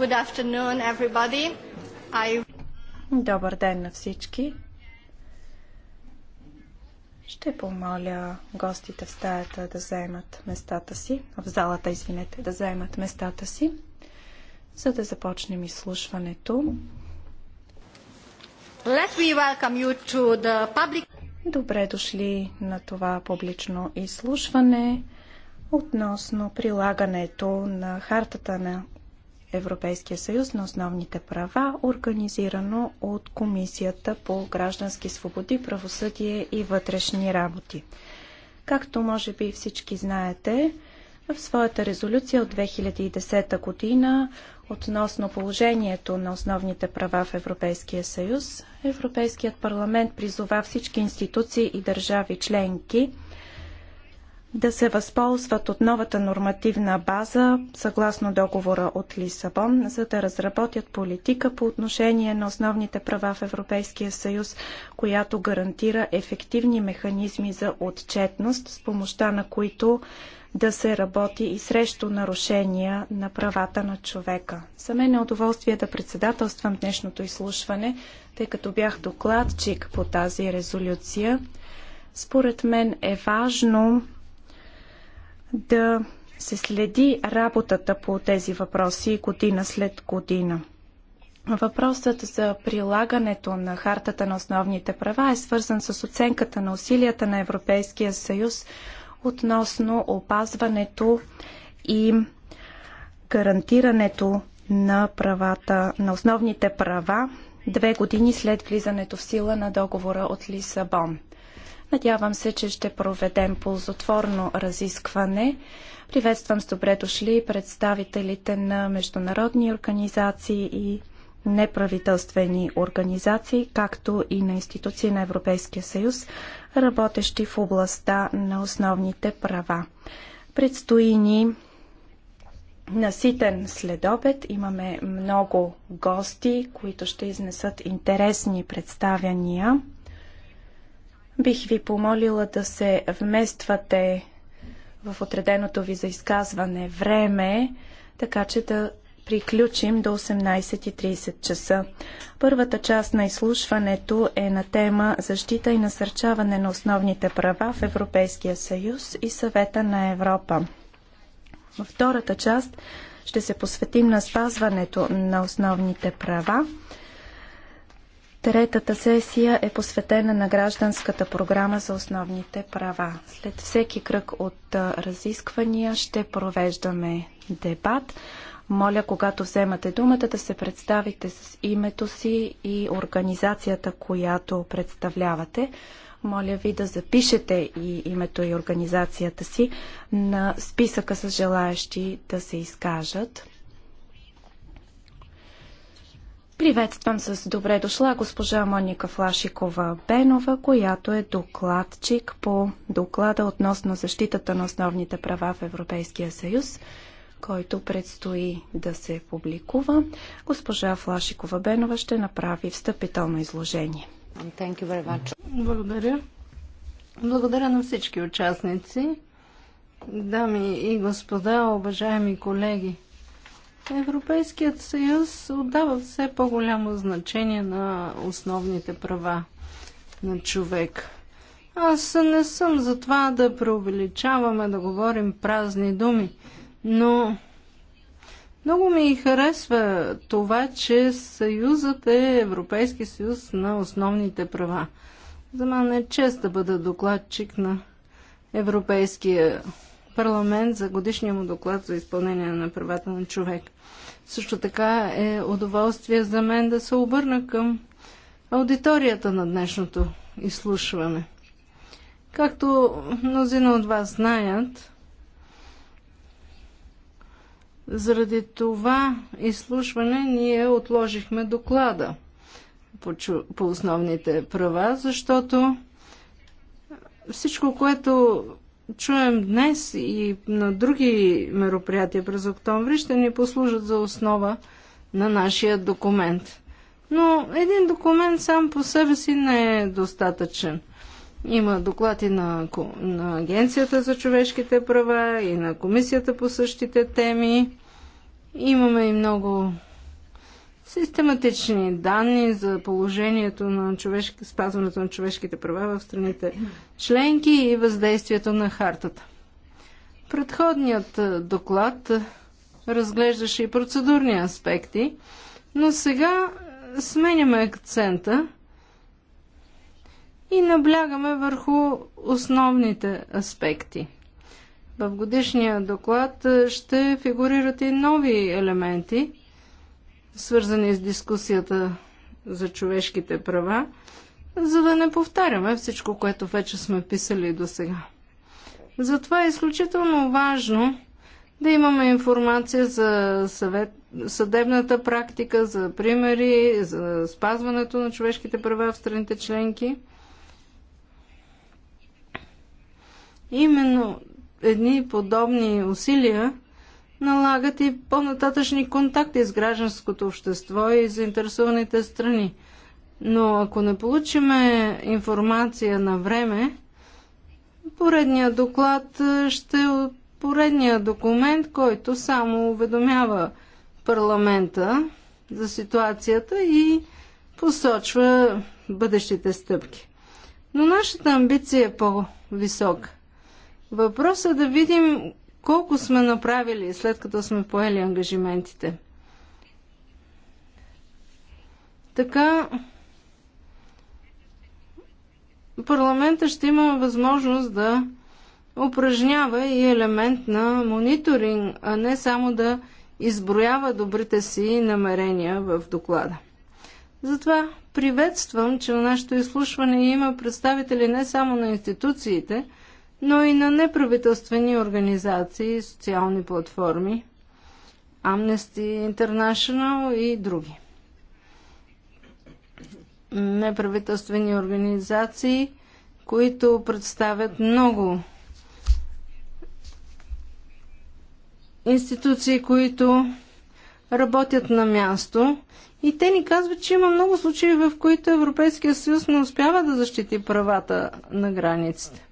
Good afternoon, everybody. I... Добър ден на всички. Ще помоля гостите в стаята да заемат местата си, в залата, извинете, да заемат местата си, за да започнем изслушването. Let me welcome you to the public... Добре дошли на това публично изслушване относно прилагането на хартата на Европейския съюз на основните права, организирано от Комисията по граждански свободи, правосъдие и вътрешни работи. Както може би всички знаете, в своята резолюция от 2010 година относно положението на основните права в Европейския съюз, Европейският парламент призова всички институции и държави членки – да се възползват от новата нормативна база, съгласно договора от Лисабон, за да разработят политика по отношение на основните права в Европейския съюз, която гарантира ефективни механизми за отчетност, с помощта на които да се работи и срещу нарушения на правата на човека. За мен е удоволствие да председателствам днешното изслушване, тъй като бях докладчик по тази резолюция. Според мен е важно да се следи работата по тези въпроси година след година. Въпросът за прилагането на Хартата на основните права е свързан с оценката на усилията на Европейския съюз относно опазването и гарантирането на правата, на основните права две години след влизането в сила на договора от Лисабон. Надявам се, че ще проведем ползотворно разискване. Приветствам с добре дошли представителите на международни организации и неправителствени организации, както и на институции на Европейския съюз, работещи в областта на основните права. Предстои ни наситен следобед. Имаме много гости, които ще изнесат интересни представяния. Бих ви помолила да се вмествате в отреденото ви за изказване време, така че да приключим до 18.30 часа. Първата част на изслушването е на тема Защита и насърчаване на основните права в Европейския съюз и съвета на Европа. Във втората част ще се посветим на спазването на основните права Третата сесия е посветена на гражданската програма за основните права. След всеки кръг от разисквания ще провеждаме дебат. Моля, когато вземате думата, да се представите с името си и организацията, която представлявате. Моля ви да запишете и името и организацията си на списъка с желаящи да се изкажат. Приветствам с добре дошла госпожа Моника Флашикова-Бенова, която е докладчик по доклада относно защитата на основните права в Европейския съюз, който предстои да се публикува. Госпожа Флашикова-Бенова ще направи встъпително изложение. Благодаря. Благодаря на всички участници. Дами и господа, уважаеми колеги, Европейският съюз отдава все по-голямо значение на основните права на човек. Аз не съм за това да преувеличаваме, да говорим празни думи, но много ми харесва това, че съюзът е Европейски съюз на основните права. За мен е чест да бъда докладчик на Европейския парламент за годишния му доклад за изпълнение на правата на човек. Също така е удоволствие за мен да се обърна към аудиторията на днешното изслушване. Както мнозина от вас знаят, заради това изслушване ние отложихме доклада по, по основните права, защото всичко, което чуем днес и на други мероприятия през октомври, ще ни послужат за основа на нашия документ. Но един документ сам по себе си не е достатъчен. Има доклади на, на Агенцията за човешките права и на Комисията по същите теми. Имаме и много систематични данни за положението на човешки, спазването на човешките права в страните членки и въздействието на хартата. Предходният е, доклад е, разглеждаше и процедурни аспекти, но сега е, сменяме акцента и наблягаме върху основните аспекти. В годишния доклад ще фигурират и нови елементи – свързани с дискусията за човешките права, за да не повтаряме всичко, което вече сме писали до сега. Затова е изключително важно да имаме информация за съвет, съдебната практика, за примери, за спазването на човешките права в страните членки. Именно едни подобни усилия налагат и по-нататъчни контакти с гражданското общество и заинтересованите страни. Но ако не получиме информация на време, поредният доклад е, ще е поредният документ, който само уведомява парламента за ситуацията и посочва бъдещите стъпки. Но нашата амбиция е по-висока. Въпросът е да видим колко сме направили след като сме поели ангажиментите? Така, парламента ще има възможност да упражнява и елемент на мониторинг, а не само да изброява добрите си намерения в доклада. Затова приветствам, че на нашето изслушване има представители не само на институциите, но и на неправителствени организации, социални платформи, Amnesty International и други. Неправителствени организации, които представят много институции, които работят на място и те ни казват, че има много случаи, в които Европейския съюз не успява да защити правата на границите.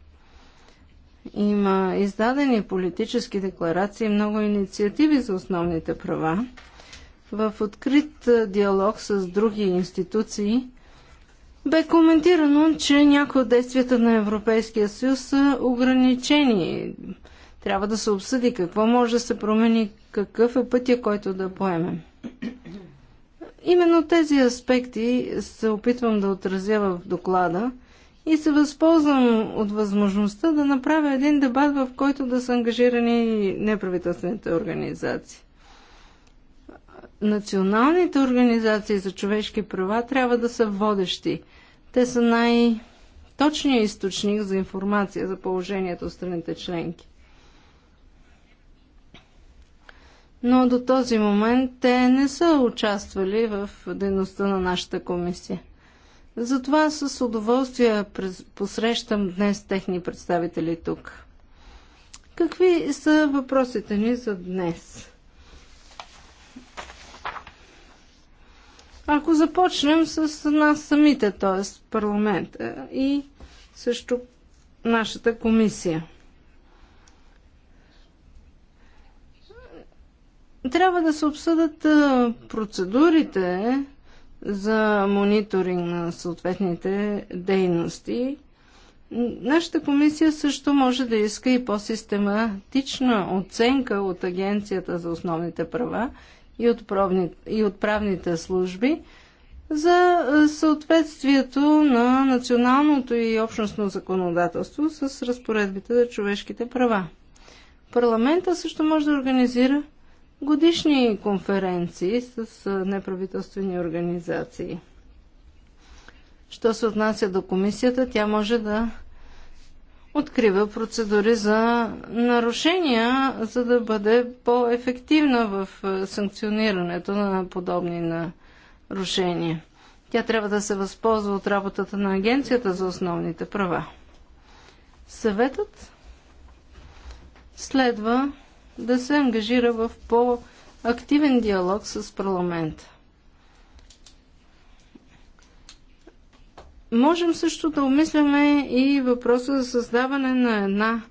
Има издадени политически декларации, много инициативи за основните права. В открит диалог с други институции бе коментирано, че някои от действията на Европейския съюз са ограничени. Трябва да се обсъди какво може да се промени, какъв е пътя, който да поемем. Именно тези аспекти се опитвам да отразя в доклада – и се възползвам от възможността да направя един дебат, в който да са ангажирани неправителствените организации. Националните организации за човешки права трябва да са водещи. Те са най-точният източник за информация за положението в страните членки. Но до този момент те не са участвали в дейността на нашата комисия. Затова с удоволствие посрещам днес техни представители тук. Какви са въпросите ни за днес? Ако започнем с нас самите, т.е. парламента и също нашата комисия. Трябва да се обсъдат процедурите, за мониторинг на съответните дейности. Нашата комисия също може да иска и по-систематична оценка от Агенцията за основните права и от, правни, и от правните служби за съответствието на националното и общностно законодателство с разпоредбите за човешките права. Парламента също може да организира годишни конференции с неправителствени организации. Що се отнася до комисията, тя може да открива процедури за нарушения, за да бъде по-ефективна в санкционирането на подобни нарушения. Тя трябва да се възползва от работата на Агенцията за основните права. Съветът следва да се ангажира в по-активен диалог с парламента. Можем също да умисляме и въпроса за създаване на една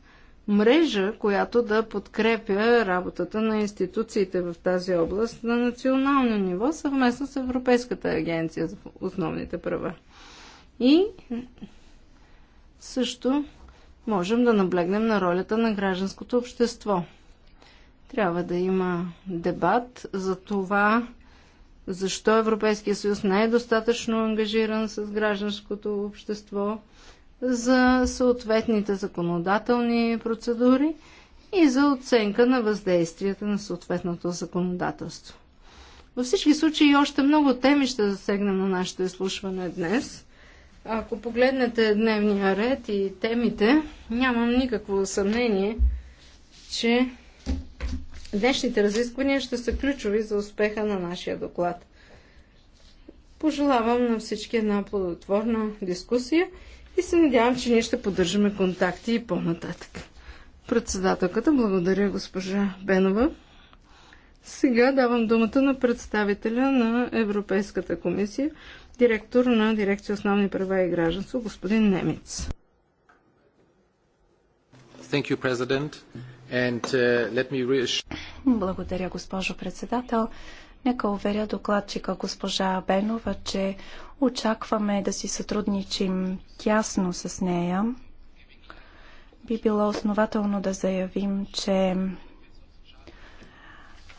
мрежа, която да подкрепя работата на институциите в тази област на национално ниво, съвместно с Европейската агенция за основните права. И също можем да наблегнем на ролята на гражданското общество – трябва да има дебат за това, защо Европейския съюз не е достатъчно ангажиран с гражданското общество за съответните законодателни процедури и за оценка на въздействията на съответното законодателство. Във всички случаи още много теми ще засегнем на нашето изслушване днес. Ако погледнете дневния ред и темите, нямам никакво съмнение, че Днешните разисквания ще са ключови за успеха на нашия доклад. Пожелавам на всички една плодотворна дискусия и се надявам, че ние ще поддържаме контакти и по-нататък. Председателката, благодаря госпожа Бенова. Сега давам думата на представителя на Европейската комисия, директор на дирекция Основни права и гражданство, господин Немец. Thank you, President. And, uh, let me reassure... Благодаря, госпожо председател. Нека уверя докладчика госпожа Бенова, че очакваме да си сътрудничим тясно с нея. Би било основателно да заявим, че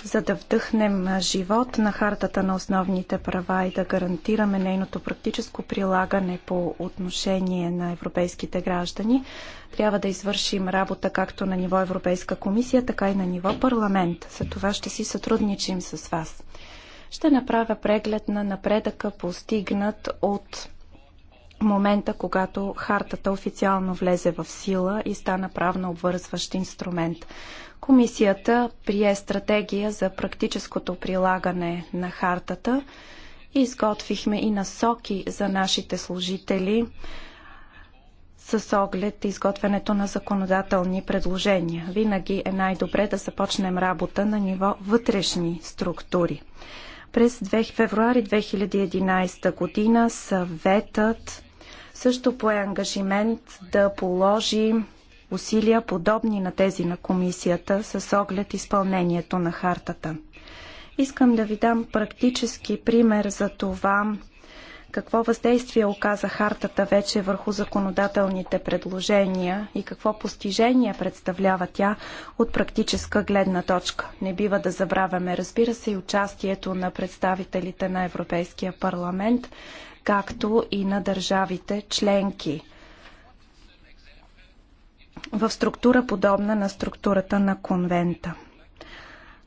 за да вдъхнем живот на хартата на основните права и да гарантираме нейното практическо прилагане по отношение на европейските граждани, трябва да извършим работа както на ниво Европейска комисия, така и на ниво парламент. За това ще си сътрудничим с вас. Ще направя преглед на напредъка постигнат от момента, когато хартата официално влезе в сила и стана правно обвързващ инструмент. Комисията прие стратегия за практическото прилагане на хартата и изготвихме и насоки за нашите служители с оглед изготвянето на законодателни предложения. Винаги е най-добре да започнем работа на ниво вътрешни структури. През 2 февруари 2011 година съветът също пое ангажимент да положи усилия, подобни на тези на комисията, с оглед изпълнението на хартата. Искам да ви дам практически пример за това какво въздействие оказа хартата вече върху законодателните предложения и какво постижение представлява тя от практическа гледна точка. Не бива да забравяме, разбира се, и участието на представителите на Европейския парламент, както и на държавите членки – в структура подобна на структурата на конвента.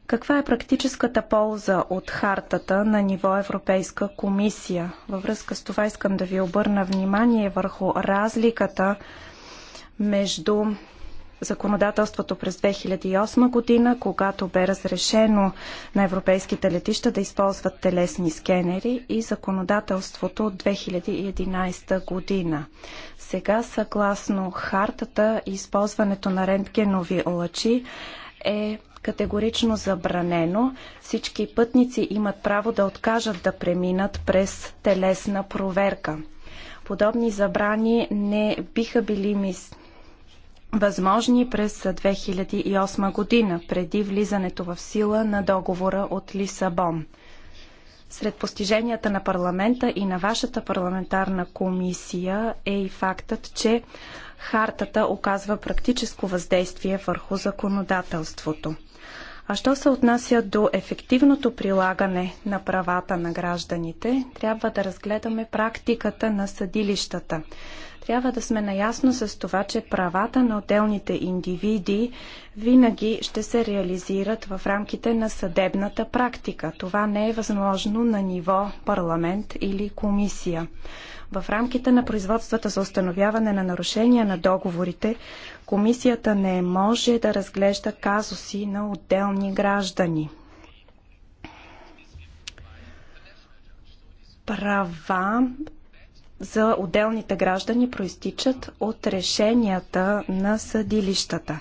Каква е практическата полза от хартата на ниво Европейска комисия? Във връзка с това искам да ви обърна внимание върху разликата между законодателството през 2008 година, когато бе разрешено на европейските летища да използват телесни скенери и законодателството от 2011 година. Сега, съгласно хартата, използването на рентгенови лъчи е категорично забранено. Всички пътници имат право да откажат да преминат през телесна проверка. Подобни забрани не биха били мис... възможни през 2008 година, преди влизането в сила на договора от Лисабон. Сред постиженията на парламента и на вашата парламентарна комисия е и фактът, че хартата оказва практическо въздействие върху законодателството. А що се отнася до ефективното прилагане на правата на гражданите, трябва да разгледаме практиката на съдилищата. Трябва да сме наясно с това, че правата на отделните индивиди винаги ще се реализират в рамките на съдебната практика. Това не е възможно на ниво парламент или комисия. В рамките на производствата за установяване на нарушения на договорите, комисията не може да разглежда казуси на отделни граждани. Права за отделните граждани проистичат от решенията на съдилищата.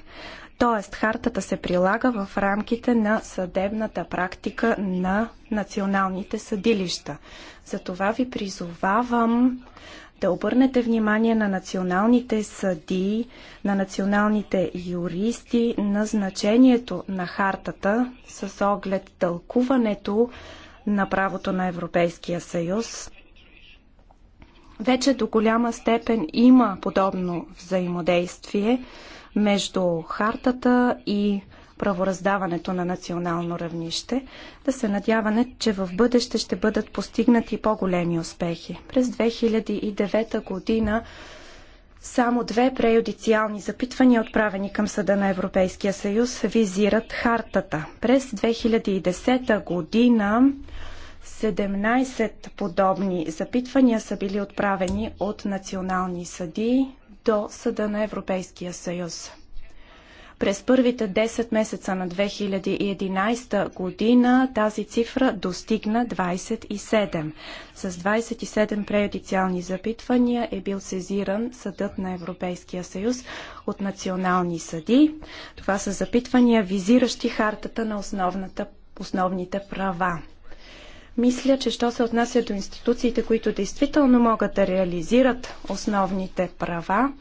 Тоест, хартата се прилага в рамките на съдебната практика на националните съдилища. Затова ви призовавам да обърнете внимание на националните съдии, на националните юристи, на значението на хартата с оглед тълкуването на правото на Европейския съюз вече до голяма степен има подобно взаимодействие между хартата и правораздаването на национално равнище. Да се надяваме, че в бъдеще ще бъдат постигнати по-големи успехи. През 2009 година само две преюдициални запитвания, отправени към Съда на Европейския съюз, визират хартата. През 2010 година 17 подобни запитвания са били отправени от национални съдии до Съда на Европейския съюз. През първите 10 месеца на 2011 година тази цифра достигна 27. С 27 преюдициални запитвания е бил сезиран Съдът на Европейския съюз от национални съди. Това са запитвания, визиращи хартата на основната, основните права. Мисля, че що се отнася до институциите, които действително могат да реализират основните права,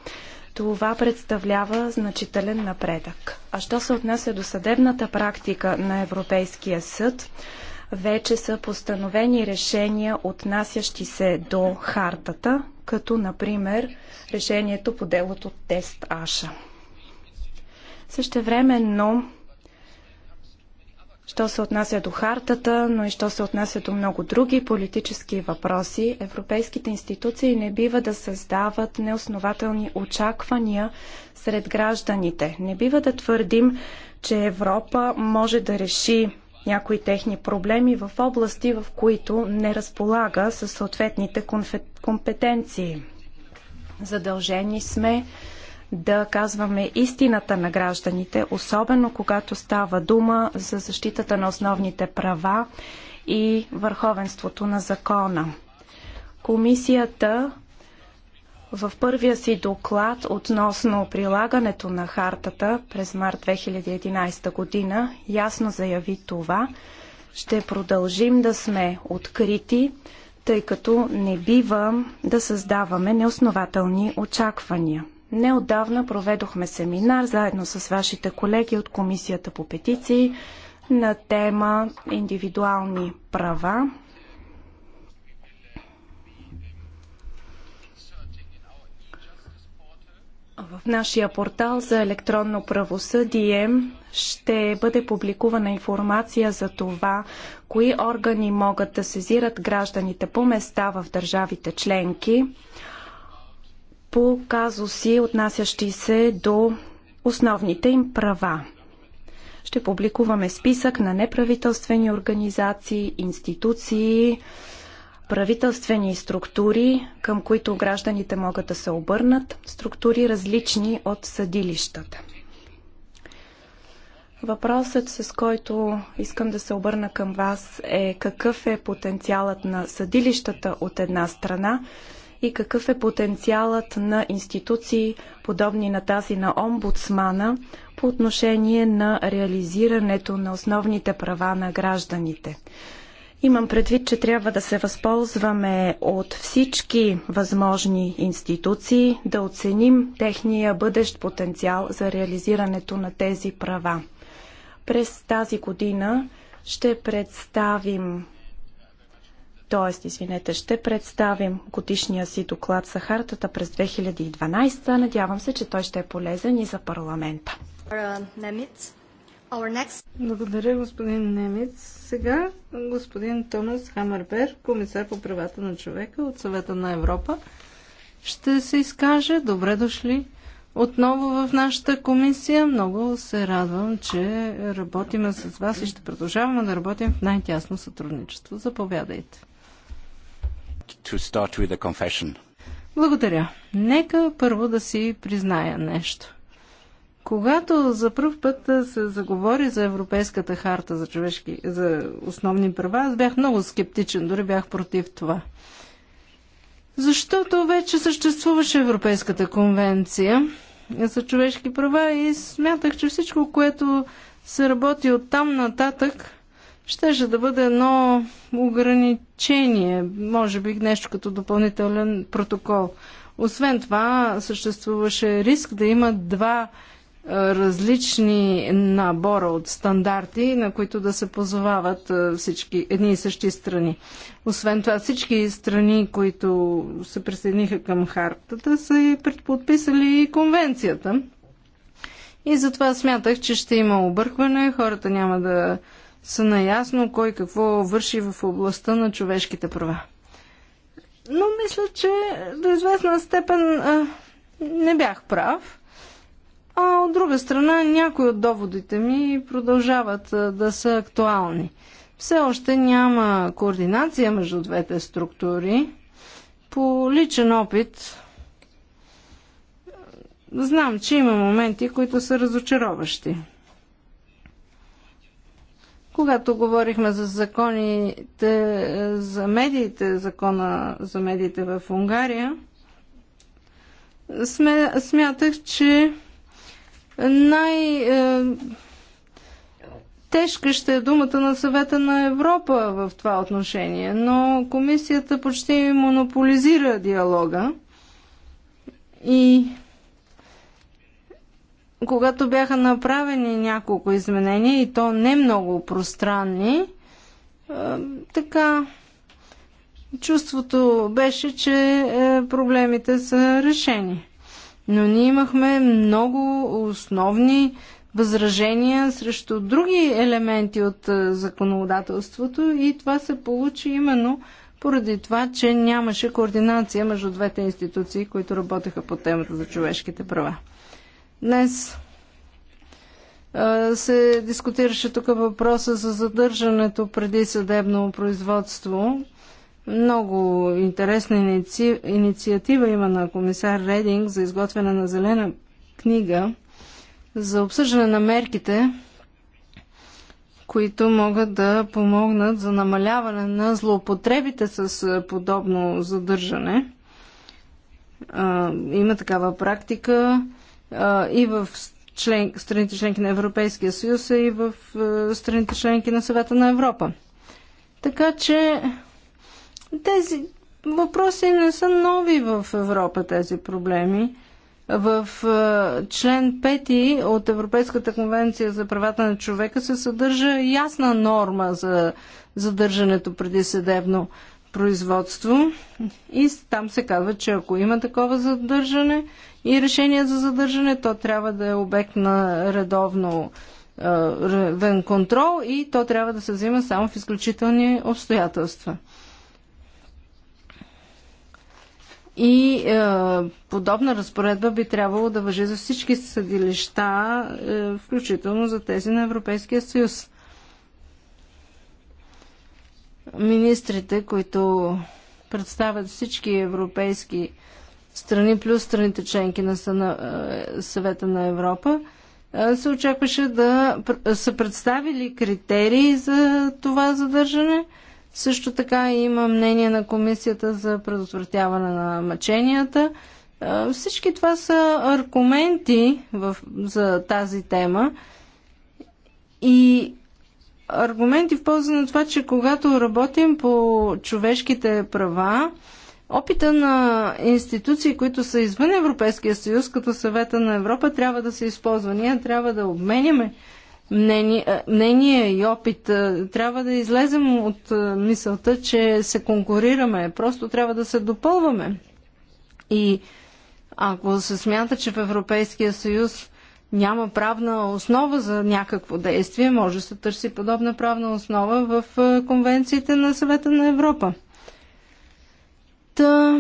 това представлява значителен напредък. А що се отнася до съдебната практика на Европейския съд, вече са постановени решения, отнасящи се до хартата, като например решението по делото Тест Аша. Същевременно що се отнася до хартата, но и що се отнася до много други политически въпроси, европейските институции не бива да създават неоснователни очаквания сред гражданите. Не бива да твърдим, че Европа може да реши някои техни проблеми в области, в които не разполага със съответните компетенции. Задължени сме да казваме истината на гражданите, особено когато става дума за защитата на основните права и върховенството на закона. Комисията в първия си доклад относно прилагането на хартата през март 2011 година ясно заяви това. Ще продължим да сме открити, тъй като не бива да създаваме неоснователни очаквания. Неодавна проведохме семинар заедно с вашите колеги от Комисията по петиции на тема индивидуални права. В нашия портал за електронно правосъдие ще бъде публикувана информация за това, кои органи могат да сезират гражданите по места в държавите членки, по казуси, отнасящи се до основните им права. Ще публикуваме списък на неправителствени организации, институции, правителствени структури, към които гражданите могат да се обърнат, структури различни от съдилищата. Въпросът, с който искам да се обърна към вас е какъв е потенциалът на съдилищата от една страна и какъв е потенциалът на институции, подобни на тази на омбудсмана, по отношение на реализирането на основните права на гражданите. Имам предвид, че трябва да се възползваме от всички възможни институции, да оценим техния бъдещ потенциал за реализирането на тези права. През тази година ще представим т.е., извинете, ще представим годишния си доклад за хартата през 2012. Надявам се, че той ще е полезен и за парламента. Благодаря, господин Немец. Сега господин Томас Хамербер, комисар по правата на човека от Съвета на Европа, ще се изкаже. Добре дошли отново в нашата комисия. Много се радвам, че работиме с вас и ще продължаваме да работим в най-тясно сътрудничество. Заповядайте to start with a confession. Благодаря. Нека първо да си призная нещо. Когато за първ път се заговори за Европейската харта за, човешки, за основни права, аз бях много скептичен, дори бях против това. Защото вече съществуваше Европейската конвенция за човешки права и смятах, че всичко, което се работи от там нататък, щеше да бъде едно ограничение, може би нещо като допълнителен протокол. Освен това, съществуваше риск да има два е, различни набора от стандарти, на които да се позовават е, всички едни и същи страни. Освен това, всички страни, които се присъединиха към хартата, са и предподписали и конвенцията. И затова смятах, че ще има объркване, хората няма да са наясно кой какво върши в областта на човешките права. Но мисля, че до известна степен а, не бях прав. А от друга страна, някои от доводите ми продължават а, да са актуални. Все още няма координация между двете структури. По личен опит знам, че има моменти, които са разочароващи. Когато говорихме за законите за медиите, закона за медиите в Унгария, сме, смятах, че най- е, Тежка ще е думата на съвета на Европа в това отношение, но комисията почти монополизира диалога и когато бяха направени няколко изменения и то не много пространни, така чувството беше, че е, проблемите са решени. Но ние имахме много основни възражения срещу други елементи от е, законодателството и това се получи именно поради това, че нямаше координация между двете институции, които работеха по темата за човешките права. Днес се дискутираше тук въпроса за задържането преди съдебно производство. Много интересна иници... инициатива има на комисар Рединг за изготвяне на зелена книга за обсъждане на мерките, които могат да помогнат за намаляване на злоупотребите с подобно задържане. Има такава практика и в член, страните членки на Европейския съюз, а и в страните членки на съвета на Европа. Така че тези въпроси не са нови в Европа, тези проблеми. В член 5 от Европейската конвенция за правата на човека се съдържа ясна норма за задържането преди съдебно производство и там се казва, че ако има такова задържане и решение за задържане, то трябва да е обект на редовно вен контрол и то трябва да се взима само в изключителни обстоятелства. И е, подобна разпоредба би трябвало да въжи за всички съдилища, е, включително за тези на Европейския съюз министрите, които представят всички европейски страни, плюс страните членки на е, съвета на Европа, е, се очакваше да са представили критерии за това задържане. Също така има мнение на Комисията за предотвратяване на мъченията. Е, всички това са аргументи в, за тази тема. И аргументи в полза на това, че когато работим по човешките права, опита на институции, които са извън Европейския съюз, като съвета на Европа, трябва да се използва. Ние трябва да обменяме е, мнение и опит. Е, трябва да излезем от е, мисълта, че се конкурираме. Просто трябва да се допълваме. И ако се смята, че в Европейския съюз няма правна основа за някакво действие, може да се търси подобна правна основа в е, конвенциите на съвета на Европа. Та,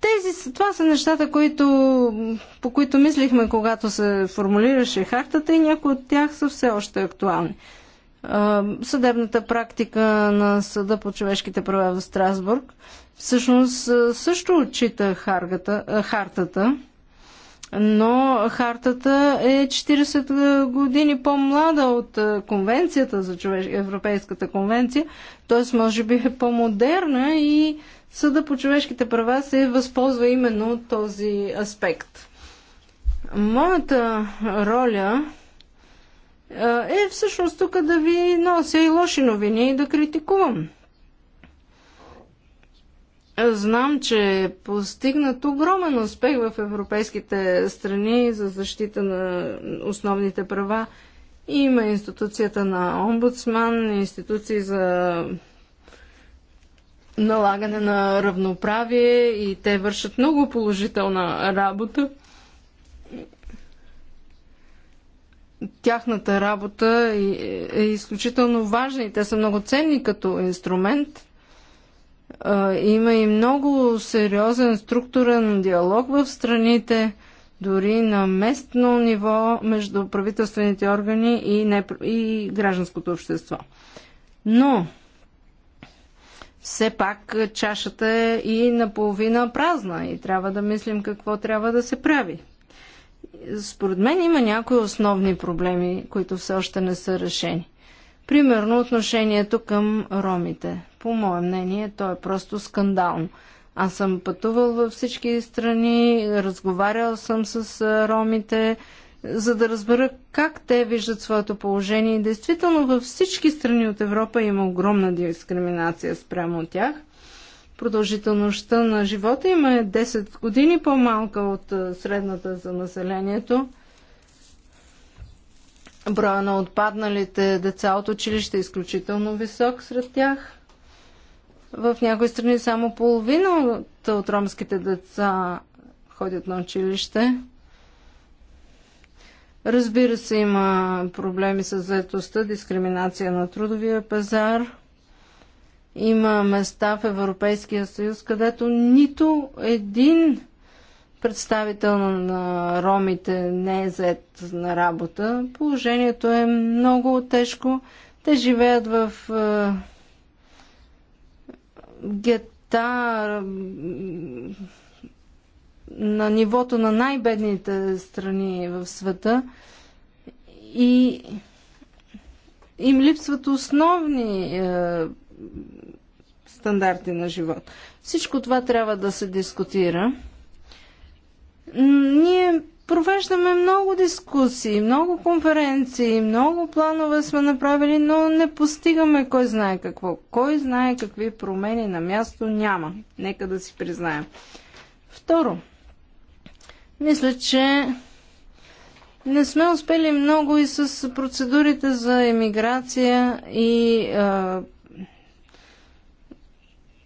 тези, това са нещата, които, по които мислихме, когато се формулираше хартата и някои от тях са все още актуални. Е, съдебната практика на Съда по човешките права в Страсбург всъщност е, също отчита харгата, хартата но хартата е 40 години по-млада от конвенцията за човеш... Европейската конвенция, т.е. може би е по-модерна и Съда по човешките права се възползва именно от този аспект. Моята роля е всъщност тук да ви нося и лоши новини и да критикувам. Знам, че е постигнат огромен успех в европейските страни за защита на основните права. Има институцията на омбудсман, институции за налагане на равноправие и те вършат много положителна работа. Тяхната работа е изключително важна и те са много ценни като инструмент – има и много сериозен структурен диалог в страните, дори на местно ниво между правителствените органи и, не, и гражданското общество. Но, все пак чашата е и наполовина празна и трябва да мислим какво трябва да се прави. Според мен има някои основни проблеми, които все още не са решени. Примерно отношението към ромите. По мое мнение, то е просто скандално. Аз съм пътувал във всички страни, разговарял съм с ромите, за да разбера как те виждат своето положение. И действително във всички страни от Европа има огромна дискриминация спрямо от тях. Продължителността на живота им е 10 години по-малка от средната за населението. Броя на отпадналите деца от училище е изключително висок сред тях. В някои страни само половината от ромските деца ходят на училище. Разбира се, има проблеми с заетостта, дискриминация на трудовия пазар. Има места в Европейския съюз, където нито един представител на ромите не е зает на работа. Положението е много тежко. Те живеят в е, гета на нивото на най-бедните страни в света и им липсват основни е, стандарти на живот. Всичко това трябва да се дискутира. Ние Провеждаме много дискусии, много конференции, много планове сме направили, но не постигаме кой знае какво. Кой знае какви промени на място няма. Нека да си признаем. Второ, мисля, че не сме успели много и с процедурите за емиграция и е,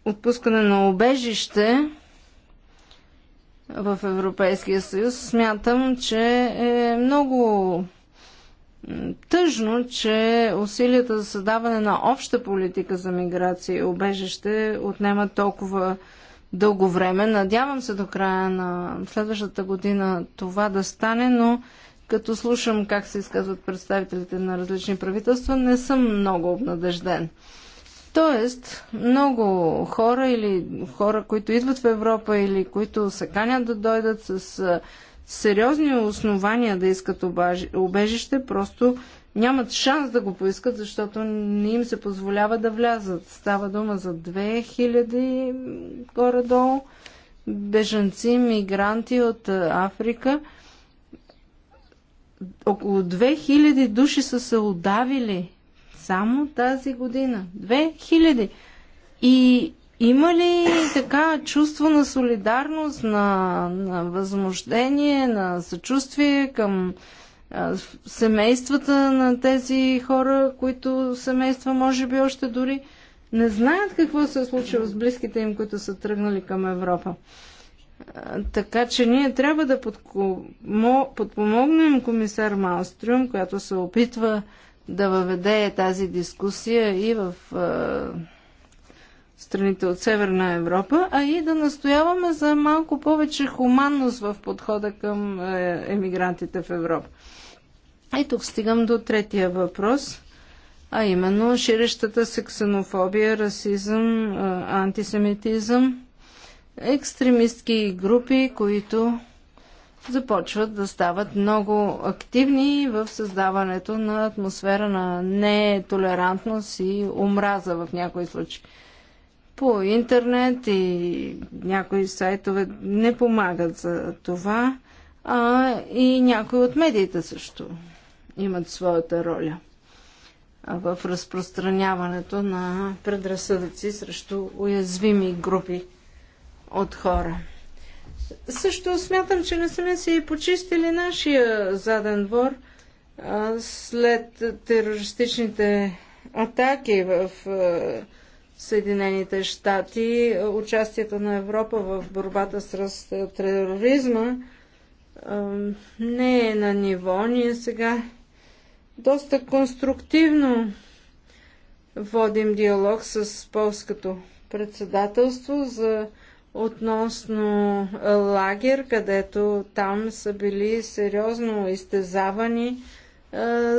отпускане на обежище в Европейския съюз. Смятам, че е много тъжно, че усилията за създаване на обща политика за миграция и обежище отнемат толкова дълго време. Надявам се до края на следващата година това да стане, но като слушам как се изказват представителите на различни правителства, не съм много обнадежден. Тоест, много хора или хора, които идват в Европа или които се канят да дойдат с сериозни основания да искат убежище, просто нямат шанс да го поискат, защото не им се позволява да влязат. Става дума за 2000 горе-долу бежанци, мигранти от Африка. Около 2000 души са се удавили само тази година. 2000. И има ли така чувство на солидарност, на, на възмущение, на съчувствие към а, семействата на тези хора, които семейства може би още дори не знаят какво се е случило с близките им, които са тръгнали към Европа. Така че ние трябва да подпомогнем комисар Малстрюм, която се опитва да въведе тази дискусия и в страните от Северна Европа, а и да настояваме за малко повече хуманност в подхода към емигрантите в Европа. И тук стигам до третия въпрос, а именно ширещата се ксенофобия, расизъм, антисемитизъм, екстремистки групи, които започват да стават много активни в създаването на атмосфера на нетолерантност и омраза в някои случаи. По интернет и някои сайтове не помагат за това, а и някои от медиите също имат своята роля в разпространяването на предразсъдъци срещу уязвими групи от хора. Също смятам, че не сме си почистили нашия заден двор след терористичните атаки в Съединените щати, участието на Европа в борбата с тероризма не е на ниво. Ние сега доста конструктивно водим диалог с полското председателство за относно е, лагер, където там са били сериозно изтезавани е,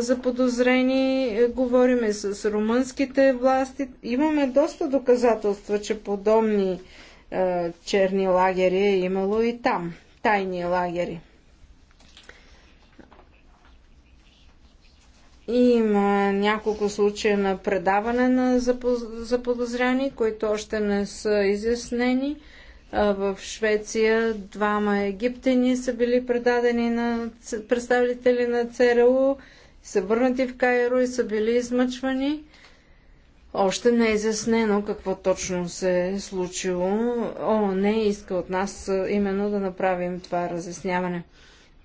за подозрени. Е, говориме с румънските власти. Имаме доста доказателства, че подобни черни лагери е имало и там. Тайни лагери. Има няколко случая на предаване на заподозряни, които още не са изяснени в Швеция двама египтени са били предадени на представители на ЦРУ, са върнати в Кайро и са били измъчвани. Още не е изяснено какво точно се е случило. О, не иска от нас именно да направим това разясняване.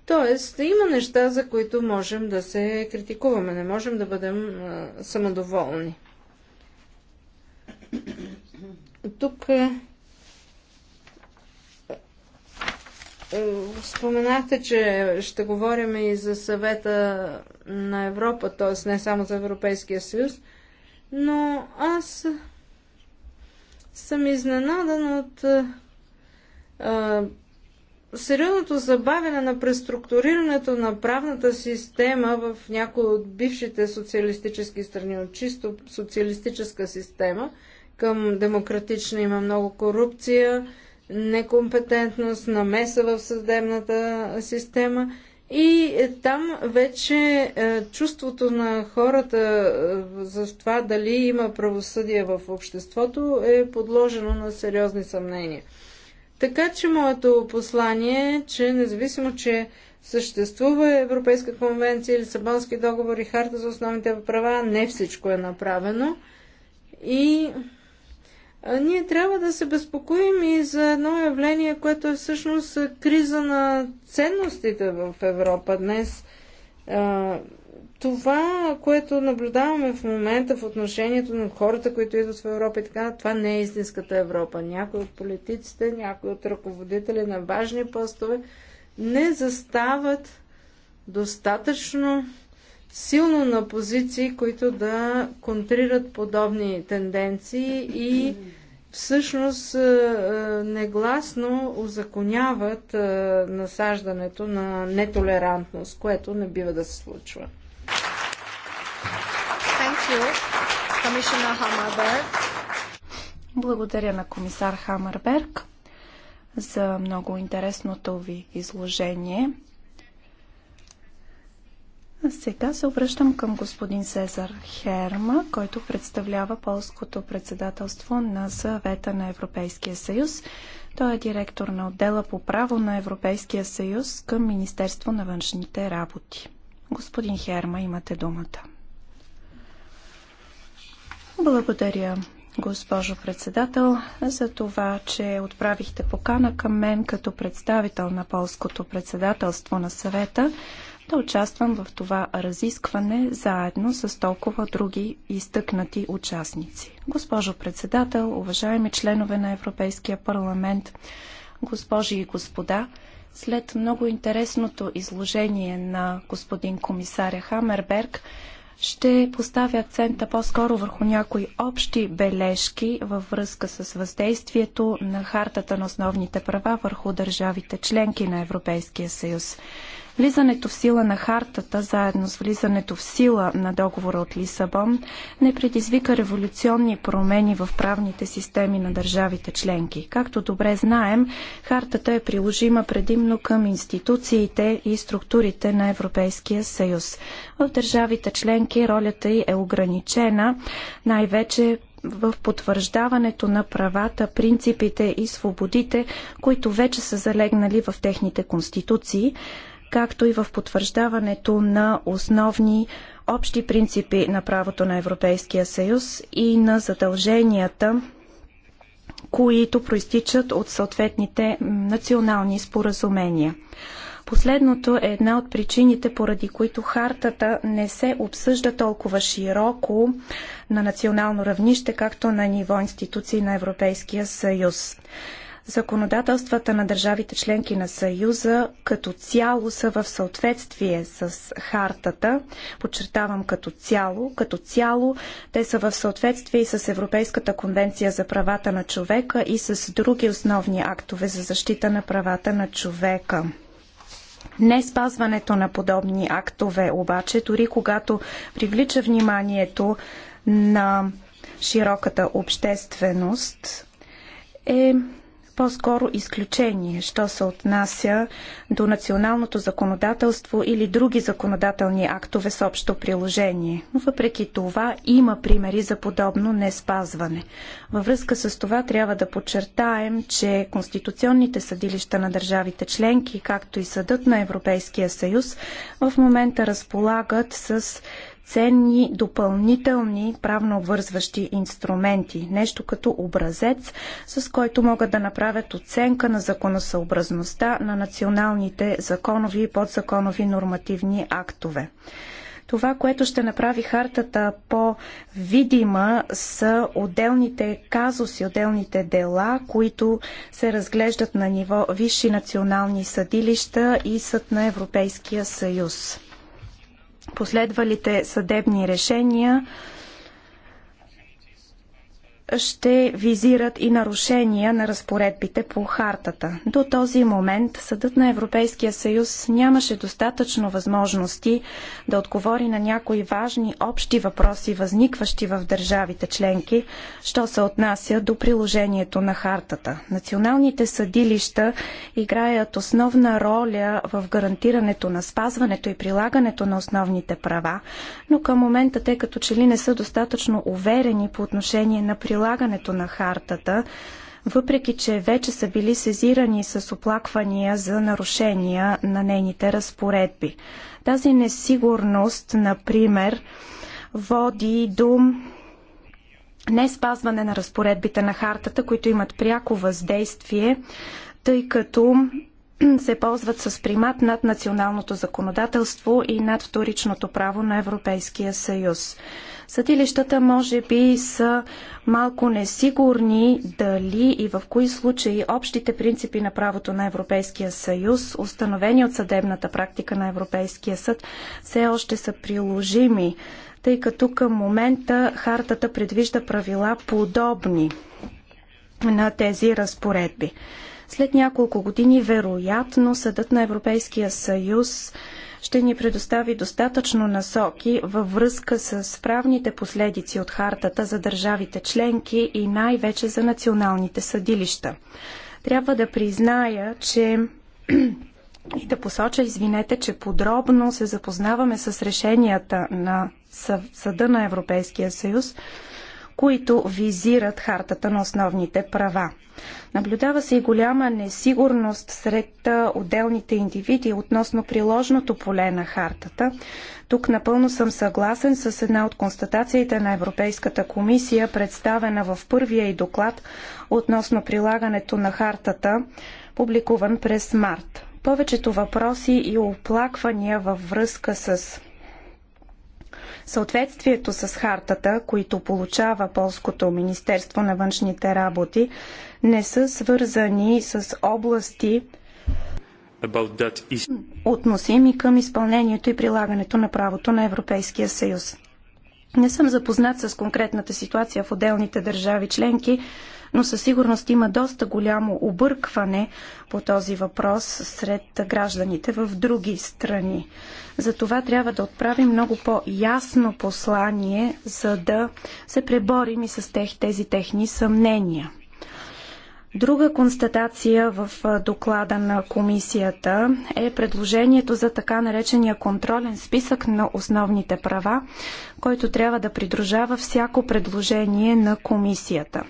Тоест, има неща, за които можем да се критикуваме. Не можем да бъдем а, самодоволни. Тук е Е, споменахте, че ще говорим и за съвета на Европа, т.е. не само за Европейския съюз, но аз съм изненадан от а, е, е, сериозното забавяне на преструктурирането на правната система в някои от бившите социалистически страни, от чисто социалистическа система към демократична има много корупция, некомпетентност, намеса в съдебната система. И е, там вече е, чувството на хората е, за това дали има правосъдие в обществото е подложено на сериозни съмнения. Така че моето послание е, че независимо, че съществува Европейска конвенция, Лисабонски договор и Харта за основните права, не всичко е направено. И ние трябва да се безпокоим и за едно явление, което е всъщност криза на ценностите в Европа днес. Това, което наблюдаваме в момента в отношението на хората, които идват в Европа и така, това не е истинската Европа. Някои от политиците, някои от ръководители на важни постове не застават достатъчно силно на позиции, които да контрират подобни тенденции и всъщност е, е, негласно озаконяват е, насаждането на нетолерантност, което не бива да се случва. Благодаря на комисар Хамърберг за много интересното ви изложение. А сега се обръщам към господин Сезар Херма, който представлява полското председателство на съвета на Европейския съюз. Той е директор на отдела по право на Европейския съюз към Министерство на външните работи. Господин Херма, имате думата. Благодаря, госпожо председател, за това, че отправихте покана към мен като представител на полското председателство на съвета да участвам в това разискване заедно с толкова други изтъкнати участници. Госпожо председател, уважаеми членове на Европейския парламент, госпожи и господа, след много интересното изложение на господин комисаря Хамерберг, ще поставя акцента по-скоро върху някои общи бележки във връзка с въздействието на Хартата на основните права върху държавите членки на Европейския съюз. Влизането в сила на хартата, заедно с влизането в сила на договора от Лисабон, не предизвика революционни промени в правните системи на държавите членки. Както добре знаем, хартата е приложима предимно към институциите и структурите на Европейския съюз. В държавите членки ролята й е ограничена, най-вече в потвърждаването на правата, принципите и свободите, които вече са залегнали в техните конституции, както и в потвърждаването на основни общи принципи на правото на Европейския съюз и на задълженията, които проистичат от съответните национални споразумения. Последното е една от причините, поради които хартата не се обсъжда толкова широко на национално равнище, както на ниво институции на Европейския съюз законодателствата на държавите членки на Съюза като цяло са в съответствие с хартата. Подчертавам като цяло. Като цяло те са в съответствие и с Европейската конвенция за правата на човека и с други основни актове за защита на правата на човека. Не спазването на подобни актове обаче, дори когато привлича вниманието на широката общественост, е по-скоро изключение, що се отнася до националното законодателство или други законодателни актове с общо приложение. Но въпреки това има примери за подобно неспазване. Във връзка с това трябва да подчертаем, че конституционните съдилища на държавите членки, както и съдът на Европейския съюз, в момента разполагат с ценни допълнителни правно обвързващи инструменти, нещо като образец, с който могат да направят оценка на законосъобразността на националните законови и подзаконови нормативни актове. Това, което ще направи хартата по-видима са отделните казуси, отделните дела, които се разглеждат на ниво висши национални съдилища и съд на Европейския съюз. Последвалите съдебни решения ще визират и нарушения на разпоредбите по хартата. До този момент Съдът на Европейския съюз нямаше достатъчно възможности да отговори на някои важни общи въпроси, възникващи в държавите членки, що се отнася до приложението на хартата. Националните съдилища играят основна роля в гарантирането на спазването и прилагането на основните права, но към момента те като че ли не са достатъчно уверени по отношение на прилагането прилагането на хартата, въпреки че вече са били сезирани с оплаквания за нарушения на нейните разпоредби. Тази несигурност, например, води до не спазване на разпоредбите на хартата, които имат пряко въздействие, тъй като се ползват с примат над националното законодателство и над вторичното право на Европейския съюз. Съдилищата може би са малко несигурни дали и в кои случаи общите принципи на правото на Европейския съюз, установени от съдебната практика на Европейския съд, все още са приложими, тъй като към момента хартата предвижда правила подобни на тези разпоредби. След няколко години, вероятно, Съдът на Европейския съюз ще ни предостави достатъчно насоки във връзка с правните последици от хартата за държавите членки и най-вече за националните съдилища. Трябва да призная, че и да посоча, извинете, че подробно се запознаваме с решенията на Съда на Европейския съюз, които визират хартата на основните права. Наблюдава се и голяма несигурност сред отделните индивиди относно приложното поле на хартата. Тук напълно съм съгласен с една от констатациите на Европейската комисия, представена в първия и доклад относно прилагането на хартата, публикуван през март. Повечето въпроси и оплаквания във връзка с Съответствието с хартата, които получава Полското Министерство на външните работи, не са свързани с области, относими към изпълнението и прилагането на правото на Европейския съюз. Не съм запознат с конкретната ситуация в отделните държави членки, но със сигурност има доста голямо объркване по този въпрос сред гражданите в други страни. Затова трябва да отправим много по-ясно послание, за да се преборим и с тези техни съмнения. Друга констатация в доклада на комисията е предложението за така наречения контролен списък на основните права, който трябва да придружава всяко предложение на комисията.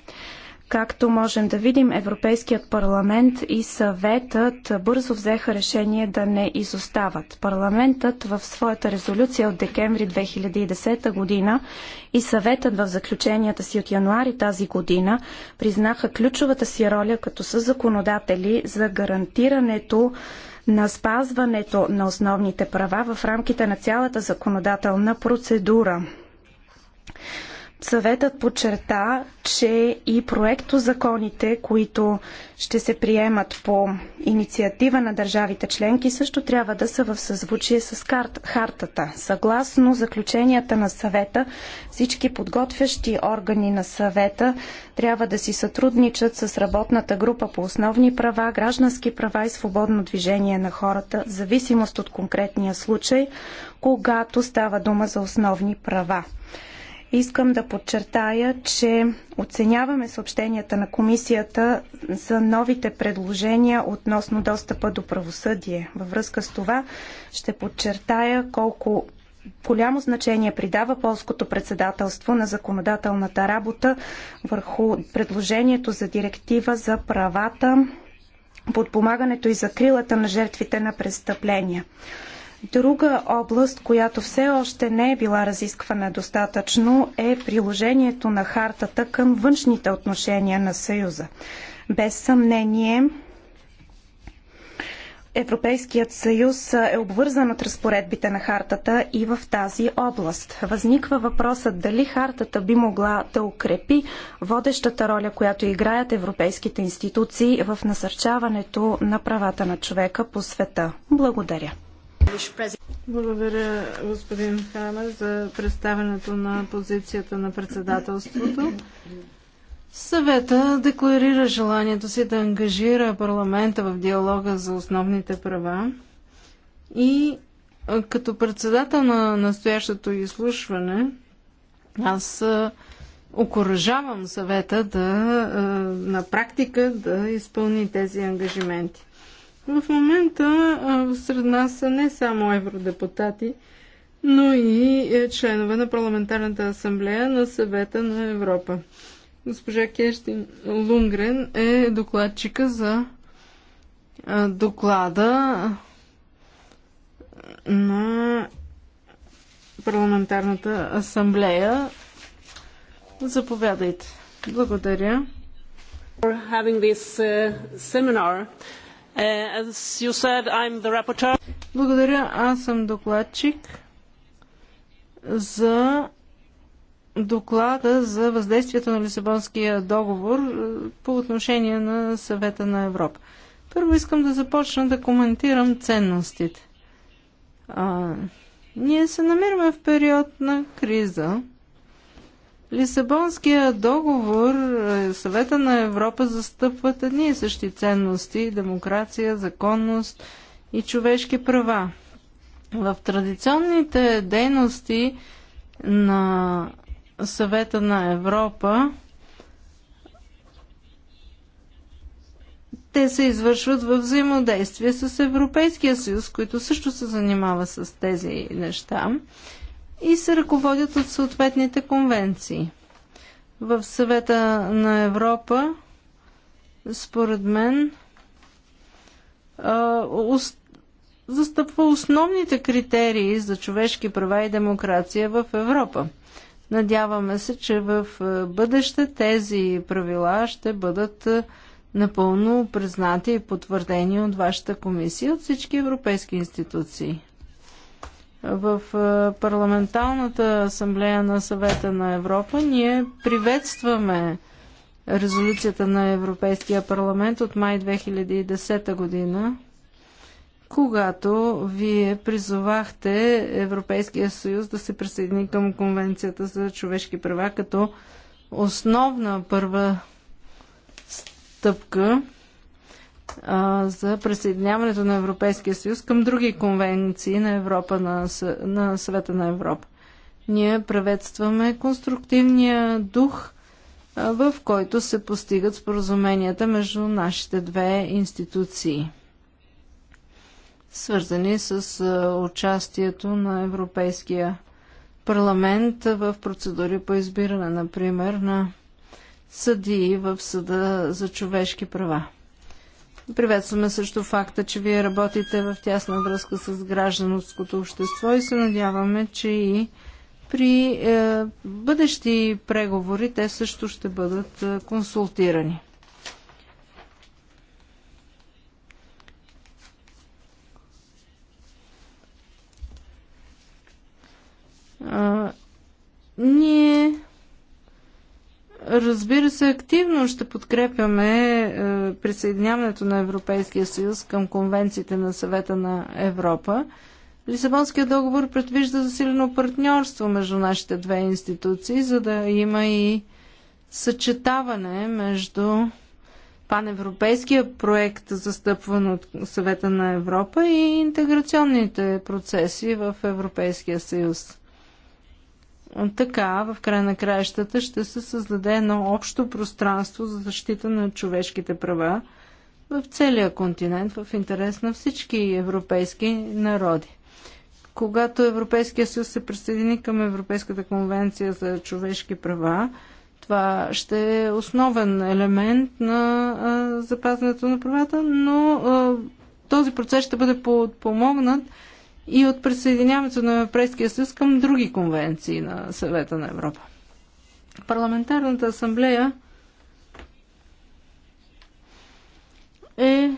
Както можем да видим, Европейският парламент и съветът бързо взеха решение да не изостават. Парламентът в своята резолюция от декември 2010 година и съветът в заключенията си от януари тази година признаха ключовата си роля като са законодатели за гарантирането на спазването на основните права в рамките на цялата законодателна процедура. Съветът подчерта, че и проекто законите, които ще се приемат по инициатива на държавите членки, също трябва да са в съзвучие с карт, хартата. Съгласно заключенията на съвета, всички подготвящи органи на съвета трябва да си сътрудничат с работната група по основни права, граждански права и свободно движение на хората, в зависимост от конкретния случай, когато става дума за основни права. Искам да подчертая, че оценяваме съобщенията на комисията за новите предложения относно достъпа до правосъдие. Във връзка с това ще подчертая колко голямо значение придава полското председателство на законодателната работа върху предложението за директива за правата, подпомагането и закрилата на жертвите на престъпления. Друга област, която все още не е била разисквана достатъчно, е приложението на хартата към външните отношения на Съюза. Без съмнение, Европейският съюз е обвързан от разпоредбите на хартата и в тази област. Възниква въпросът дали хартата би могла да укрепи водещата роля, която играят европейските институции в насърчаването на правата на човека по света. Благодаря. Благодаря, господин Хамер, за представенето на позицията на председателството. Съвета декларира желанието си да ангажира парламента в диалога за основните права и като председател на настоящото изслушване аз окоръжавам съвета да на практика да изпълни тези ангажименти. В момента сред нас са не само евродепутати, но и е, членове на Парламентарната асамблея на съвета на Европа. Госпожа Кештин Лунгрен е докладчика за доклада на Парламентарната асамблея. Заповядайте. Благодаря. Uh, as you said, I'm the rapporteur. Благодаря. Аз съм докладчик за доклада за въздействието на Лисабонския договор е, по отношение на съвета на Европа. Първо искам да започна да коментирам ценностите. А, ние се намираме в период на криза Лисабонския договор, е, съвета на Европа застъпват едни и същи ценности демокрация, законност и човешки права. В традиционните дейности на съвета на Европа те се извършват в взаимодействие с Европейския съюз, който също се занимава с тези неща и се ръководят от съответните конвенции. В съвета на Европа, според мен, застъпва основните критерии за човешки права и демокрация в Европа. Надяваме се, че в бъдеще тези правила ще бъдат напълно признати и потвърдени от вашата комисия, от всички европейски институции в е, Парламенталната асамблея на съвета на Европа ние приветстваме резолюцията на Европейския парламент от май 2010 година, когато вие призовахте Европейския съюз да се присъедини към Конвенцията за човешки права като основна първа стъпка за присъединяването на Европейския съюз към други конвенции на, Европа, на, на Съвета на Европа. Ние приветстваме конструктивния дух, в който се постигат споразуменията между нашите две институции, свързани с участието на Европейския парламент в процедури по избиране, например, на съдии в Съда за човешки права. Приветстваме също факта, че вие работите в тясна връзка с гражданското общество и се надяваме, че и при е, бъдещи преговори те също ще бъдат е, консултирани. Силно ще подкрепяме е, присъединяването на Европейския съюз към конвенциите на съвета на Европа. Лисабонския договор предвижда засилено партньорство между нашите две институции, за да има и съчетаване между паневропейския проект, застъпван от съвета на Европа и интеграционните процеси в Европейския съюз. Така, в края на краищата ще се създаде едно общо пространство за защита на човешките права в целия континент в интерес на всички европейски народи. Когато Европейския съюз се присъедини към Европейската конвенция за човешки права, това ще е основен елемент на а, запазването на правата, но а, този процес ще бъде подпомогнат по и от присъединяването на Европейския съюз към други конвенции на Съвета на Европа. Парламентарната асамблея е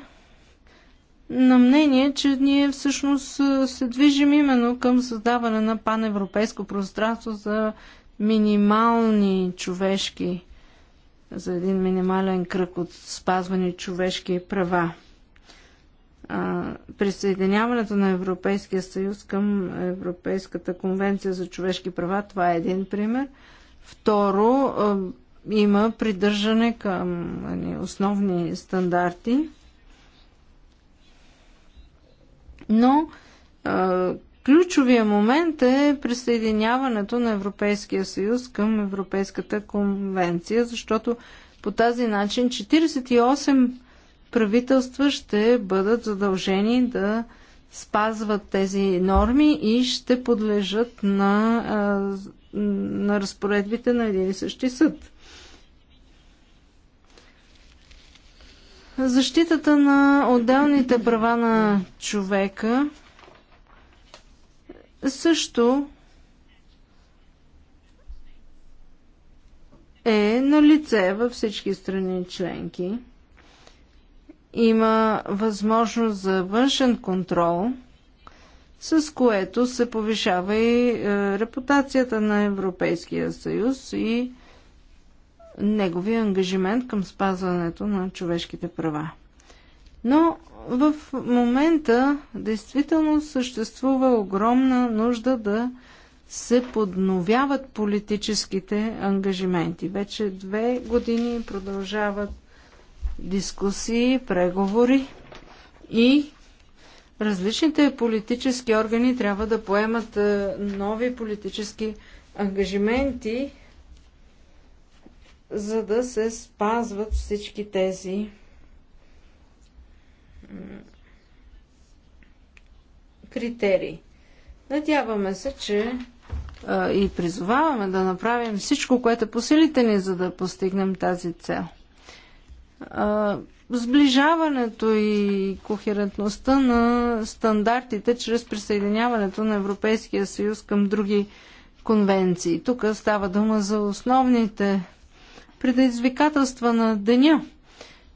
на мнение, че ние всъщност се движим именно към създаване на паневропейско пространство за минимални човешки, за един минимален кръг от спазвани човешки права присъединяването на Европейския съюз към Европейската конвенция за човешки права, това е един пример. Второ, има придържане към нали, основни стандарти, но ключовия момент е присъединяването на Европейския съюз към Европейската конвенция, защото по тази начин 48 правителства ще бъдат задължени да спазват тези норми и ще подлежат на, на разпоредбите на един и същи съд. Защитата на отделните права на човека също е на лице във всички страни членки има възможност за външен контрол, с което се повишава и е, репутацията на Европейския съюз и неговия ангажимент към спазването на човешките права. Но в момента действително съществува огромна нужда да се подновяват политическите ангажименти. Вече две години продължават дискусии, преговори и различните политически органи трябва да поемат е, нови политически ангажименти, за да се спазват всички тези критерии. Надяваме се, че е, и призоваваме да направим всичко, което е посилите ни, за да постигнем тази цел сближаването и кохерентността на стандартите чрез присъединяването на Европейския съюз към други конвенции. Тук става дума за основните предизвикателства на деня,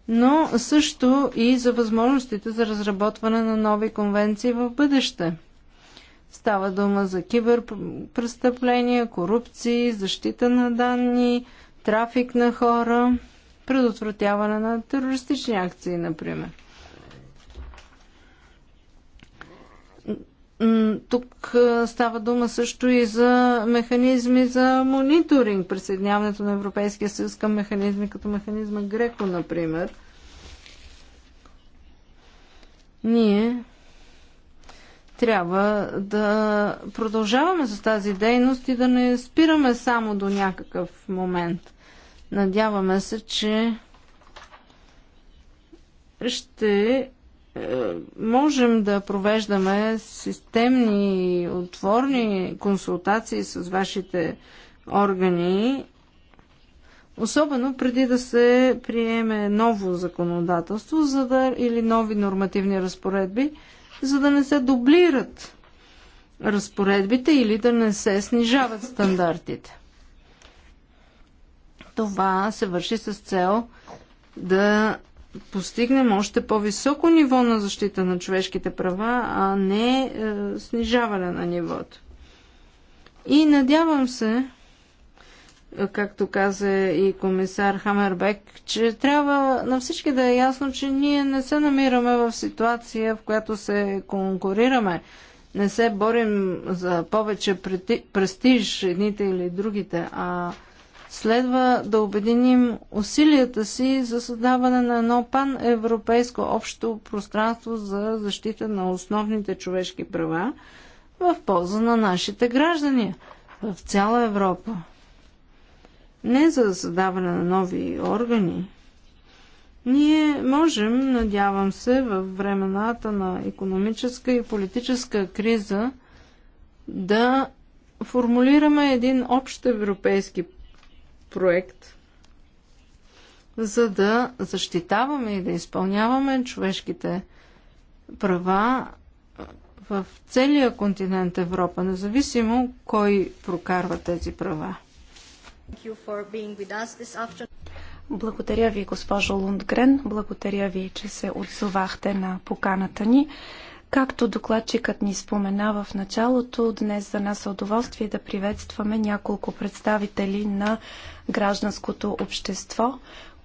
но също и за възможностите за разработване на нови конвенции в бъдеще. Става дума за киберпрестъпления, корупции, защита на данни, трафик на хора – предотвратяване на терористични акции, например. Тук става дума също и за механизми за мониторинг, присъединяването на Европейския съюз към механизми като механизма Греко, например. Ние трябва да продължаваме с тази дейност и да не спираме само до някакъв момент. Надяваме се, че ще е, можем да провеждаме системни, и отворни консултации с вашите органи, особено преди да се приеме ново законодателство за да, или нови нормативни разпоредби, за да не се дублират разпоредбите или да не се снижават стандартите това се върши с цел да постигнем още по-високо ниво на защита на човешките права, а не е, снижаване на нивото. И надявам се, е, както каза и комисар Хамербек, че трябва на всички да е ясно, че ние не се намираме в ситуация, в която се конкурираме. Не се борим за повече престиж едните или другите, а Следва да обединим усилията си за създаване на едно пан-европейско общо пространство за защита на основните човешки права в полза на нашите граждани в цяла Европа. Не за създаване на нови органи, ние можем, надявам се, в времената на економическа и политическа криза да формулираме един общ европейски проект, за да защитаваме и да изпълняваме човешките права в целия континент Европа, независимо кой прокарва тези права. Благодаря ви, госпожо Лундгрен. Благодаря ви, че се отзовахте на поканата ни. Както докладчикът ни спомена в началото, днес за нас е удоволствие да приветстваме няколко представители на гражданското общество,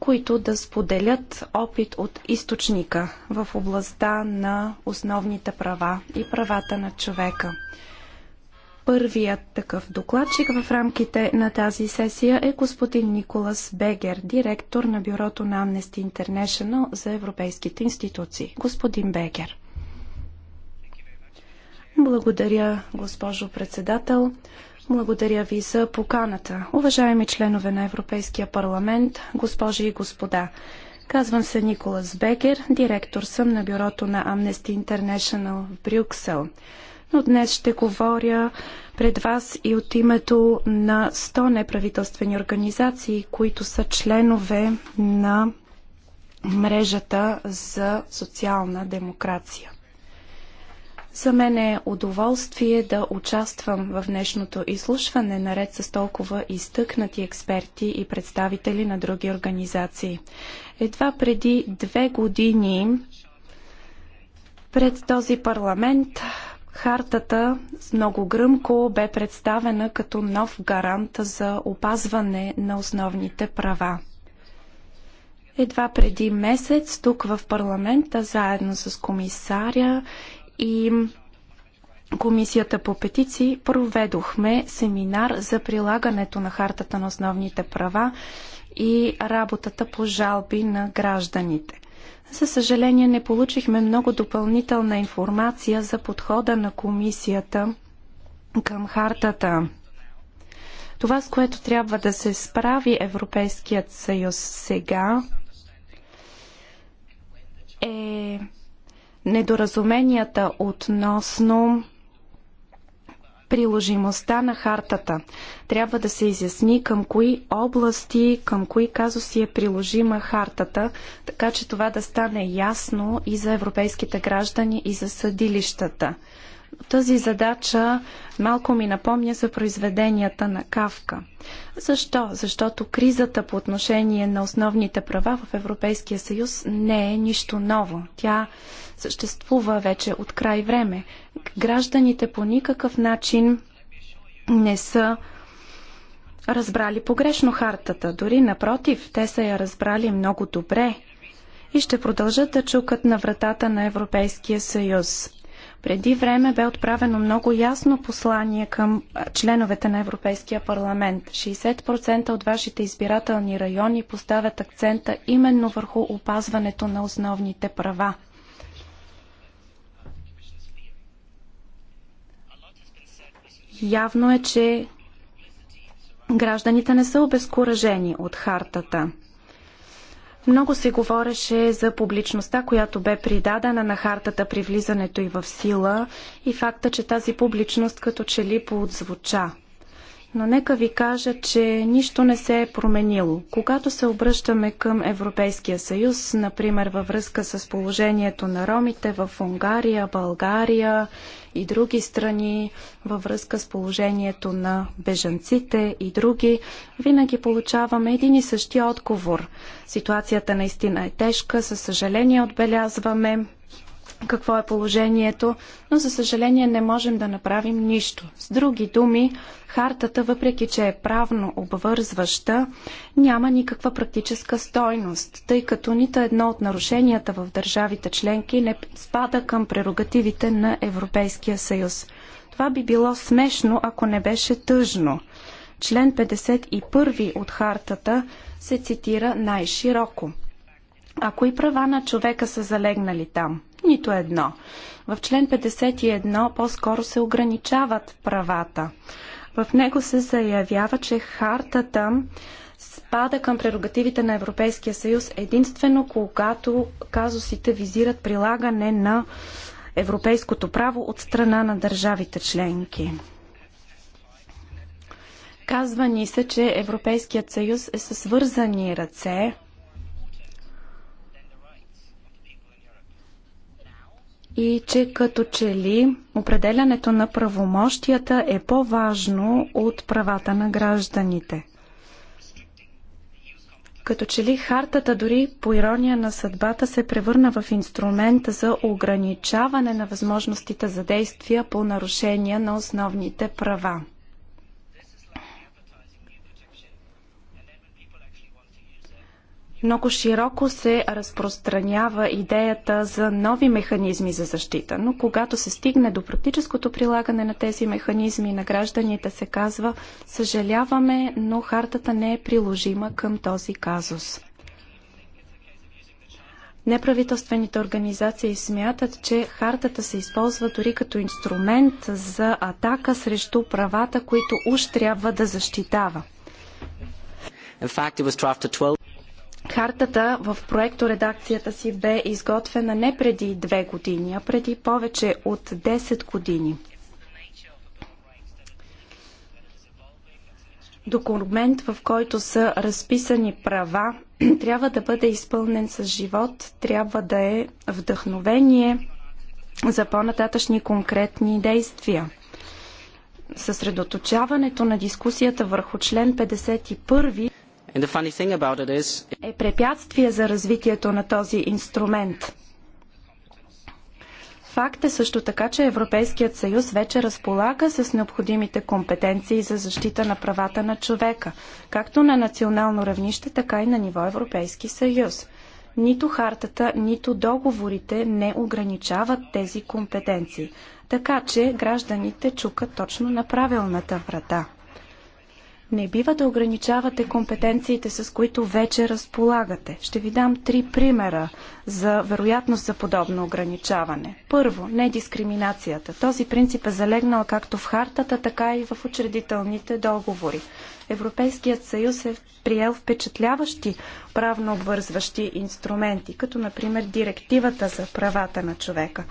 които да споделят опит от източника в областта на основните права и правата на човека. Първият такъв докладчик в рамките на тази сесия е господин Николас Бегер, директор на бюрото на Amnesty International за европейските институции. Господин Бегер. Благодаря, госпожо председател. Благодаря ви за поканата. Уважаеми членове на Европейския парламент, госпожи и господа, казвам се Николас Бекер, директор съм на бюрото на Amnesty International в Брюксел. Но днес ще говоря пред вас и от името на 100 неправителствени организации, които са членове на мрежата за социална демокрация. За мен е удоволствие да участвам в днешното изслушване, наред с толкова изтъкнати експерти и представители на други организации. Едва преди две години пред този парламент Хартата много гръмко бе представена като нов гарант за опазване на основните права. Едва преди месец тук в парламента, заедно с комисаря и Комисията по петиции проведохме семинар за прилагането на Хартата на основните права и работата по жалби на гражданите. За съжаление не получихме много допълнителна информация за подхода на комисията към хартата. Това, с което трябва да се справи Европейският съюз сега, е недоразуменията относно приложимостта на хартата. Трябва да се изясни към кои области, към кои казуси е приложима хартата, така че това да стане ясно и за европейските граждани, и за съдилищата. Тази задача малко ми напомня за произведенията на Кавка. Защо? Защото кризата по отношение на основните права в Европейския съюз не е нищо ново. Тя съществува вече от край време. Гражданите по никакъв начин не са разбрали погрешно хартата. Дори напротив, те са я разбрали много добре и ще продължат да чукат на вратата на Европейския съюз. Преди време бе отправено много ясно послание към членовете на Европейския парламент. 60% от вашите избирателни райони поставят акцента именно върху опазването на основните права. Явно е, че гражданите не са обезкуражени от хартата. Много се говореше за публичността, която бе придадена на хартата при влизането й в сила и факта, че тази публичност като че ли поотзвуча. Но нека ви кажа, че нищо не се е променило. Когато се обръщаме към Европейския съюз, например във връзка с положението на ромите в Унгария, България и други страни, във връзка с положението на бежанците и други, винаги получаваме един и същи отговор. Ситуацията наистина е тежка, със съжаление отбелязваме какво е положението, но за съжаление не можем да направим нищо. С други думи, хартата, въпреки че е правно обвързваща, няма никаква практическа стойност, тъй като нито едно от нарушенията в държавите членки не спада към прерогативите на Европейския съюз. Това би било смешно, ако не беше тъжно. Член 51 от хартата се цитира най-широко. А кои права на човека са залегнали там? Нито едно. В член 51 по-скоро се ограничават правата. В него се заявява, че хартата спада към прерогативите на Европейския съюз единствено когато казусите визират прилагане на европейското право от страна на държавите членки. Казва ни се, че Европейският съюз е със свързани ръце, и че като че ли определянето на правомощията е по-важно от правата на гражданите. Като че ли хартата дори по ирония на съдбата се превърна в инструмент за ограничаване на възможностите за действия по нарушения на основните права. Много широко се разпространява идеята за нови механизми за защита, но когато се стигне до практическото прилагане на тези механизми на гражданите се казва съжаляваме, но хартата не е приложима към този казус. Неправителствените организации смятат, че хартата се използва дори като инструмент за атака срещу правата, които уж трябва да защитава. Картата в проекто редакцията си бе изготвена не преди две години, а преди повече от 10 години. Документ, в който са разписани права, трябва да бъде изпълнен с живот, трябва да е вдъхновение за по-нататъчни конкретни действия. Съсредоточаването на дискусията върху член 51 е препятствие за развитието на този инструмент. Факт е също така, че Европейският съюз вече разполага с необходимите компетенции за защита на правата на човека, както на национално равнище, така и на ниво Европейски съюз. Нито хартата, нито договорите не ограничават тези компетенции. Така че гражданите чукат точно на правилната врата. Не бива да ограничавате компетенциите, с които вече разполагате. Ще ви дам три примера за вероятност за подобно ограничаване. Първо, не дискриминацията. Този принцип е залегнал както в хартата, така и в учредителните договори. Европейският съюз е приел впечатляващи правно обвързващи инструменти, като например директивата за правата на човека.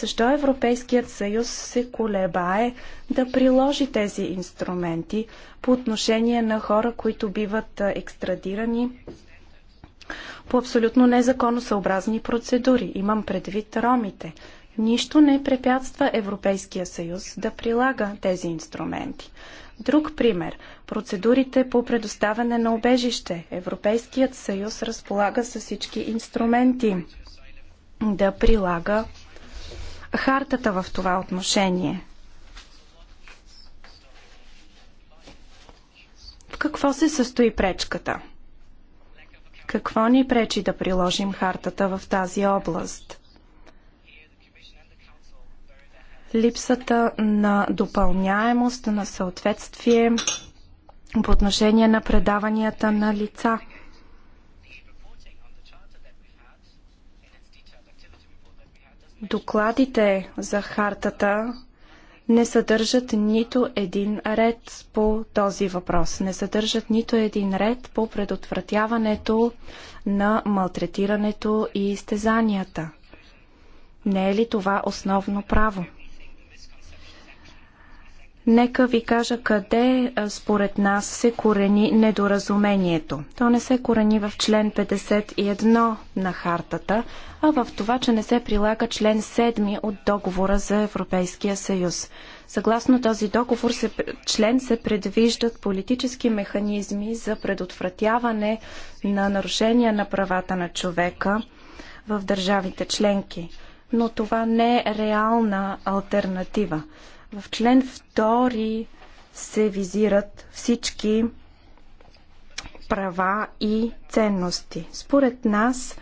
Защо Европейският съюз се колебае да приложи тези инструменти по отношение на хора, които биват екстрадирани по абсолютно незаконосъобразни процедури? Имам предвид ромите. Нищо не препятства Европейския съюз да прилага тези инструменти. Друг пример – процедурите по предоставяне на обежище. Европейският съюз разполага с всички инструменти да прилага хартата в това отношение? В какво се състои пречката? Какво ни пречи да приложим хартата в тази област? Липсата на допълняемост, на съответствие по отношение на предаванията на лица – Докладите за хартата не съдържат нито един ред по този въпрос. Не съдържат нито един ред по предотвратяването на малтретирането и изтезанията. Не е ли това основно право? Нека ви кажа къде според нас се корени недоразумението. То не се корени в член 51 на хартата, а в това, че не се прилага член 7 от договора за Европейския съюз. Съгласно този договор се, член се предвиждат политически механизми за предотвратяване на нарушения на правата на човека в държавите членки. Но това не е реална альтернатива. В член 2 се визират всички права и ценности. Според нас,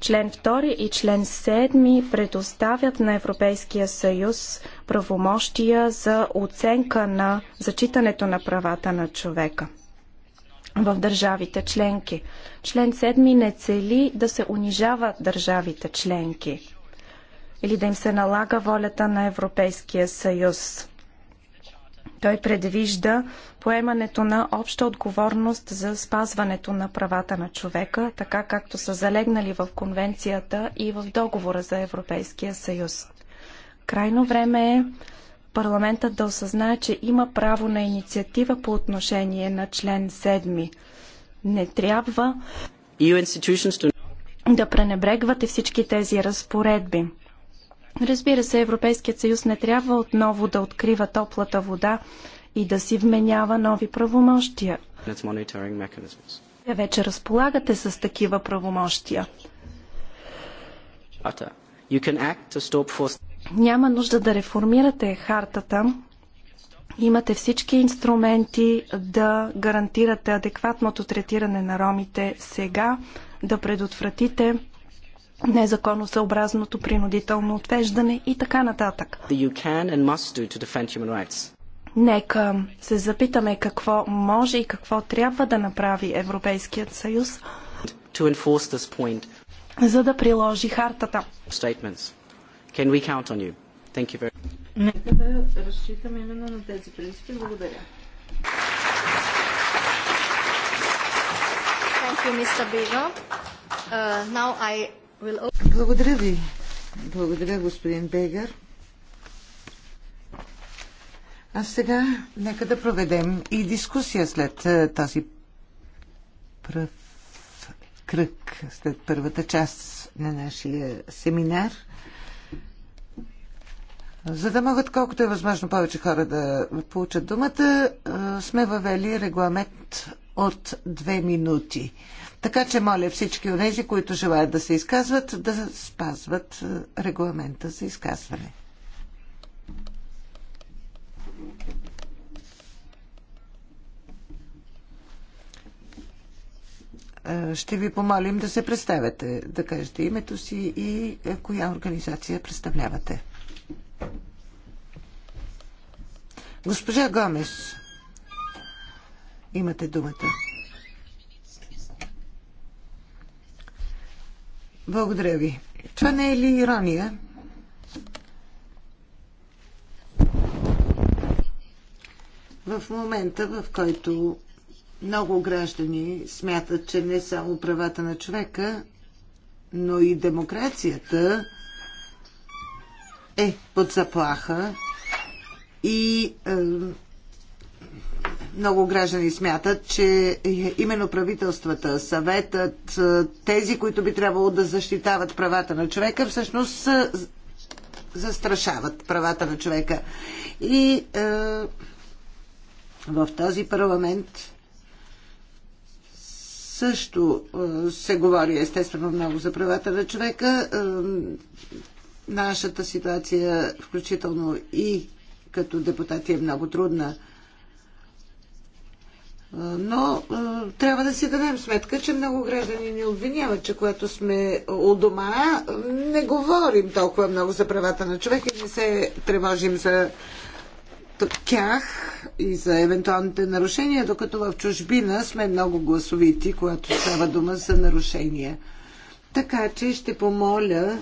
член 2 и член 7 предоставят на Европейския съюз правомощия за оценка на зачитането на правата на човека в държавите членки. Член 7 не цели да се унижават държавите членки или да им се налага волята на Европейския съюз. Той предвижда поемането на обща отговорност за спазването на правата на човека, така както са залегнали в конвенцията и в договора за Европейския съюз. Крайно време е парламентът да осъзнае, че има право на инициатива по отношение на член 7. Не трябва e да пренебрегвате всички тези разпоредби. Разбира се, Европейският съюз не трябва отново да открива топлата вода и да си вменява нови правомощия. Вие вече разполагате с такива правомощия. Няма нужда да реформирате хартата. Имате всички инструменти да гарантирате адекватното третиране на ромите сега, да предотвратите незаконосъобразното принудително отвеждане и така нататък. Нека се запитаме какво може и какво трябва да направи Европейският съюз, за да приложи хартата. Нека да разчитаме именно на тези принципи. Благодаря. Thank you, Mr. Beaver. Uh, now I благодаря ви. Благодаря, господин Бегер. А сега нека да проведем и дискусия след е, този пръв кръг, след първата част на нашия семинар, за да могат колкото е възможно повече хора да получат думата, е, сме въвели регламент от две минути. Така че моля всички от тези, които желаят да се изказват, да спазват е, регламента за изказване. Е, ще ви помолим да се представяте, да кажете името си и е, коя организация представлявате. Госпожа Гомес, имате думата. Благодаря ви. Това не е ли ирония? В момента, в който много граждани смятат, че не само правата на човека, но и демокрацията е под заплаха и е, много граждани смятат, че именно правителствата, съветът, е, тези, които би трябвало да защитават правата на човека, всъщност застрашават правата на човека. И е, в този парламент също е, се говори естествено много за правата на човека. Е, нашата ситуация, включително и като депутати, е много трудна. Но трябва да си дадем сметка, че много граждани ни обвиняват, че когато сме у дома, не говорим толкова много за правата на човека и не се тревожим за тях и за евентуалните нарушения, докато в чужбина сме много гласовити, когато става дума за нарушения. Така че ще помоля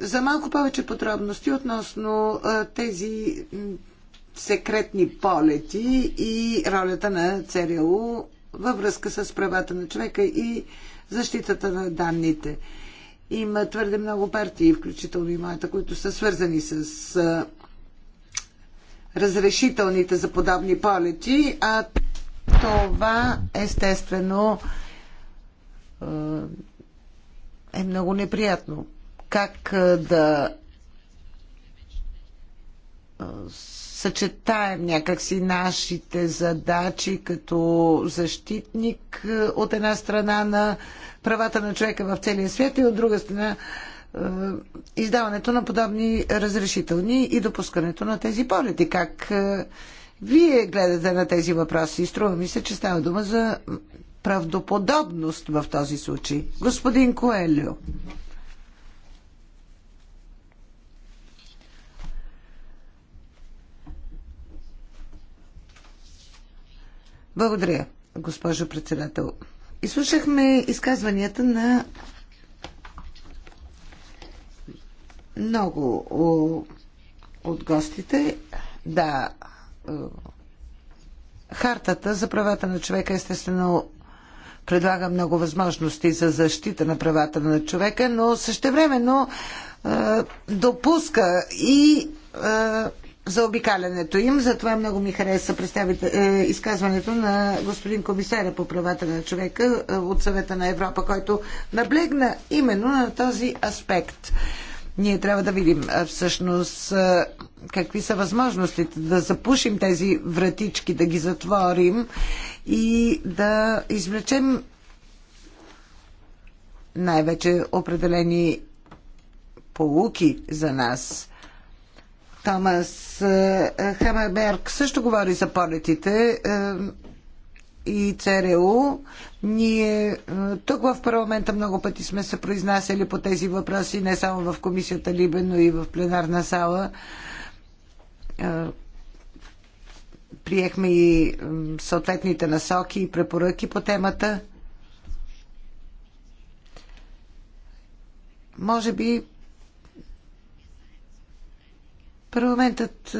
за малко повече подробности относно тези секретни полети и ролята на ЦРУ във връзка с правата на човека и защитата на данните. Има твърде много партии, включително и моята, които са свързани с разрешителните за подобни полети, а това естествено е много неприятно как да съчетаем някакси нашите задачи като защитник от една страна на правата на човека в целия свят и от друга страна издаването на подобни разрешителни и допускането на тези полети. Как вие гледате на тези въпроси? Струва ми се, че става дума за правдоподобност в този случай. Господин Коелио. Благодаря, госпожо председател. Изслушахме изказванията на много от гостите. Да, хартата за правата на човека естествено предлага много възможности за защита на правата на човека, но същевременно е, допуска и е, за обикалянето им. Затова много ми хареса е, изказването на господин комисаря по правата на човека е, от съвета на Европа, който наблегна именно на този аспект. Ние трябва да видим е, всъщност какви са възможностите да запушим тези вратички, да ги затворим и да извлечем най-вече определени полуки за нас. Томас е, е, Хамерберг също говори за полетите е, и ЦРУ. Ние тук в парламента много пъти сме се произнасяли по тези въпроси, не само в комисията Либе, но и в пленарна сала. Приехме и съответните насоки и препоръки по темата. Може би Парламентът е,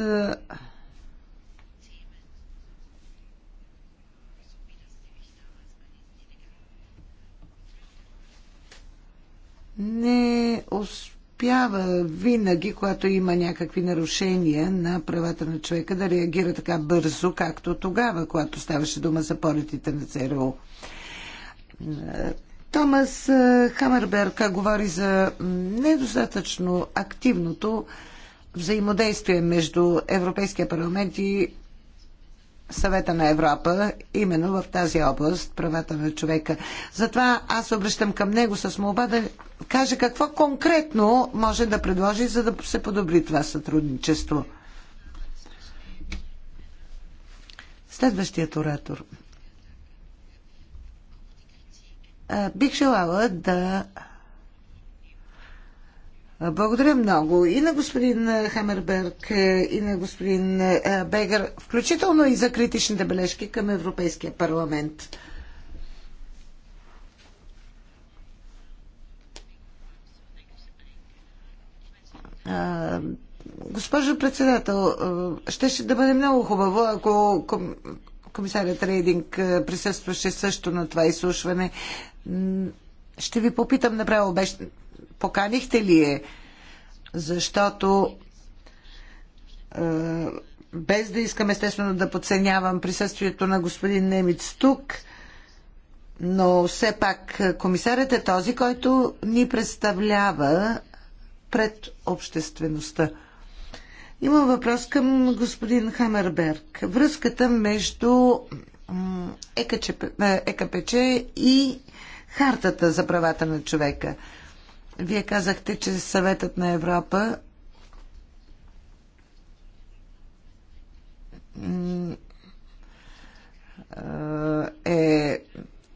не успява винаги, когато има някакви нарушения на правата на човека, да реагира така бързо, както тогава, когато ставаше дума за полетите на ЦРУ. Е, Томас е, Хамерберг говори за недостатъчно активното взаимодействие между Европейския парламент и съвета на Европа, именно в тази област, правата на човека. Затова аз обръщам към него с молба да каже какво конкретно може да предложи, за да се подобри това сътрудничество. Следващият оратор. Бих желала да благодаря много и на господин Хамерберг, и на господин е, Бегер, включително и за критичните бележки към Европейския парламент. Госпожо председател, ще, ще да бъде много хубаво, ако комисарят Рейдинг е, присъстваше също на това изслушване. Ще ви попитам направо, беше, Поканихте ли е? Защото е, без да искам естествено да подценявам присъствието на господин Немиц тук, но все пак е, комисарят е този, който ни представлява пред обществеността. Имам въпрос към господин Хамерберг. Връзката между е, ЕКПЧ и Хартата за правата на човека – вие казахте, че съветът на Европа е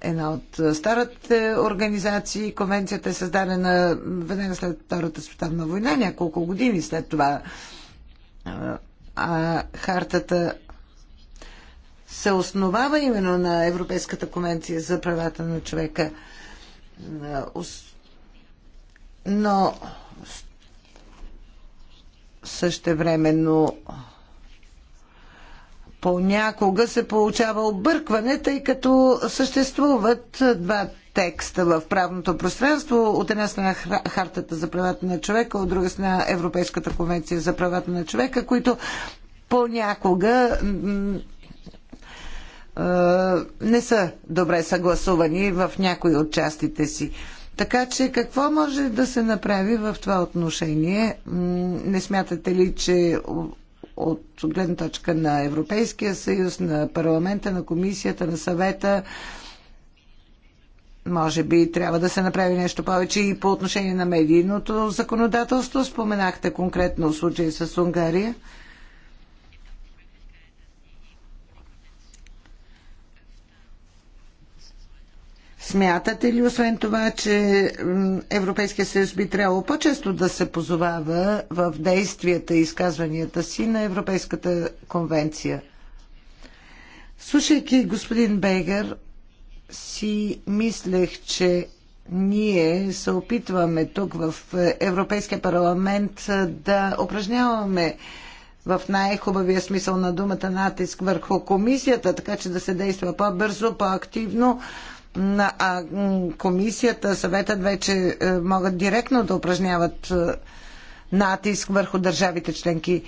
една от старите организации. Конвенцията е създадена веднага след Втората световна война, няколко години след това. А хартата се основава именно на Европейската конвенция за правата на човека но същевременно понякога се получава объркване, тъй като съществуват два текста в правното пространство. От една страна Хартата за правата на човека, от друга страна Европейската конвенция за правата на човека, които понякога не са добре съгласувани в някои от частите си. Така че какво може да се направи в това отношение? Не смятате ли, че от гледна точка на Европейския съюз, на парламента, на комисията, на съвета, може би трябва да се направи нещо повече и по отношение на медийното законодателство. Споменахте конкретно случай с Унгария. Смятате ли, освен това, че Европейския съюз би трябвало по-често да се позовава в действията и изказванията си на Европейската конвенция? Слушайки господин Бейгер, си мислех, че ние се опитваме тук в Европейския парламент да упражняваме в най-хубавия смисъл на думата натиск върху комисията, така че да се действа по-бързо, по-активно а комисията, съветът вече е, могат директно да упражняват е, натиск върху държавите членки.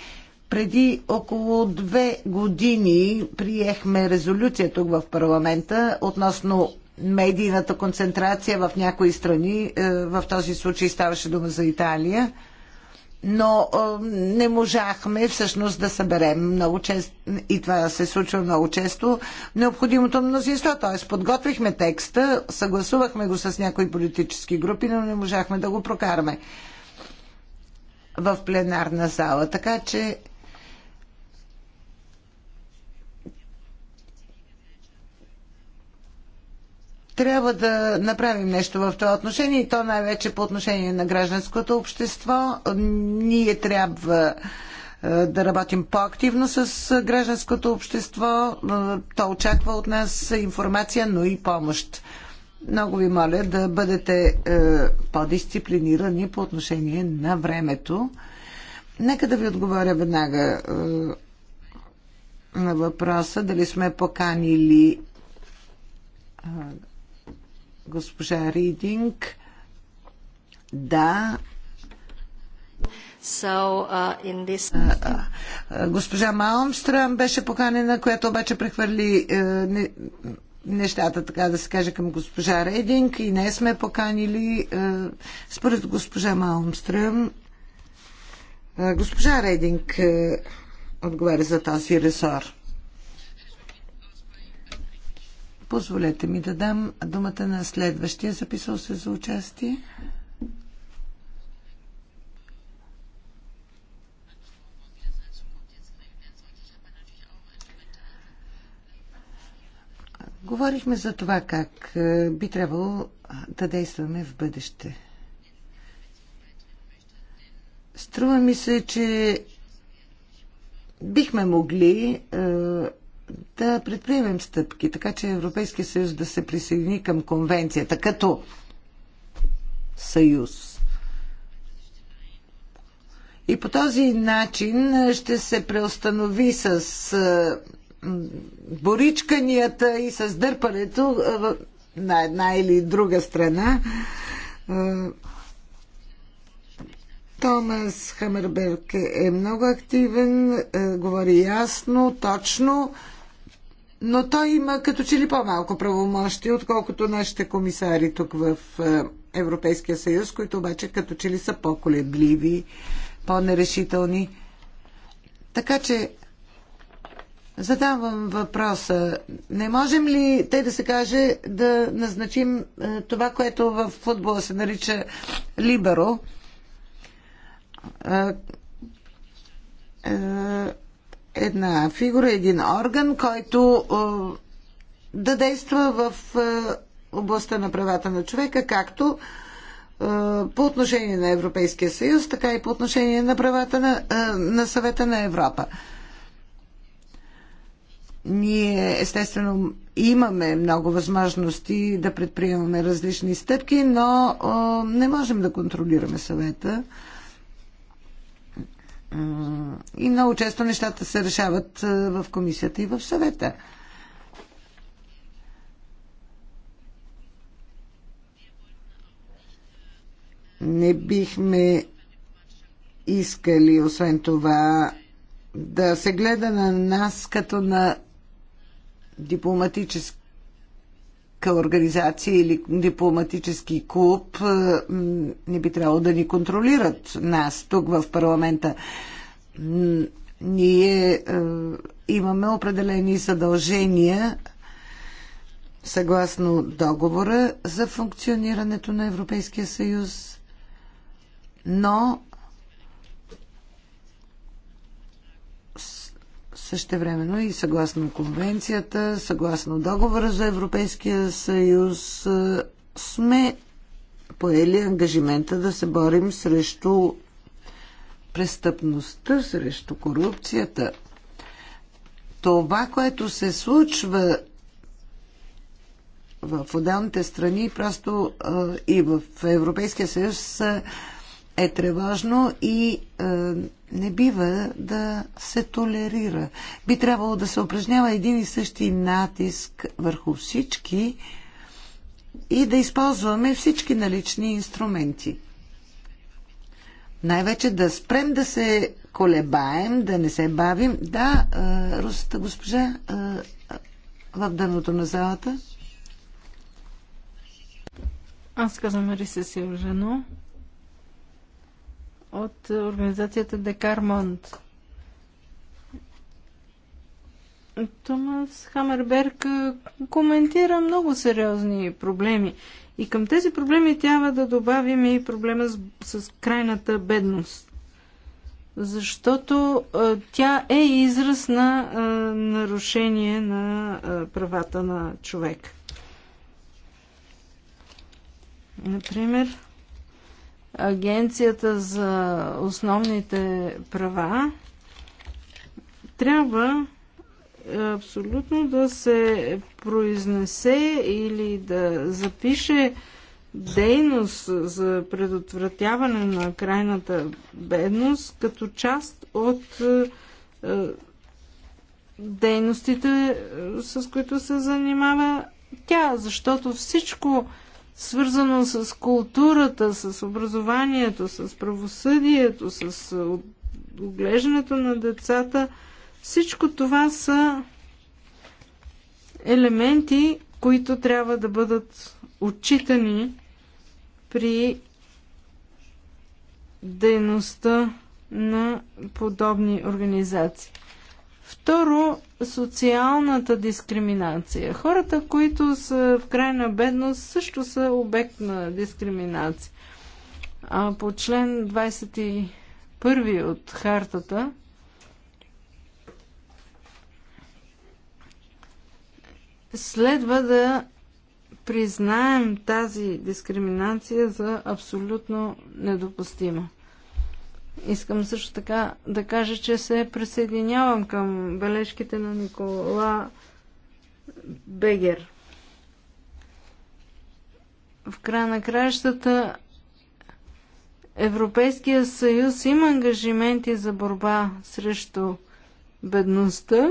Преди около две години приехме резолюция тук в парламента относно медийната концентрация в някои страни. Е, в този случай ставаше дума за Италия но не можахме всъщност да съберем много често, и това се случва много често, необходимото мнозинство. Т.е. подготвихме текста, съгласувахме го с някои политически групи, но не можахме да го прокараме в пленарна зала. Така че трябва да направим нещо в това отношение и то най-вече по отношение на гражданското общество. Ние трябва е, да работим по-активно с гражданското общество. Е, то очаква от нас информация, но и помощ. Много ви моля да бъдете е, по-дисциплинирани по отношение на времето. Нека да ви отговоря веднага на въпроса дали сме поканили госпожа Ридинг. Да. So, uh, in this... Uh, uh, госпожа Малмстрам беше поканена, която обаче прехвърли е, не, нещата, така да се каже, към госпожа Рединг и не сме поканили е, според госпожа Малмстрам. Е, госпожа Рединг отговаря за този ресор. Позволете ми да дам думата на следващия записал се за участие. Говорихме за това как е, би трябвало да действаме в бъдеще. Струва ми се, че бихме могли е, да предприемем стъпки, така че Европейския съюз да се присъедини към конвенцията като съюз. И по този начин ще се преустанови с боричканията и с дърпането на една или друга страна. Томас Хамерберг е много активен, говори ясно, точно но той има като че ли по-малко правомощи, отколкото нашите комисари тук в е, Европейския съюз, които обаче като че ли са по-колебливи, по-нерешителни. Така че задавам въпроса. Не можем ли, те да се каже, да назначим е, това, което в футбола се нарича либеро? Е, една фигура, един орган, който да действа в областта на правата на човека, както по отношение на Европейския съюз, така и по отношение на правата на, на съвета на Европа. Ние, естествено, имаме много възможности да предприемаме различни стъпки, но не можем да контролираме съвета. И много често нещата се решават е, в комисията и в съвета. Не бихме искали, освен това, да се гледа на нас като на дипломатически организация или дипломатически клуб е, не би трябвало да ни контролират нас тук в парламента. Ние е, имаме определени задължения съгласно договора за функционирането на Европейския съюз, но Същевременно и съгласно конвенцията, съгласно договора за Европейския съюз, е, сме поели ангажимента да се борим срещу престъпността, срещу корупцията. Това, което се случва в отделните страни, просто е, и в Европейския съюз, е тревожно и е, не бива да се толерира. Би трябвало да се упражнява един и същи натиск върху всички и да използваме всички налични инструменти. Най-вече да спрем да се колебаем, да не се бавим. Да, е, русата госпожа е, в дъното на залата. Аз казвам Риса Силжано от организацията Декармонт. Томас Хамерберг коментира много сериозни проблеми. И към тези проблеми трябва да добавим и проблема с, с крайната бедност. Защото а, тя е израз на а, нарушение на а, правата на човек. Например, Агенцията за основните права трябва е, абсолютно да се произнесе или да запише дейност за предотвратяване на крайната бедност като част от е, е, дейностите, с които се занимава тя, защото всичко свързано с културата, с образованието, с правосъдието, с оглеждането на децата. Всичко това са елементи, които трябва да бъдат отчитани при дейността на подобни организации. Второ, социалната дискриминация. Хората, които са в крайна бедност, също са обект на дискриминация. А по член 21 от хартата следва да признаем тази дискриминация за абсолютно недопустима. Искам също така да кажа, че се присъединявам към бележките на Никола Бегер. В края на краищата Европейския съюз има ангажименти за борба срещу бедността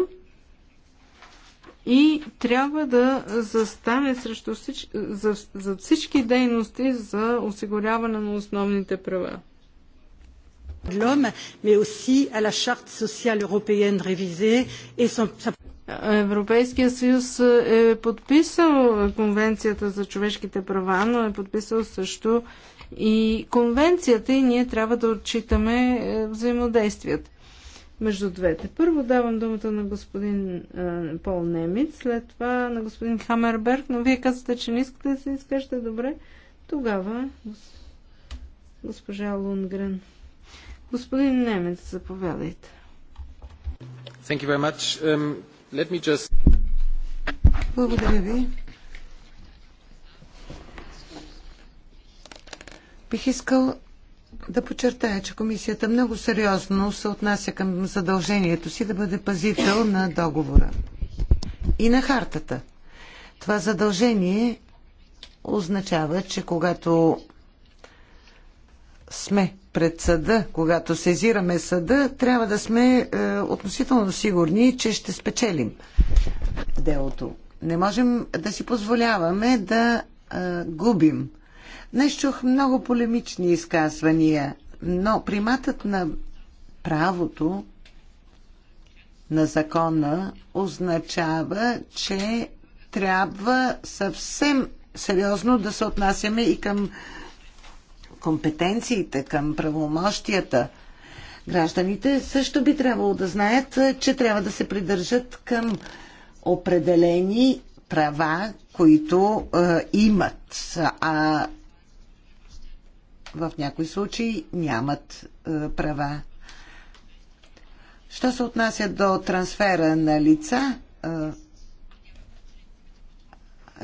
и трябва да застане срещу всич... за... за всички дейности за осигуряване на основните права de l'homme, mais aussi à la charte sociale européenne révisée et son... Европейския съюз е подписал Конвенцията за човешките права, но е подписал също и Конвенцията и ние трябва да отчитаме е, взаимодействията между двете. Първо давам думата на господин а, е, Пол Немец, след това на господин Хамерберг, но вие казвате, че не искате да се изкажете добре. Тогава госпожа Лунгрен. Господин Немец, заповядайте. Thank you very much. Um, let me just... Благодаря ви. Бих искал да подчертая, че комисията много сериозно се отнася към задължението си да бъде пазител на договора и на хартата. Това задължение означава, че когато сме пред съда, когато сезираме съда, трябва да сме е, относително сигурни, че ще спечелим делото. Не можем да си позволяваме да е, губим. Днес чух много полемични изказвания, но приматът на правото на закона означава, че трябва съвсем сериозно да се отнасяме и към компетенциите, към правомощията. Гражданите също би трябвало да знаят, че трябва да се придържат към определени права, които е, имат, а в някои случаи нямат е, права. Що се отнася до трансфера на лица, е,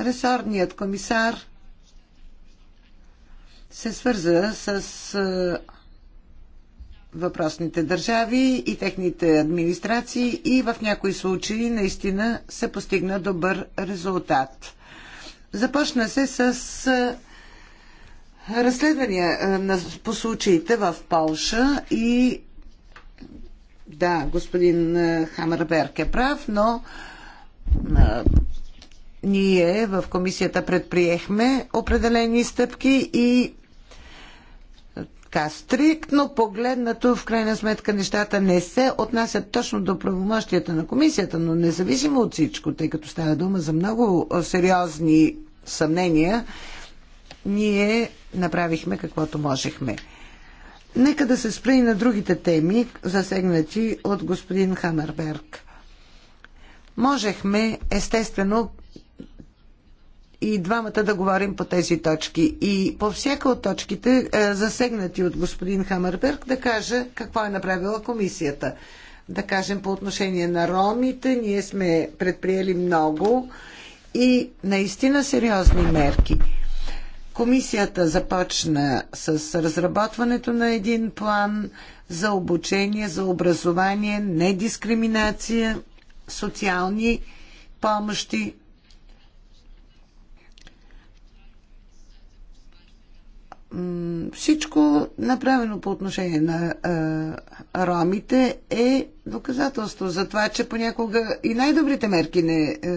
ресорният комисар се свърза с въпросните държави и техните администрации и в някои случаи наистина се постигна добър резултат. Започна се с разследвания по случаите в Полша и да, господин Хамерберг е прав, но ние в комисията предприехме определени стъпки и така стриктно погледнато, в крайна сметка нещата не се отнасят точно до правомощията на комисията, но независимо от всичко, тъй като става дума за много сериозни съмнения, ние направихме каквото можехме. Нека да се спра и на другите теми, засегнати от господин Хамерберг. Можехме, естествено, и двамата да говорим по тези точки. И по всяка от точките, е, засегнати от господин Хамърберг, да каже какво е направила комисията. Да кажем по отношение на ромите, ние сме предприели много и наистина сериозни мерки. Комисията започна с разработването на един план за обучение, за образование, недискриминация, социални помощи, всичко направено по отношение на а, ромите е доказателство за това, че понякога и най-добрите мерки не, а,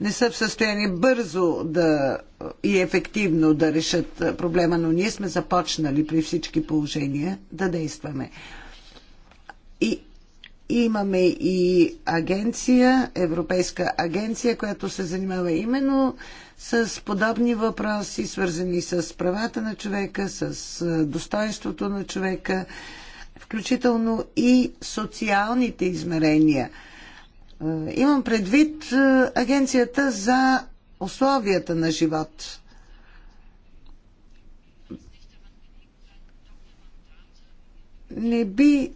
не са в състояние бързо да и ефективно да решат проблема, но ние сме започнали при всички положения да действаме. И Имаме и агенция, Европейска агенция, която се занимава именно с подобни въпроси, свързани с правата на човека, с достоинството на човека, включително и социалните измерения. Имам предвид агенцията за условията на живот. Не би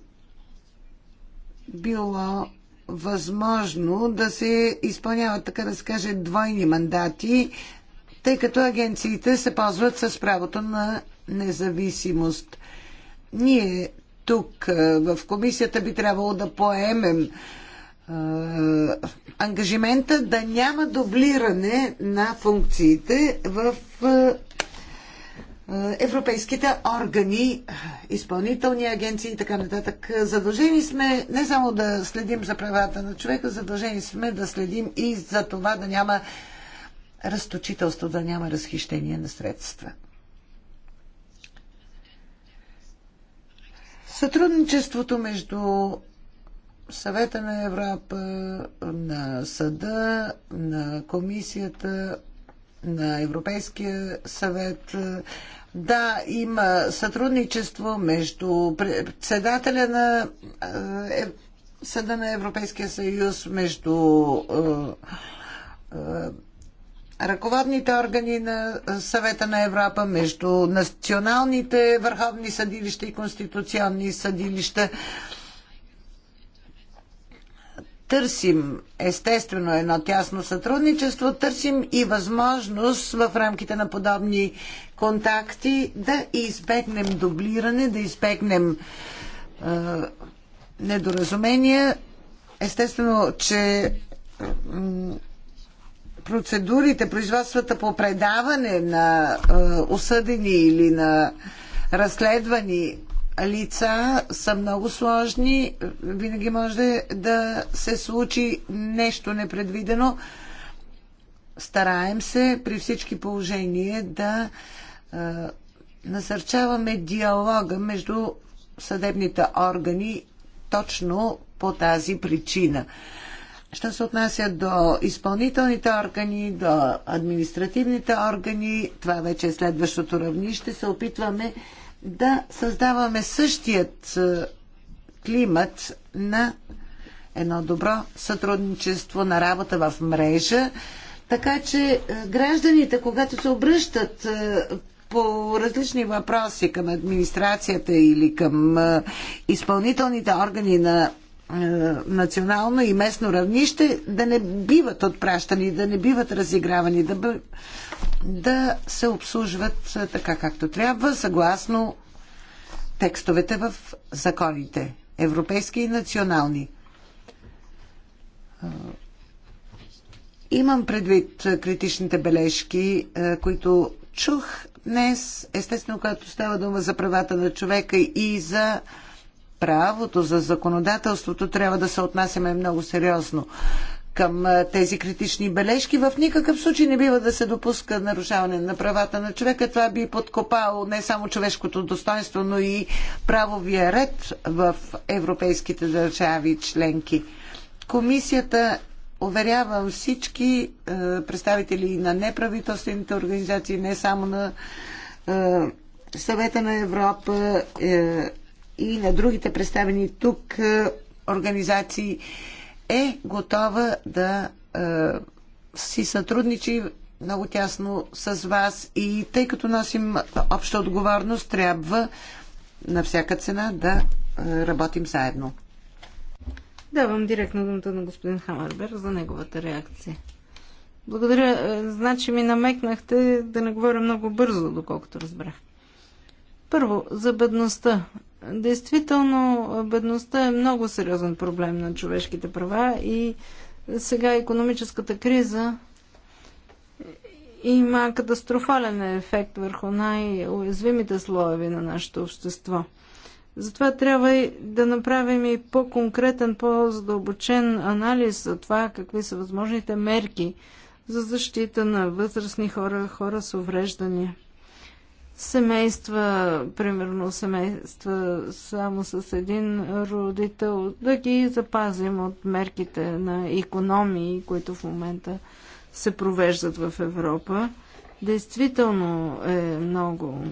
било възможно да се изпълняват, така да се каже, двойни мандати, тъй като агенциите се ползват с правото на независимост. Ние тук в комисията би трябвало да поемем ангажимента да няма дублиране на функциите в е, европейските органи, изпълнителни агенции и така нататък. Задължени сме не само да следим за правата на човека, задължени сме да следим и за това да няма разточителство, да няма разхищение на средства. Сътрудничеството между Съвета на Европа, на Съда, на Комисията на Европейския съвет да има сътрудничество между председателя на е, Съда на Европейския съюз, между е, е, ръководните органи на съвета на Европа, между националните върховни съдилища и конституционни съдилища търсим естествено едно тясно сътрудничество, търсим и възможност в рамките на подобни контакти да избегнем дублиране, да избегнем е, недоразумения. Естествено, че процедурите, производствата по предаване на е, осъдени или на разследвани лица са много сложни. Винаги може да се случи нещо непредвидено. Стараем се при всички положения да насърчаваме диалога между съдебните органи точно по тази причина. Що се отнася до изпълнителните органи, до административните органи, това вече е следващото равнище, се опитваме да създаваме същият е, климат на едно добро сътрудничество на работа в мрежа, така че е, гражданите, когато се обръщат е, по различни въпроси към администрацията или към изпълнителните органи на национално и местно равнище, да не биват отпращани, да не биват разигравани, да да се обслужват така както трябва, съгласно текстовете в законите, европейски и национални. Имам предвид критичните бележки, които чух днес, естествено, когато става дума за правата на човека и за правото, за законодателството, трябва да се отнасяме много сериозно към тези критични бележки. В никакъв случай не бива да се допуска нарушаване на правата на човека. Това би подкопало не само човешкото достоинство, но и правовия ред в европейските държави членки. Комисията уверявам всички представители на неправителствените организации, не само на Съвета на Европа е, и на другите представени тук организации, е готова да е, си сътрудничи много тясно с вас и тъй като носим обща отговорност, трябва на всяка цена да е, работим заедно. Давам директно думата на господин Хамарбер за неговата реакция. Благодаря. Е, значи ми намекнахте да не говоря много бързо, доколкото разбрах. Първо, за бедността. Действително, бедността е много сериозен проблем на човешките права и сега економическата криза има катастрофален ефект върху най-уязвимите слоеви на нашето общество. Затова трябва и да направим и по-конкретен, по-задълбочен анализ за това какви са възможните мерки за защита на възрастни хора, хора с увреждания семейства, примерно семейства само с един родител, да ги запазим от мерките на економии, които в момента се провеждат в Европа. Действително е много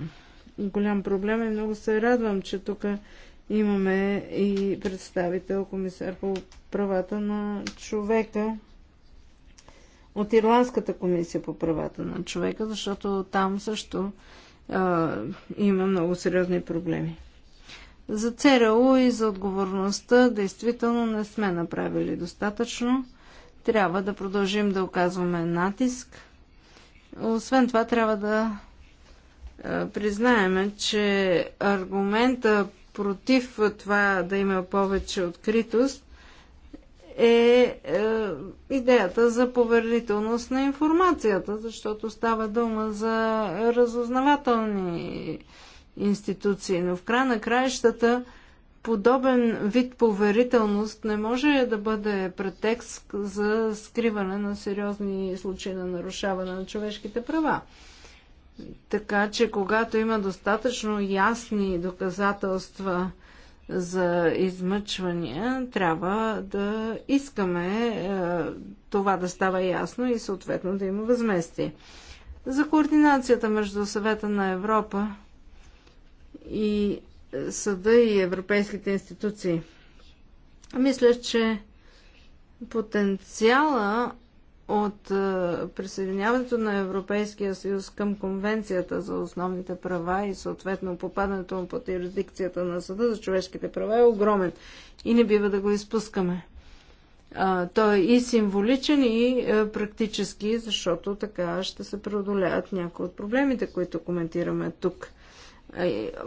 голям проблем и много се радвам, че тук имаме и представител, комисар по правата на човека от Ирландската комисия по правата на човека, защото там също а, има много сериозни проблеми. За ЦРУ и за отговорността действително не сме направили достатъчно. Трябва да продължим да оказваме натиск. Освен това, трябва да признаеме, че аргумента против това да има повече откритост е, е идеята за поверителност на информацията, защото става дума за разузнавателни институции. Но в края на краищата подобен вид поверителност не може да бъде претекст за скриване на сериозни случаи на нарушаване на човешките права. Така че, когато има достатъчно ясни доказателства, за измъчвания, трябва да искаме е, това да става ясно и съответно да има възместие. За координацията между съвета на Европа и съда и европейските институции. Мисля, че потенциала от е, присъединяването на Европейския съюз към Конвенцията за основните права и съответно попадането му под юрисдикцията на Съда за човешките права е огромен и не бива да го изпускаме. той е и символичен, и е, практически, защото така ще се преодоляват някои от проблемите, които коментираме тук.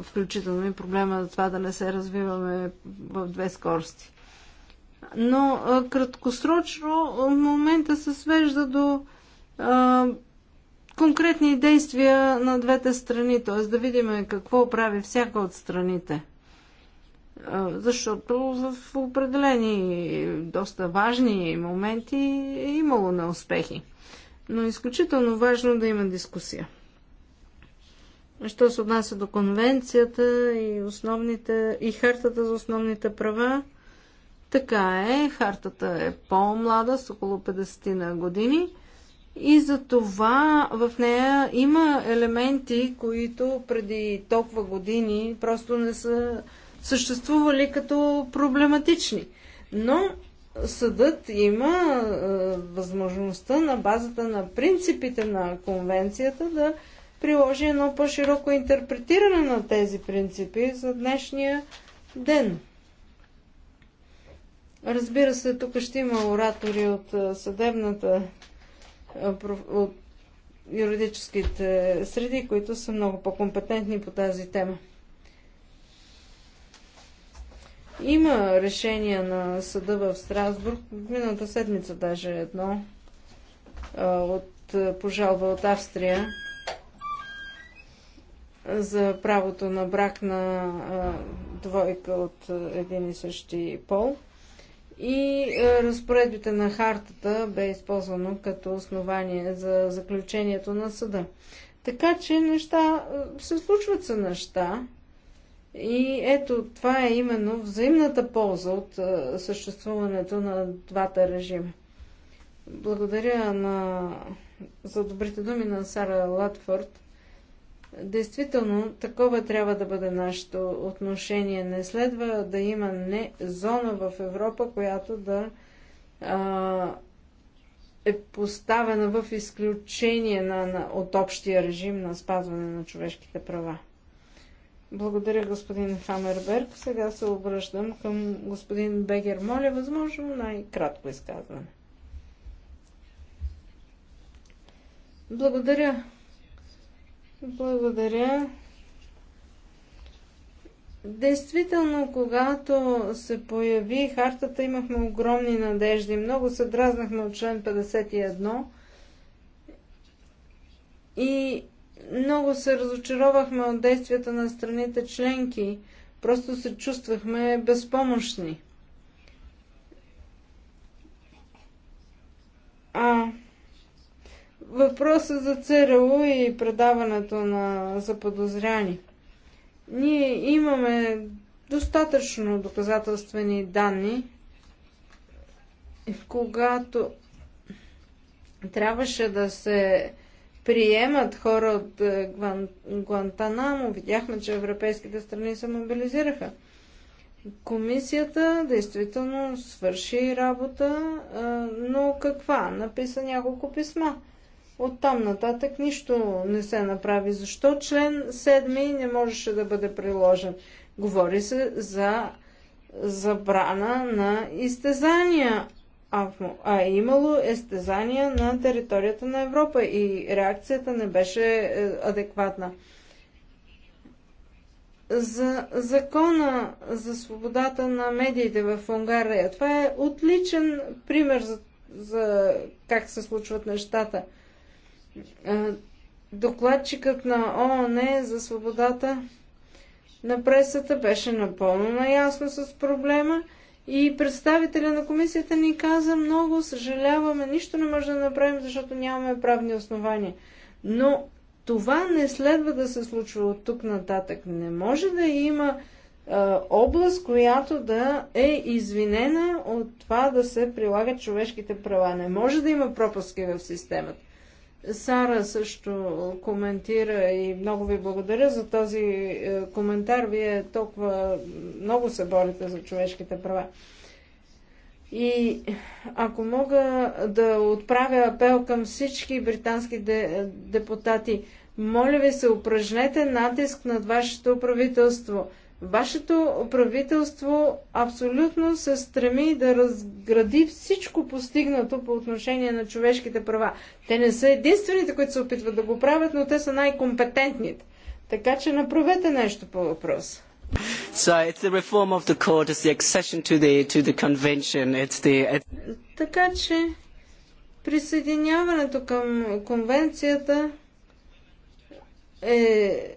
Включително и проблема за това да не се развиваме в две скорости но краткосрочно в момента се свежда до а, конкретни действия на двете страни, т.е. да видим какво прави всяка от страните. А, защото в определени доста важни моменти е имало неуспехи. Но е изключително важно да има дискусия. Що се отнася до конвенцията и, основните, и хартата за основните права, така е, хартата е по-млада, с около 50 на години. И за това в нея има елементи, които преди толкова години просто не са съществували като проблематични. Но съдът има е, възможността на базата на принципите на конвенцията да приложи едно по-широко интерпретиране на тези принципи за днешния ден. Разбира се, тук ще има оратори от съдебната, от юридическите среди, които са много по-компетентни по тази тема. Има решение на съда в Страсбург, миналата седмица даже едно, от пожалба от Австрия за правото на брак на двойка от един и същи пол и е, разпоредбите на хартата бе използвано като основание за заключението на съда. Така че неща, е, се случват са неща и ето това е именно взаимната полза от е, съществуването на двата режима. Благодаря на, за добрите думи на Сара Латфорд. Действително, такова трябва да бъде нашето отношение. Не следва да има не зона в Европа, която да а, е поставена в изключение на, на, от общия режим на спазване на човешките права. Благодаря, господин Хамерберг. Сега се обръщам към господин Бегер. Моля, възможно най-кратко изказване. Благодаря, благодаря. Действително, когато се появи хартата, имахме огромни надежди. Много се дразнахме от член 51 и много се разочаровахме от действията на страните членки. Просто се чувствахме безпомощни. А въпроса за ЦРУ и предаването на заподозряни. Ние имаме достатъчно доказателствени данни, когато трябваше да се приемат хора от е, Гван... Гуантанамо, видяхме, че европейските страни се мобилизираха. Комисията действително свърши работа, е, но каква? Написа няколко писма. От там нататък нищо не се направи. Защо член 7 не можеше да бъде приложен? Говори се за забрана на изтезания, а, а е имало изтезания на територията на Европа и реакцията не беше е, адекватна. За закона за свободата на медиите в Унгария. Това е отличен пример за, за как се случват нещата докладчикът на ООН за свободата на пресата беше напълно наясно с проблема и представителя на комисията ни каза много съжаляваме, нищо не може да направим, защото нямаме правни основания. Но това не следва да се случва от тук нататък. Не може да има област, която да е извинена от това да се прилагат човешките права. Не може да има пропуски в системата. Сара също коментира и много ви благодаря за този е, коментар. Вие толкова много се борите за човешките права. И ако мога да отправя апел към всички британски де, депутати, моля ви се, упражнете натиск над вашето правителство – Вашето правителство абсолютно се стреми да разгради всичко постигнато по отношение на човешките права. Те не са единствените, които се опитват да го правят, но те са най-компетентните. Така че направете нещо по въпроса. So it's the reform of the court, it's the accession to the, to the convention, it's the... Така че присъединяването към конвенцията е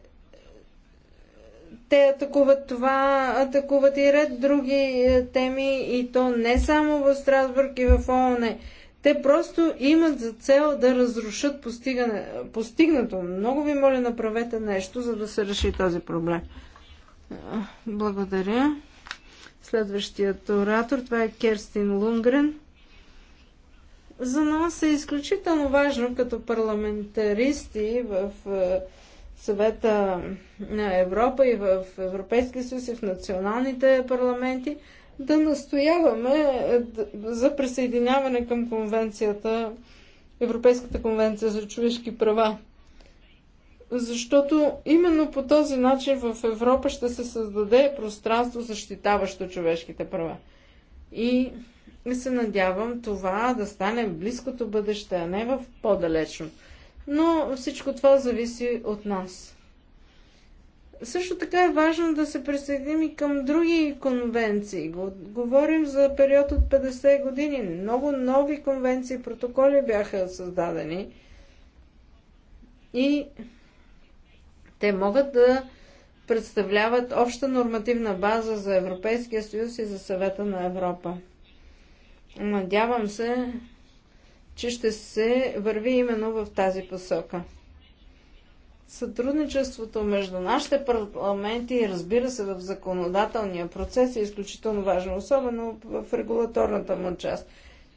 те атакуват това, атакуват и ред други е, теми и то не само в Страсбург и в ООН. Те просто имат за цел да разрушат постигане, постигнато. Много ви моля, направете нещо, за да се реши този проблем. Благодаря. Следващият оратор, това е Керстин Лунгрен. За нас е изключително важно като парламентаристи в е, съвета на Европа и в Европейския съюз и в националните парламенти да настояваме е, за присъединяване към конвенцията, Европейската конвенция за човешки права. Защото именно по този начин в Европа ще се създаде пространство, защитаващо човешките права. И се надявам това да стане в близкото бъдеще, а не в по-далечно но всичко това зависи от нас. Също така е важно да се присъединим и към други конвенции. Говорим за период от 50 години. Много нови конвенции и протоколи бяха създадени. И те могат да представляват обща нормативна база за Европейския съюз и за съвета на Европа. Надявам се че ще се върви именно в тази посока. Сътрудничеството между нашите парламенти, разбира се, в законодателния процес е изключително важно, особено в регулаторната му част.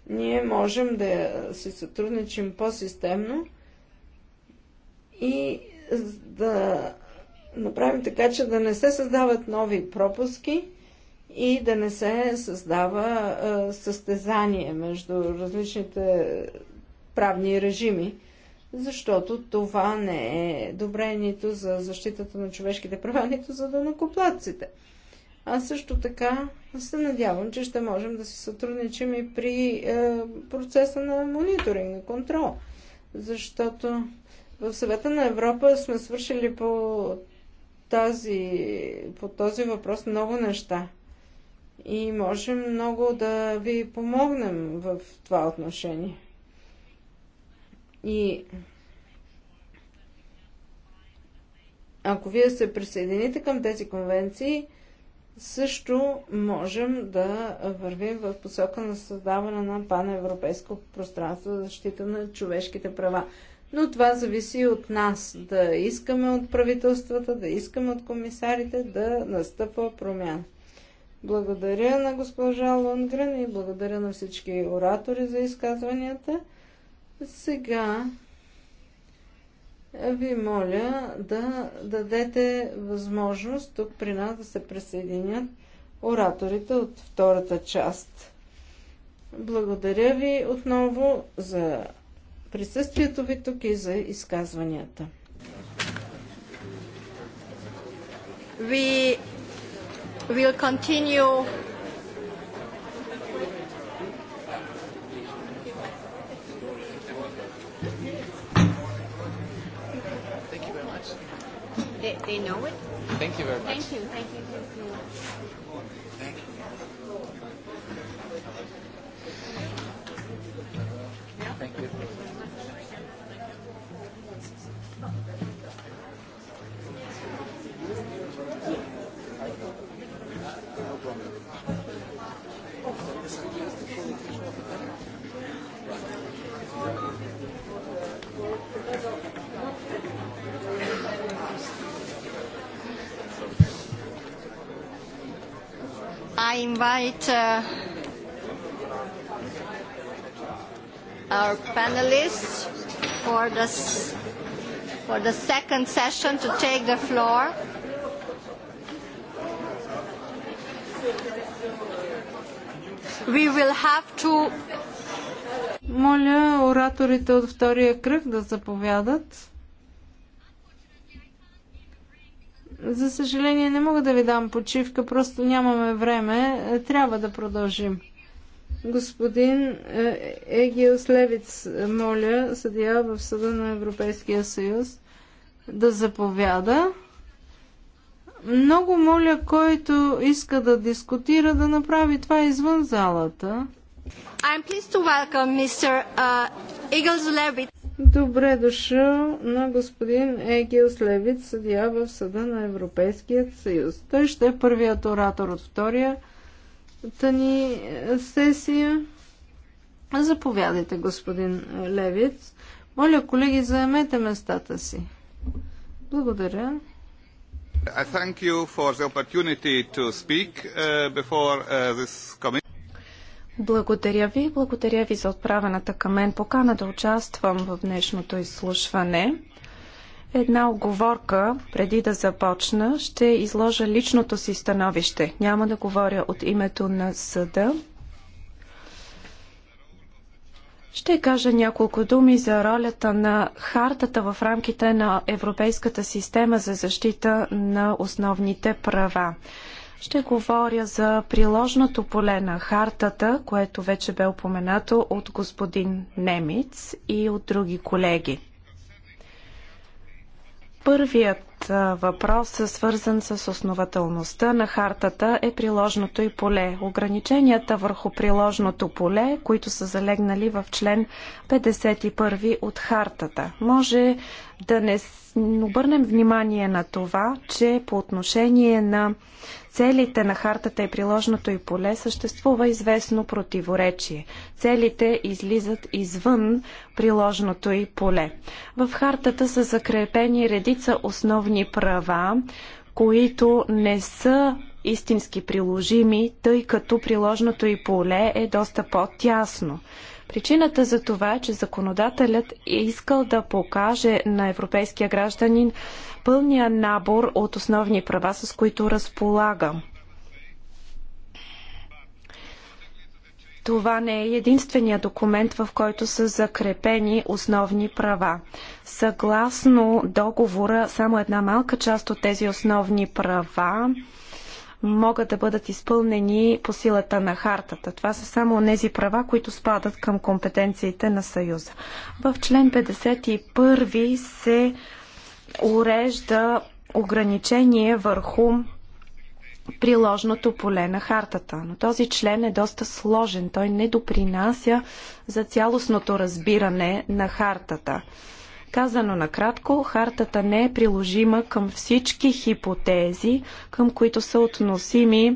Ние можем да си сътрудничим по-системно и да направим така, че да не се създават нови пропуски, и да не се създава състезание между различните правни режими, защото това не е добре нито за защитата на човешките права, нито за данокоплатците. А също така се надявам, че ще можем да се сътрудничим и при е, процеса на мониторинг, на контрол. Защото в съвета на Европа сме свършили по, тази, по този въпрос много неща и можем много да ви помогнем в това отношение. И ако вие се присъедините към тези конвенции, също можем да вървим в посока на създаване на паневропейско пространство за защита на човешките права. Но това зависи от нас, да искаме от правителствата, да искаме от комисарите да настъпва промяна. Благодаря на госпожа Лунгрен и благодаря на всички оратори за изказванията. Сега ви моля да дадете възможност тук при нас да се присъединят ораторите от втората част. Благодаря ви отново за присъствието ви тук и за изказванията. We will continue. Thank you very much. They, they know it? Thank you very much. Thank you. Thank you. Thank you. invite uh, our panelists for the, for the second session to take the floor. We will have to... Моля ораторите от втория кръг да заповядат. За съжаление не мога да ви дам почивка, просто нямаме време. Е, трябва да продължим. Господин е, Егиос Левиц, е, моля, съдия в Съда на Европейския съюз, да заповяда. Много моля, който иска да дискутира, да направи това извън залата. I'm pleased to welcome Mr. Uh, Eagles Levitt. Добре дошъл на господин Егилс Левит, съдия в Съда на Европейският съюз. Той ще е първият оратор от втория ни е, сесия. Заповядайте, господин Левиц. Моля, колеги, заемете местата си. Благодаря. I thank you for the opportunity to speak uh, before uh, this committee. Благодаря ви. Благодаря ви за отправената към мен покана да участвам в днешното изслушване. Една оговорка, преди да започна, ще изложа личното си становище. Няма да говоря от името на съда. Ще кажа няколко думи за ролята на хартата в рамките на Европейската система за защита на основните права. Ще говоря за приложното поле на хартата, което вече бе упоменато от господин Немец и от други колеги. Първият въпрос, е свързан с основателността на хартата, е приложното и поле. Ограниченията върху приложното поле, които са залегнали в член 51 от хартата. Може да не обърнем внимание на това, че по отношение на целите на хартата и е приложното и поле съществува известно противоречие. Целите излизат извън приложното и поле. В хартата са закрепени редица основни права, които не са истински приложими, тъй като приложното и поле е доста по-тясно. Причината за това е, че законодателят е искал да покаже на европейския гражданин пълния набор от основни права, с които разполага. Това не е единствения документ, в който са закрепени основни права. Съгласно договора, само една малка част от тези основни права могат да бъдат изпълнени по силата на хартата. Това са само тези права, които спадат към компетенциите на Съюза. В член 51 се урежда ограничение върху приложното поле на хартата. Но този член е доста сложен. Той не допринася за цялостното разбиране на хартата. Казано накратко, хартата не е приложима към всички хипотези, към които са относими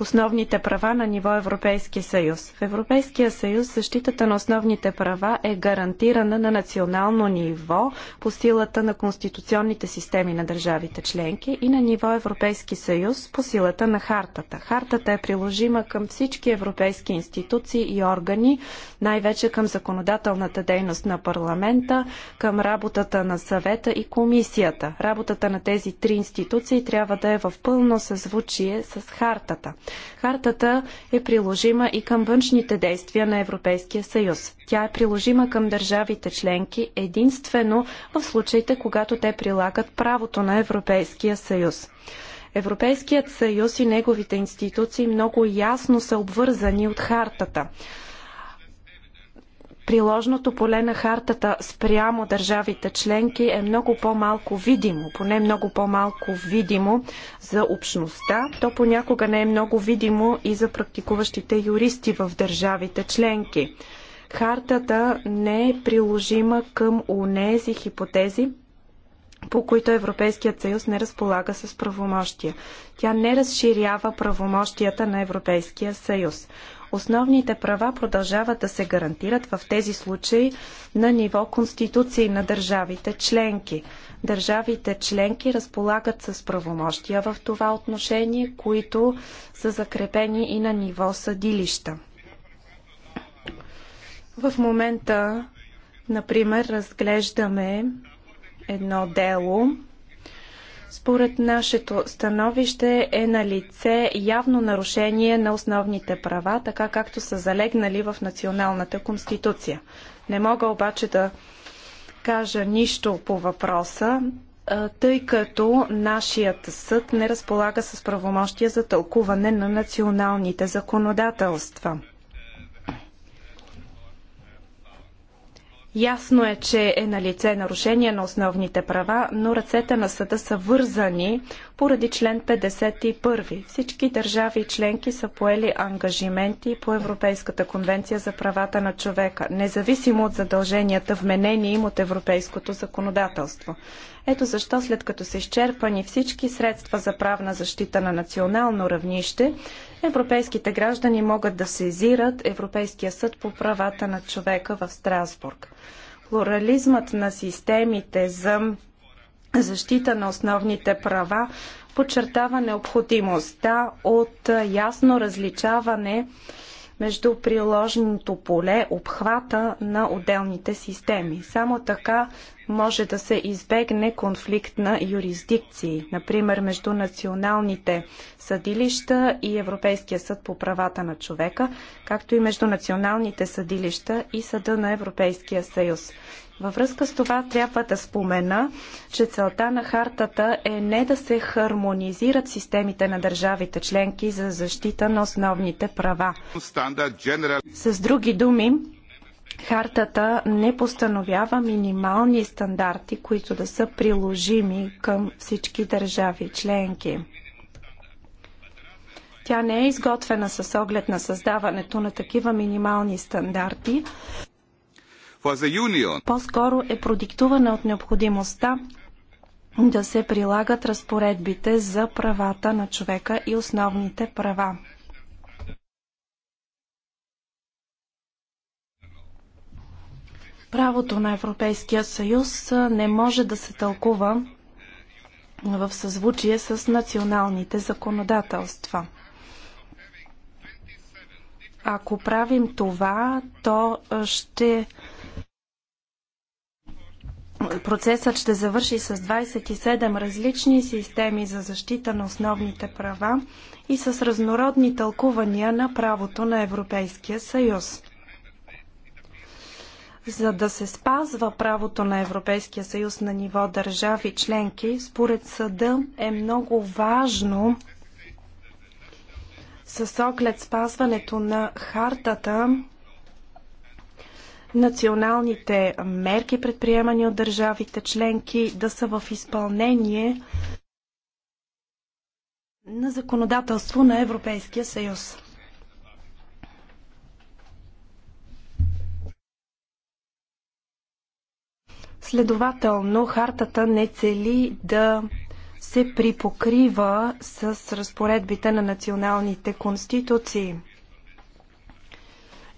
основните права на ниво Европейски съюз. В Европейския съюз защитата на основните права е гарантирана на национално ниво по силата на конституционните системи на държавите членки и на ниво Европейски съюз по силата на хартата. Хартата е приложима към всички европейски институции и органи, най-вече към законодателната дейност на парламента, към работата на съвета и комисията. Работата на тези три институции трябва да е в пълно съзвучие с хартата. Хартата е приложима и към външните действия на Европейския съюз. Тя е приложима към държавите членки единствено в случаите, когато те прилагат правото на Европейския съюз. Европейският съюз и неговите институции много ясно са обвързани от хартата приложното поле на хартата спрямо държавите членки е много по-малко видимо, поне много по-малко видимо за общността. То понякога не е много видимо и за практикуващите юристи в държавите членки. Хартата не е приложима към унези хипотези, по които Европейският съюз не разполага с правомощия. Тя не разширява правомощията на Европейския съюз. Основните права продължават да се гарантират в тези случаи на ниво конституции на държавите членки. Държавите членки разполагат с правомощия в това отношение, които са закрепени и на ниво съдилища. В момента, например, разглеждаме едно дело, според нашето становище е на лице явно нарушение на основните права, така както са залегнали в националната конституция. Не мога обаче да кажа нищо по въпроса, тъй като нашият съд не разполага с правомощия за тълкуване на националните законодателства. Ясно е, че е на лице нарушение на основните права, но ръцете на съда са вързани поради член 51. Всички държави и членки са поели ангажименти по Европейската конвенция за правата на човека, независимо от задълженията вменени им от европейското законодателство. Ето защо след като са изчерпани всички средства за правна защита на национално равнище, европейските граждани могат да сезират Европейския съд по правата на човека в Страсбург. Плурализмът на системите за защита на основните права подчертава необходимостта от ясно различаване между приложеното поле, обхвата на отделните системи. Само така може да се избегне конфликт на юрисдикции, например между националните съдилища и Европейския съд по правата на човека, както и между националните съдилища и Съда на Европейския съюз. Във връзка с това трябва да спомена, че целта на хартата е не да се хармонизират системите на държавите членки за защита на основните права. С други думи, Хартата не постановява минимални стандарти, които да са приложими към всички държави членки. Тя не е изготвена с оглед на създаването на такива минимални стандарти, по-скоро е продиктувана от необходимостта да се прилагат разпоредбите за правата на човека и основните права. Правото на Европейския съюз не може да се тълкува в съзвучие с националните законодателства. Ако правим това, то ще процесът ще завърши с 27 различни системи за защита на основните права и с разнородни тълкувания на правото на Европейския съюз. За да се спазва правото на Европейския съюз на ниво държави членки, според съда е много важно с оглед спазването на хартата националните мерки, предприемани от държавите членки, да са в изпълнение на законодателство на Европейския съюз. Следователно, хартата не цели да се припокрива с разпоредбите на националните конституции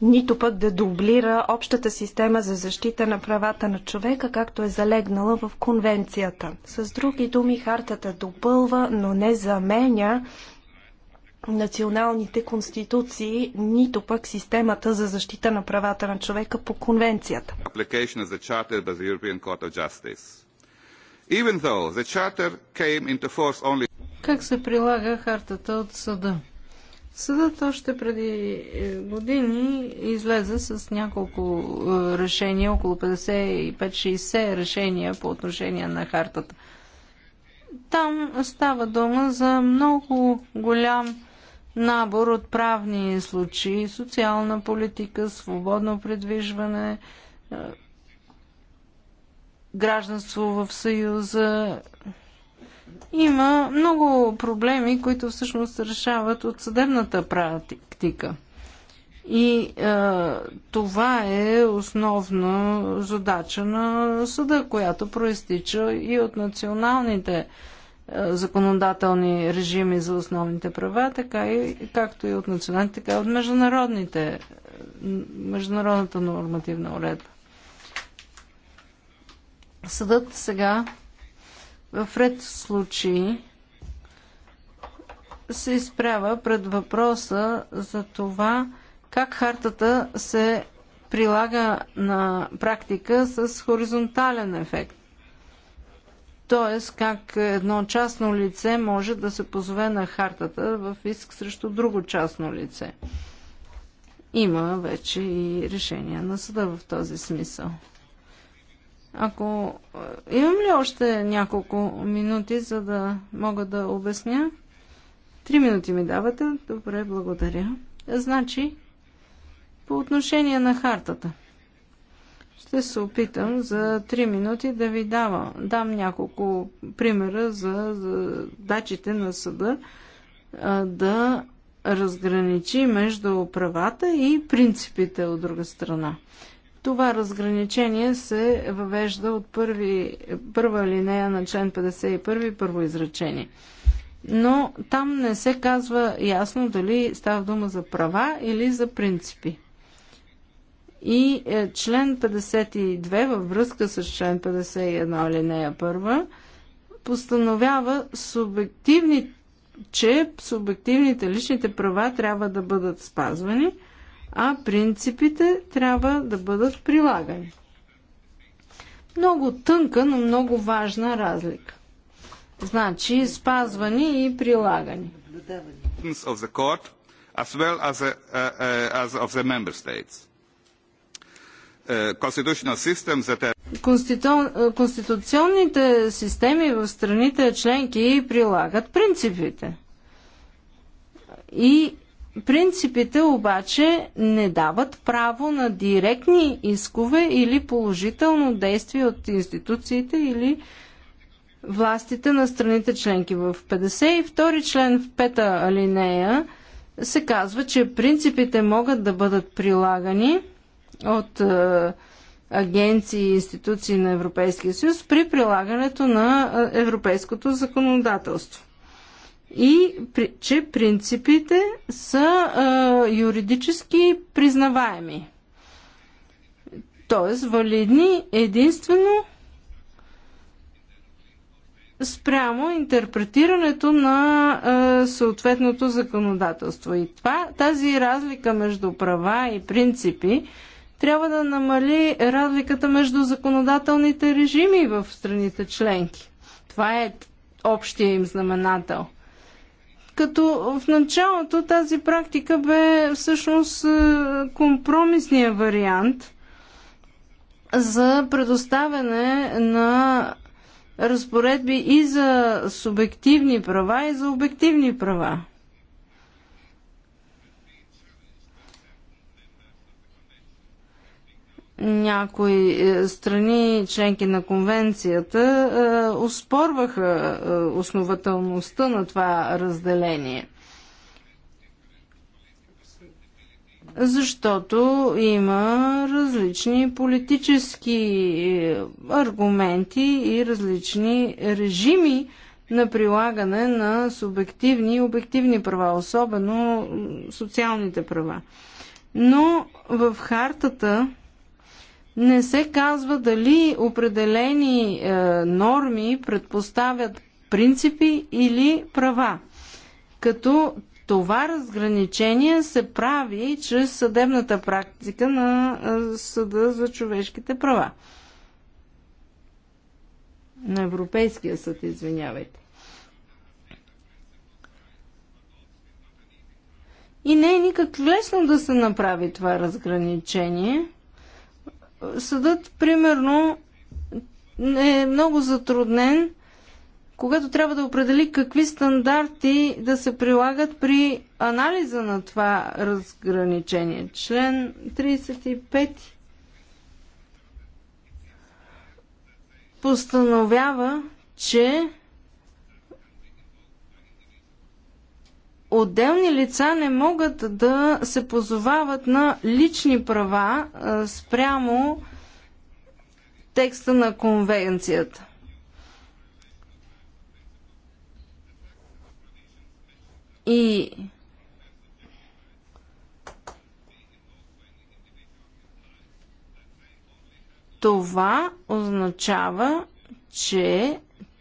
нито пък да дублира общата система за защита на правата на човека, както е залегнала в конвенцията. С други думи, хартата допълва, но не заменя националните конституции, нито пък системата за защита на правата на човека по конвенцията. Как се прилага хартата от съда? Съдът още преди е, години излезе с няколко е, решения, около 55-60 решения по отношение на хартата. Там става дума за много голям набор от правни случаи, социална политика, свободно предвижване, е, гражданство в Съюза, има много проблеми, които всъщност се решават от съдебната практика. И е, това е основна задача на съда, която проистича и от националните е, законодателни режими за основните права, така и както и от националните, така и от международните, е, международната нормативна уредба. Съдът сега в ред случаи се изправя пред въпроса за това как хартата се прилага на практика с хоризонтален ефект. Тоест, как едно частно лице може да се позове на хартата в иск срещу друго частно лице. Има вече и решение на съда в този смисъл. Ако е, имам ли още няколко минути, за да мога да обясня? Три минути ми давате. Добре, благодаря. Значи, по отношение на хартата. Ще се опитам за три минути да ви давам, дам няколко примера за, за дачите на съда а, да разграничи между правата и принципите от друга страна. Това разграничение се въвежда от първи, първа линея на член 51, първо изречение. Но там не се казва ясно дали става дума за права или за принципи. И е, член 52 във връзка с член 51 алинея 1 постановява субективни, че субективните личните права трябва да бъдат спазвани – а принципите трябва да бъдат прилагани. Много тънка, но много важна разлика. Значи спазвани и прилагани. Of the court, as well as, uh, uh as of the member states. Конституционните uh, uh, системи в страните членки прилагат принципите. И Принципите обаче не дават право на директни искове или положително действие от институциите или властите на страните членки. В 52 член в 5 алинея се казва, че принципите могат да бъдат прилагани от е, агенции и институции на Европейския съюз при прилагането на е, европейското законодателство и че принципите са а, юридически признаваеми. Тоест, валидни единствено спрямо интерпретирането на а, съответното законодателство. И това, тази разлика между права и принципи трябва да намали разликата между законодателните режими в страните членки. Това е общия им знаменател – като в началото тази практика бе всъщност е, компромисния вариант за предоставяне на разпоредби и за субективни права, и за обективни права. някои е, страни, членки на конвенцията, е, оспорваха е, основателността на това разделение. Защото има различни политически аргументи и различни режими на прилагане на субективни и обективни права, особено социалните права. Но в хартата не се казва дали определени е, норми предпоставят принципи или права. Като това разграничение се прави чрез съдебната практика на е, Съда за човешките права. На Европейския съд, извинявайте. И не е никак лесно да се направи това разграничение – съдът, примерно, е много затруднен, когато трябва да определи какви стандарти да се прилагат при анализа на това разграничение. Член 35 постановява, че отделни лица не могат да се позовават на лични права спрямо текста на конвенцията. И това означава, че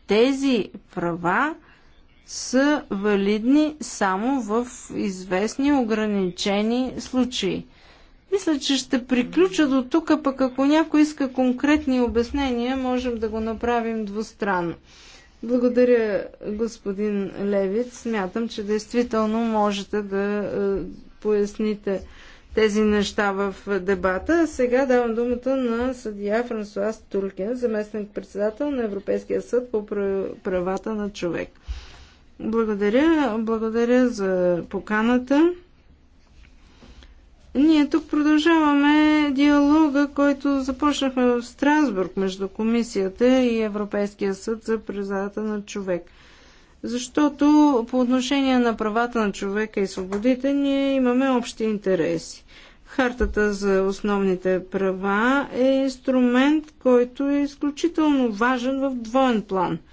тези права са валидни само в известни ограничени случаи. Мисля, че ще приключа до тук, пък ако някой иска конкретни обяснения, можем да го направим двустранно. Благодаря, господин Левиц. Смятам, че действително можете да е, поясните тези неща в дебата. Сега давам думата на съдия Франсуас Туркен, заместник председател на Европейския съд по правата на човек. Благодаря, благодаря за поканата. Ние тук продължаваме диалога, който започнахме в Страсбург между Комисията и Европейския съд за призадата на човек. Защото по отношение на правата на човека и свободите ние имаме общи интереси. Хартата за основните права е инструмент, който е изключително важен в двоен план –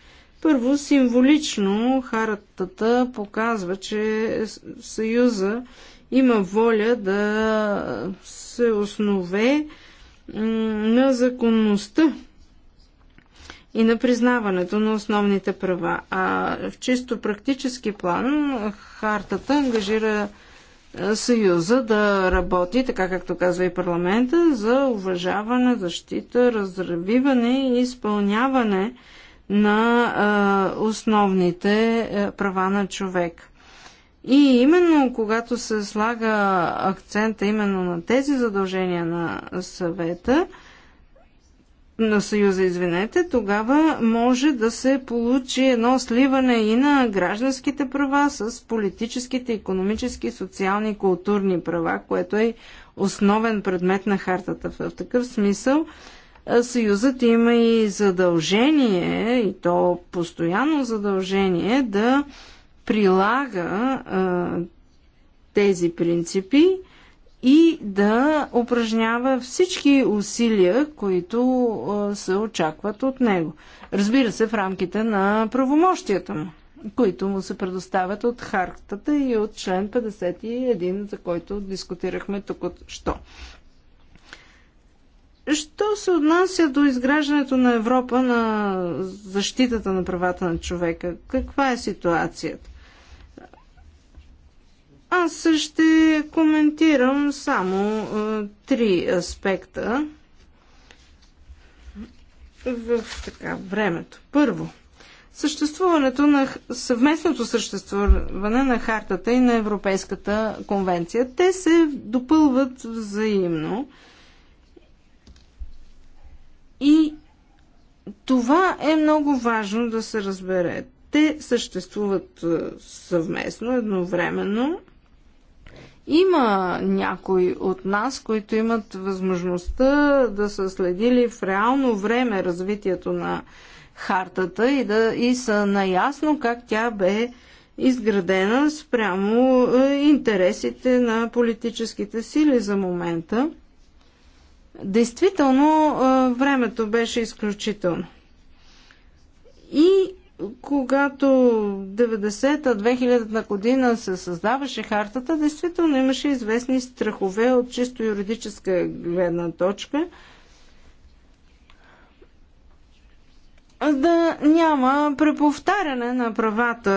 първо, символично харатата показва, че Съюза има воля да се основе на законността и на признаването на основните права. А в чисто практически план хартата ангажира Съюза да работи, така както казва и парламента, за уважаване, защита, разравиване и изпълняване на основните права на човек. И именно когато се слага акцента именно на тези задължения на съвета, на Съюза, извинете, тогава може да се получи едно сливане и на гражданските права с политическите, економически, социални и културни права, което е основен предмет на хартата. В такъв смисъл Съюзът има и задължение, и то постоянно задължение, да прилага а, тези принципи и да упражнява всички усилия, които а, се очакват от него. Разбира се, в рамките на правомощията му, които му се предоставят от хартата и от член 51, за който дискутирахме тук от що. Що се отнася до изграждането на Европа на защитата на правата на човека? Каква е ситуацията? Аз ще коментирам само е, три аспекта в така времето. Първо, съществуването на съвместното съществуване на хартата и на Европейската конвенция. Те се допълват взаимно. И това е много важно да се разбере. Те съществуват е, съвместно, едновременно. Има някои от нас, които имат възможността да са следили в реално време развитието на хартата и, да, и са наясно как тя бе изградена спрямо е, интересите на политическите сили за момента. Действително, времето беше изключително. И когато 90-та, 2000-та година се създаваше хартата, действително имаше известни страхове от чисто юридическа гледна точка да няма преповтаряне на правата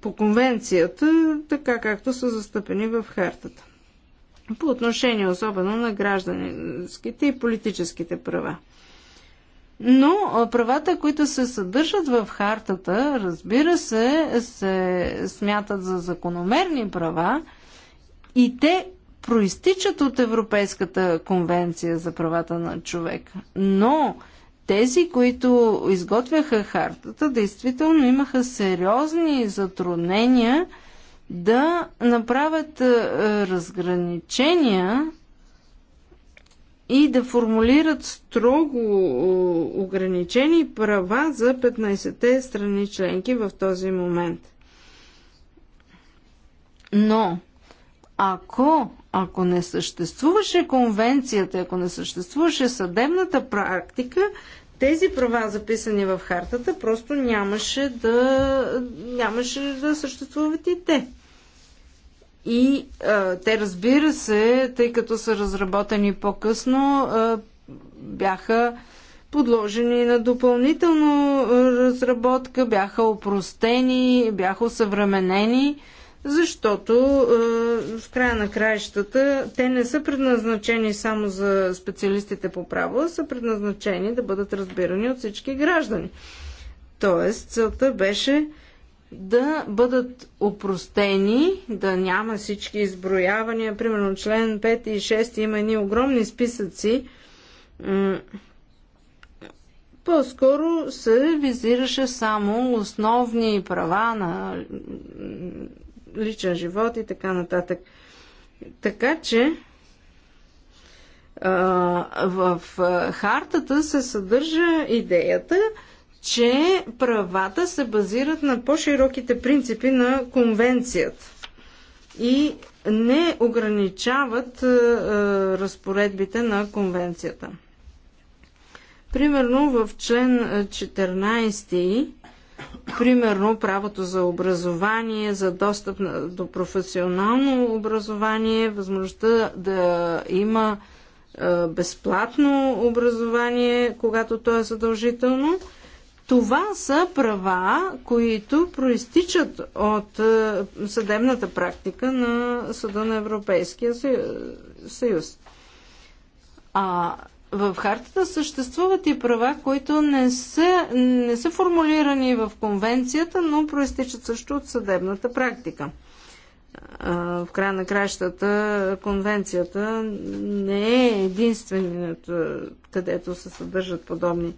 по конвенцията, така както са застъпени в хартата по отношение особено на гражданските и политическите права. Но правата, които се съдържат в хартата, разбира се, се смятат за закономерни права и те проистичат от Европейската конвенция за правата на човека. Но тези, които изготвяха хартата, действително имаха сериозни затруднения – да направят е, разграничения и да формулират строго е, ограничени права за 15-те страни членки в този момент. Но, ако, ако не съществуваше конвенцията, ако не съществуваше съдебната практика, тези права, записани в хартата, просто нямаше да, нямаше да съществуват и те. И а, те, разбира се, тъй като са разработени по-късно, бяха подложени на допълнително разработка, бяха опростени, бяха усъвременени защото е, в края на краищата те не са предназначени само за специалистите по право, а са предназначени да бъдат разбирани от всички граждани. Тоест, целта беше да бъдат опростени, да няма всички изброявания. Примерно член 5 и 6 има едни огромни списъци. По-скоро се визираше само основни права на личен живот и така нататък. Така че в хартата се съдържа идеята, че правата се базират на по-широките принципи на конвенцията и не ограничават разпоредбите на конвенцията. Примерно в член 14 Примерно правото за образование, за достъп до професионално образование, възможността да има безплатно образование, когато то е задължително. Това са права, които проистичат от съдебната практика на Съда на Европейския съюз. А в хартата съществуват и права, които не са, не са формулирани в конвенцията, но проистичат също от съдебната практика. В края на кращата конвенцията не е единственият, където се съдържат подобни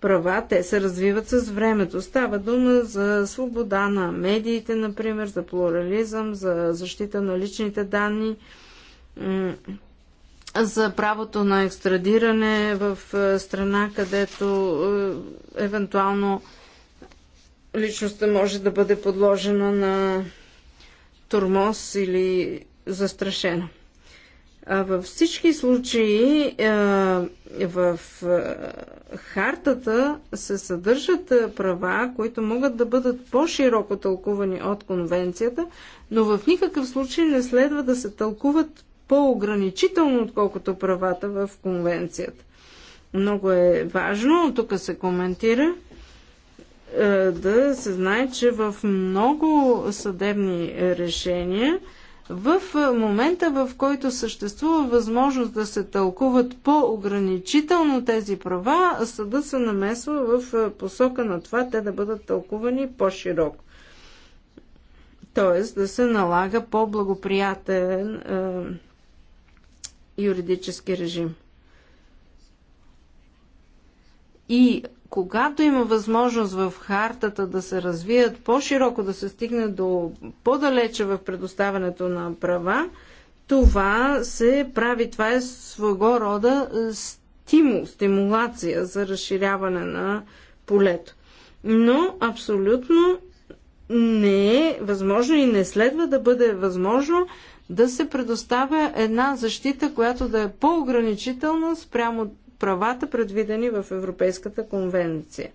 права. Те се развиват с времето. Става дума за свобода на медиите, например, за плурализъм, за защита на личните данни за правото на екстрадиране в е, страна, където е, евентуално личността може да бъде подложена на турмоз или застрашена. А във всички случаи е, в хартата се съдържат права, които могат да бъдат по-широко тълкувани от конвенцията, но в никакъв случай не следва да се тълкуват по-ограничително, отколкото правата в конвенцията. Много е важно, тук се коментира, е, да се знае, че в много съдебни решения в момента, в който съществува възможност да се тълкуват по-ограничително тези права, съда се намесва в е, посока на това те да бъдат тълкувани по-широко. Тоест да се налага по-благоприятен е, юридически режим. И когато има възможност в хартата да се развият по-широко, да се стигне до по-далече в предоставянето на права, това се прави, това е своего рода е, стимул, стимулация за разширяване на полето. Но абсолютно не е възможно и не следва да бъде възможно да се предоставя една защита, която да е по-ограничителна спрямо правата, предвидени в Европейската конвенция.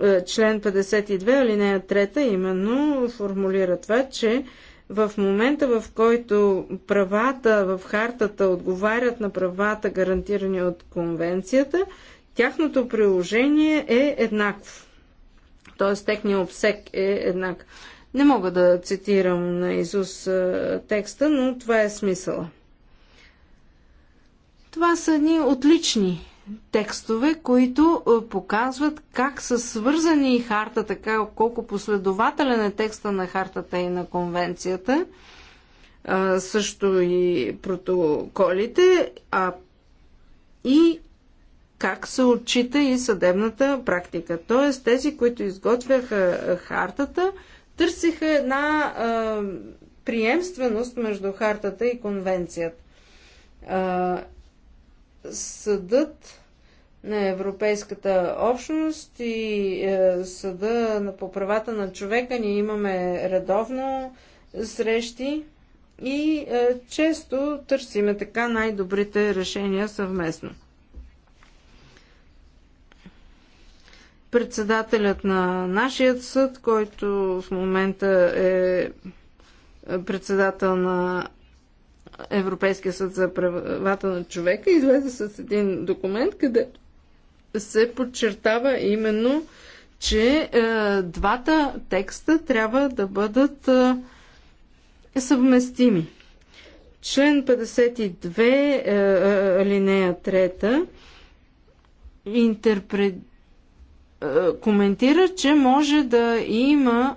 Е, член 52, алинея 3, именно формулира това, че в момента, в който правата в хартата отговарят на правата, гарантирани от конвенцията, тяхното приложение е еднакво. Тоест, техният обсек е еднакъв. Не мога да цитирам на Исус текста, но това е смисъла. Това са едни отлични текстове, които показват как са свързани и харта, така, колко последователен е текста на хартата и на конвенцията, също и протоколите, а и как се отчита и съдебната практика. Тоест, тези, които изготвяха хартата, търсиха една а, приемственост между хартата и конвенцията. А, съдът на Европейската общност и е, съда по правата на човека ние имаме редовно срещи и е, често търсиме така най-добрите решения съвместно. председателят на нашия съд, който в момента е председател на Европейския съд за правата на човека, излезе с един документ, къде се подчертава именно, че е, двата текста трябва да бъдат е, съвместими. Член 52, е, е, алинея 3, интерпретира е, коментира, че може да има,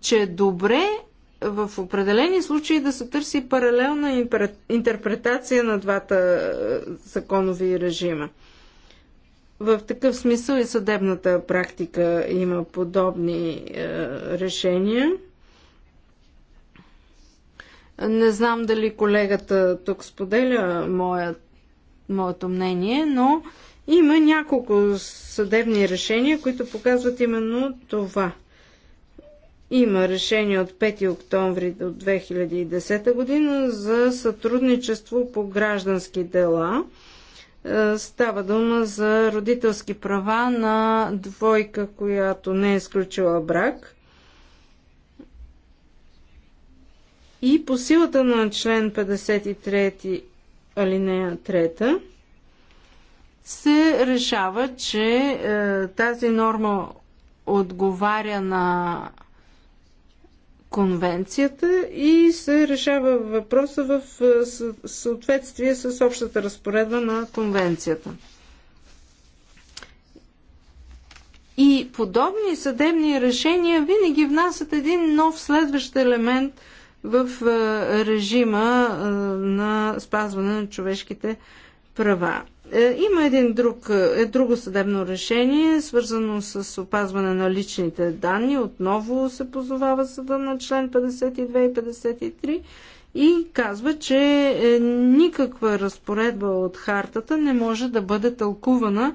че е добре в определени случаи да се търси паралелна интерпретация на двата е, законови режима. В такъв смисъл и съдебната практика има подобни е, решения. Не знам дали колегата тук споделя моят, моето мнение, но има няколко съдебни решения, които показват именно това. Има решение от 5 октомври от 2010 година за сътрудничество по граждански дела. Е, става дума за родителски права на двойка, която не е изключила брак. И по силата на член 53 алинея 3 се решава, че е, тази норма отговаря на конвенцията и се решава въпроса в е, съответствие с общата разпоредба на конвенцията. И подобни съдебни решения винаги внасят един нов следващ елемент в е, режима е, на спазване на човешките права. Е, има един друг, е, друго съдебно решение, свързано с опазване на личните данни. Отново се позовава съда на член 52 и 53 и казва, че е, никаква разпоредба от хартата не може да бъде тълкувана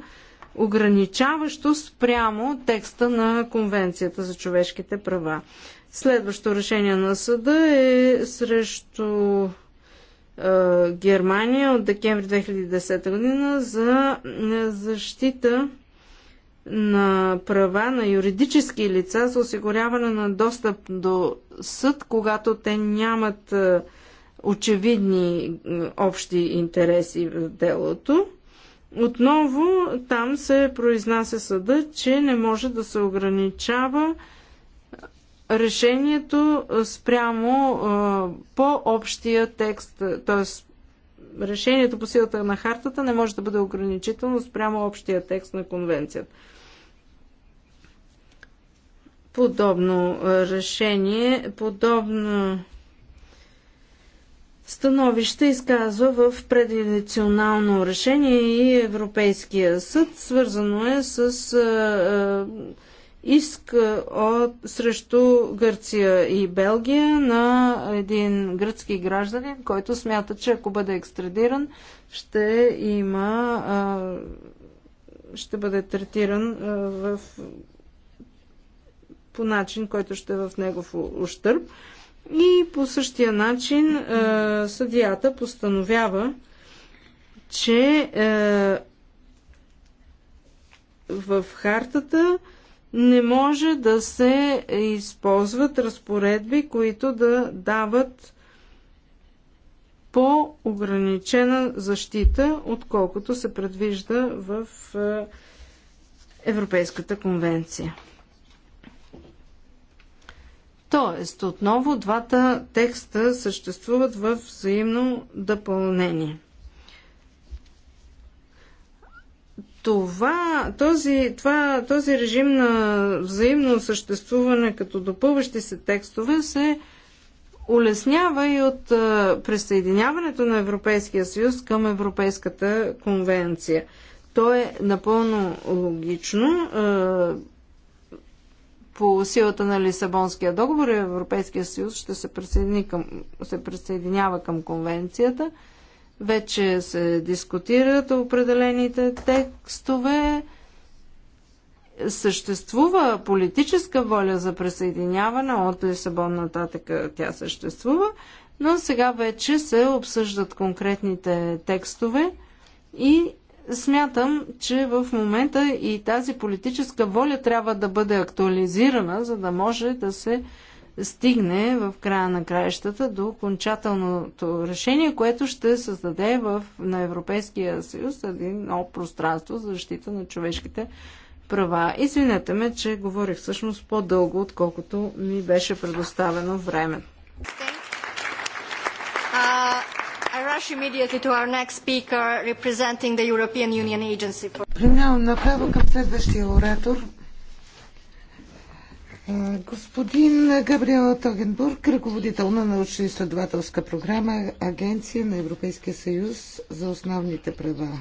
ограничаващо спрямо текста на Конвенцията за човешките права. Следващо решение на съда е срещу е, Германия от декември 2010 година за е, защита на права на юридически лица за осигуряване на достъп до съд, когато те нямат е, очевидни общи интереси в делото. Отново там се произнася съда, че не може да се ограничава решението спрямо по-общия текст, т.е. решението по силата на хартата не може да бъде ограничително спрямо общия текст на конвенцията. Подобно решение, подобно Становище изказва в прединационално решение и Европейския съд. Свързано е с иск от, срещу Гърция и Белгия на един гръцки гражданин, който смята, че ако бъде екстрадиран, ще има а, ще бъде третиран а, в, по начин, който ще е в негов ущърп. И по същия начин а, съдията постановява, че а, в хартата а, не може да се използват разпоредби, които да дават по-ограничена защита, отколкото се предвижда в е, Европейската конвенция. Тоест, отново двата текста съществуват в взаимно допълнение. това, този, това, този режим на взаимно съществуване като допълващи се текстове се улеснява и от присъединяването на Европейския съюз към Европейската конвенция. То е напълно логично. По силата на Лисабонския договор Европейския съюз ще се, присъедини към, се присъединява към конвенцията – вече се дискутират определените текстове. Съществува политическа воля за присъединяване от Лисабон нататък тя съществува, но сега вече се обсъждат конкретните текстове и смятам, че в момента и тази политическа воля трябва да бъде актуализирана, за да може да се стигне в края на краищата до окончателното решение, което ще създаде в, на Европейския съюз един ново пространство за защита на човешките права. Извинете ме, че говорих всъщност по-дълго, отколкото ми беше предоставено време. Uh, Преминавам направо към следващия оратор, Господин Габриел Тогенбург, ръководител на научно-изследователска програма Агенция на Европейския съюз за основните права.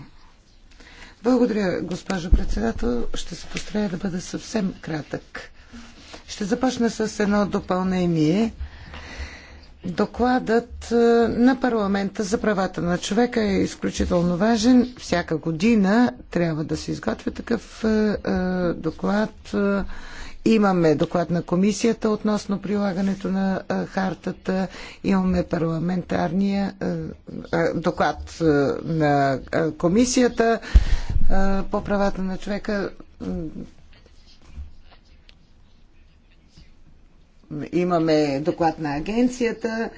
Благодаря, госпожо председател. Ще се постарая да бъда съвсем кратък. Ще започна с едно допълнение. Докладът на парламента за правата на човека е изключително важен. Всяка година трябва да се изготвя такъв доклад Имаме доклад на комисията относно прилагането на хартата, имаме парламентарния доклад на комисията по правата на човека. Имаме доклад на агенцията.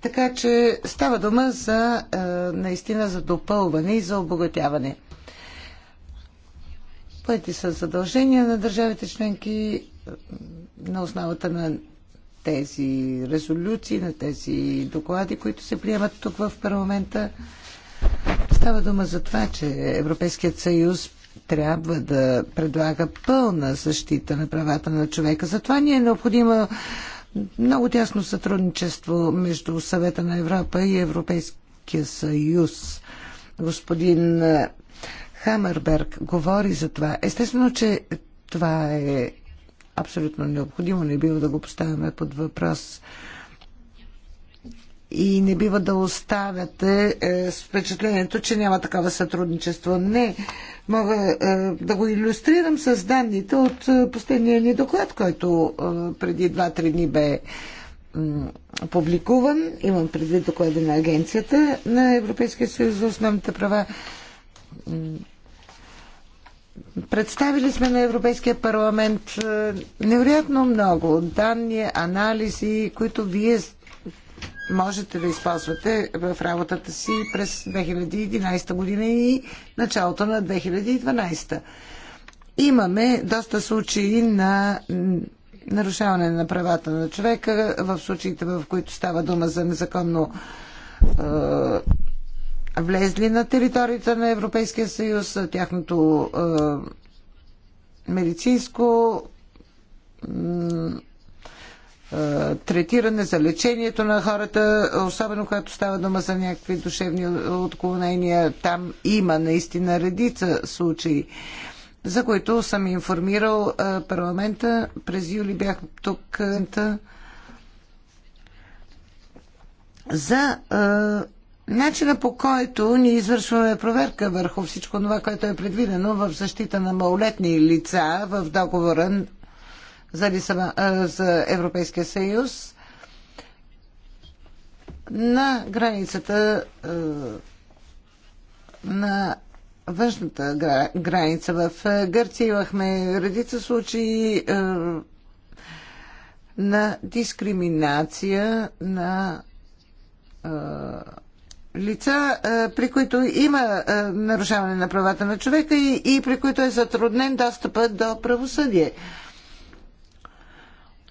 Така че става дума за наистина за допълване и за обогатяване. Поети са задължения на държавите членки на основата на тези резолюции, на тези доклади, които се приемат тук в парламента. Става дума за това, че Европейският съюз трябва да предлага пълна защита на правата на човека. Затова ни е необходимо много тясно сътрудничество между Съвета на Европа и Европейския съюз. Господин Хамърберг говори за това. Естествено, че това е абсолютно необходимо, не бива да го поставяме под въпрос. И не бива да оставяте е, с впечатлението, че няма такава сътрудничество. Не, мога е, да го иллюстрирам с данните от е, последния ни доклад, който е, преди 2-3 дни бе публикуван, имам предвид доклада на Агенцията на Европейския съюз за основните права. Представили сме на Европейския парламент е, невероятно много данни, анализи, които вие можете да използвате в работата си през 2011 година и началото на 2012. Имаме доста случаи на нарушаване на правата на човека в случаите, в които става дума за незаконно е, влезли на територията на Европейския съюз, тяхното е, медицинско е, третиране за лечението на хората, особено когато става дума за някакви душевни отклонения. Там има наистина редица случаи, за които съм информирал парламента. През юли бях тук за Начина по който ние извършваме проверка върху всичко това, което е предвидено в защита на малолетни лица в договора за, Лисаба, за Европейския съюз на границата на външната граница в Гърция имахме редица случаи на дискриминация на лица, е, при които има е, нарушаване на правата на човека и, при които е затруднен достъпът до правосъдие.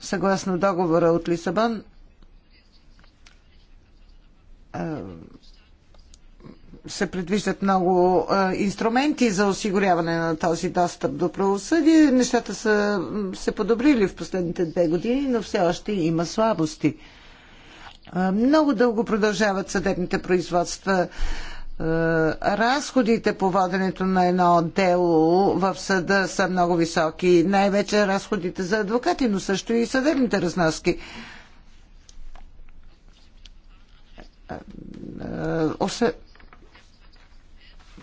Съгласно договора от Лисабон, е, се предвиждат много а, инструменти за осигуряване на този достъп до правосъдие. Нещата са се подобрили в последните две години, но все още има слабости. Много дълго продължават съдебните производства. Разходите по воденето на едно дело в съда са много високи. Най-вече разходите за адвокати, но също и съдебните разноски.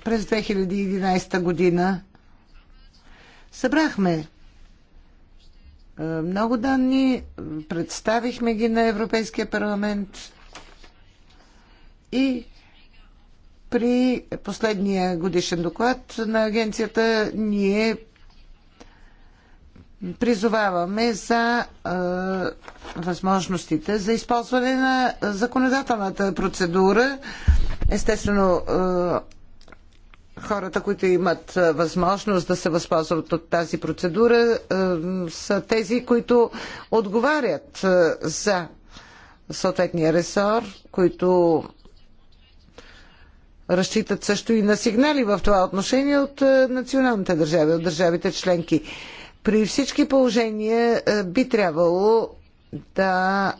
През 2011 година събрахме е, много данни, представихме ги на Европейския парламент и при последния годишен доклад на агенцията ние призоваваме за е, възможностите за използване на законодателната процедура. Естествено, е, хората, които имат възможност да се възползват от тази процедура, са тези, които отговарят за съответния ресор, които разчитат също и на сигнали в това отношение от националните държави, от държавите членки. При всички положения би трябвало да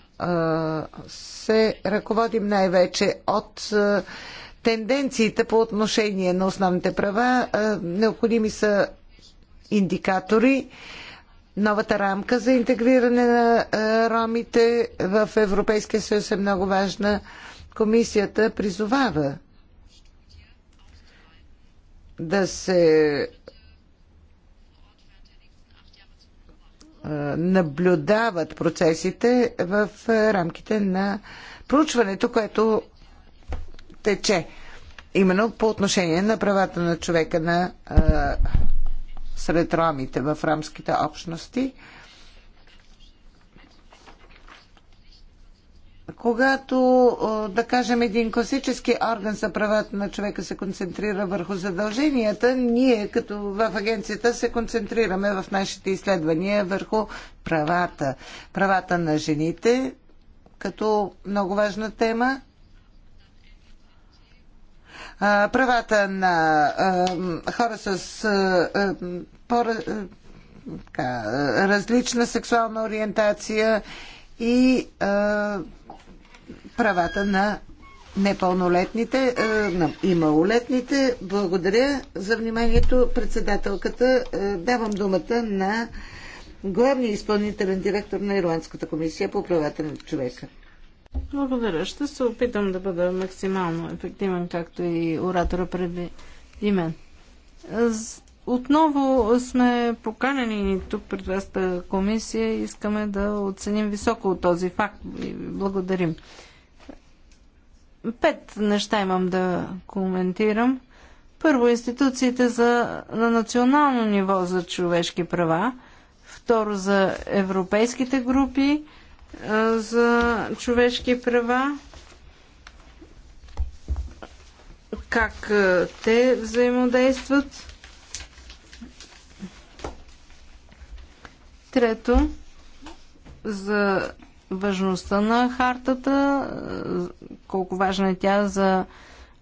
се ръководим най-вече от тенденциите по отношение на основните права. Необходими са индикатори. Новата рамка за интегриране на ромите в Европейския съюз е много важна. Комисията призовава да се наблюдават процесите в рамките на проучването, което тече. Именно по отношение на правата на човека на, а, сред ромите в рамските общности. когато, да кажем, един класически орган за правата на човека се концентрира върху задълженията, ние като в агенцията се концентрираме в нашите изследвания върху правата. Правата на жените като много важна тема правата на хора с различна сексуална ориентация и правата на непълнолетните и малолетните. Благодаря за вниманието. Председателката давам думата на главния изпълнителен директор на Ирландската комисия по правата на човека. Благодаря. Ще се опитам да бъда максимално ефективен, както и оратора преди мен. Отново сме поканени тук пред вас комисия и искаме да оценим високо този факт благодарим. Пет неща имам да коментирам. Първо, институциите за, на национално ниво за човешки права. Второ, за европейските групи за човешки права, как те взаимодействат. Трето, за важността на хартата, колко важна е тя за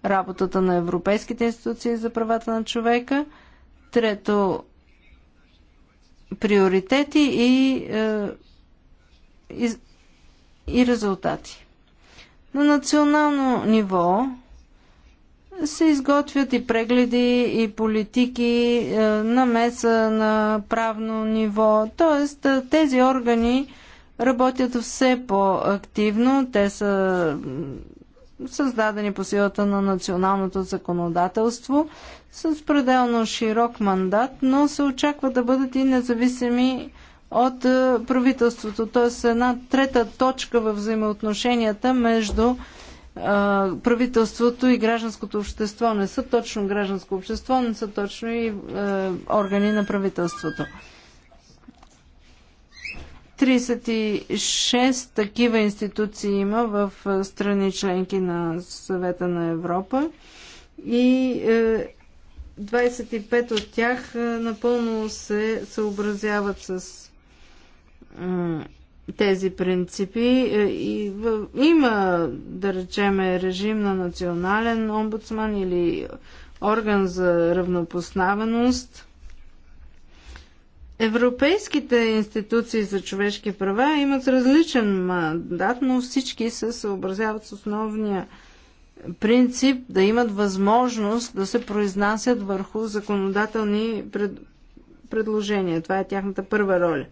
работата на европейските институции за правата на човека. Трето, приоритети и и, и резултати. На национално ниво се изготвят и прегледи, и политики, е, намеса на правно ниво. Тоест, е, тези органи работят все по-активно. Те са създадени по силата на националното законодателство с пределно широк мандат, но се очаква да бъдат и независими от е, правителството. Т.е. една трета точка в взаимоотношенията между е, правителството и гражданското общество. Не са точно гражданско общество, не са точно и е, органи на правителството. 36 такива институции има в страни членки на съвета на Европа и 25 от тях напълно се съобразяват с тези принципи. Е, и в, има, да речеме, режим на национален омбудсман или орган за равнопоставеност. Европейските институции за човешки права имат различен мандат, но всички се съобразяват с основния принцип да имат възможност да се произнасят върху законодателни пред... предложения. Това е тяхната първа роля.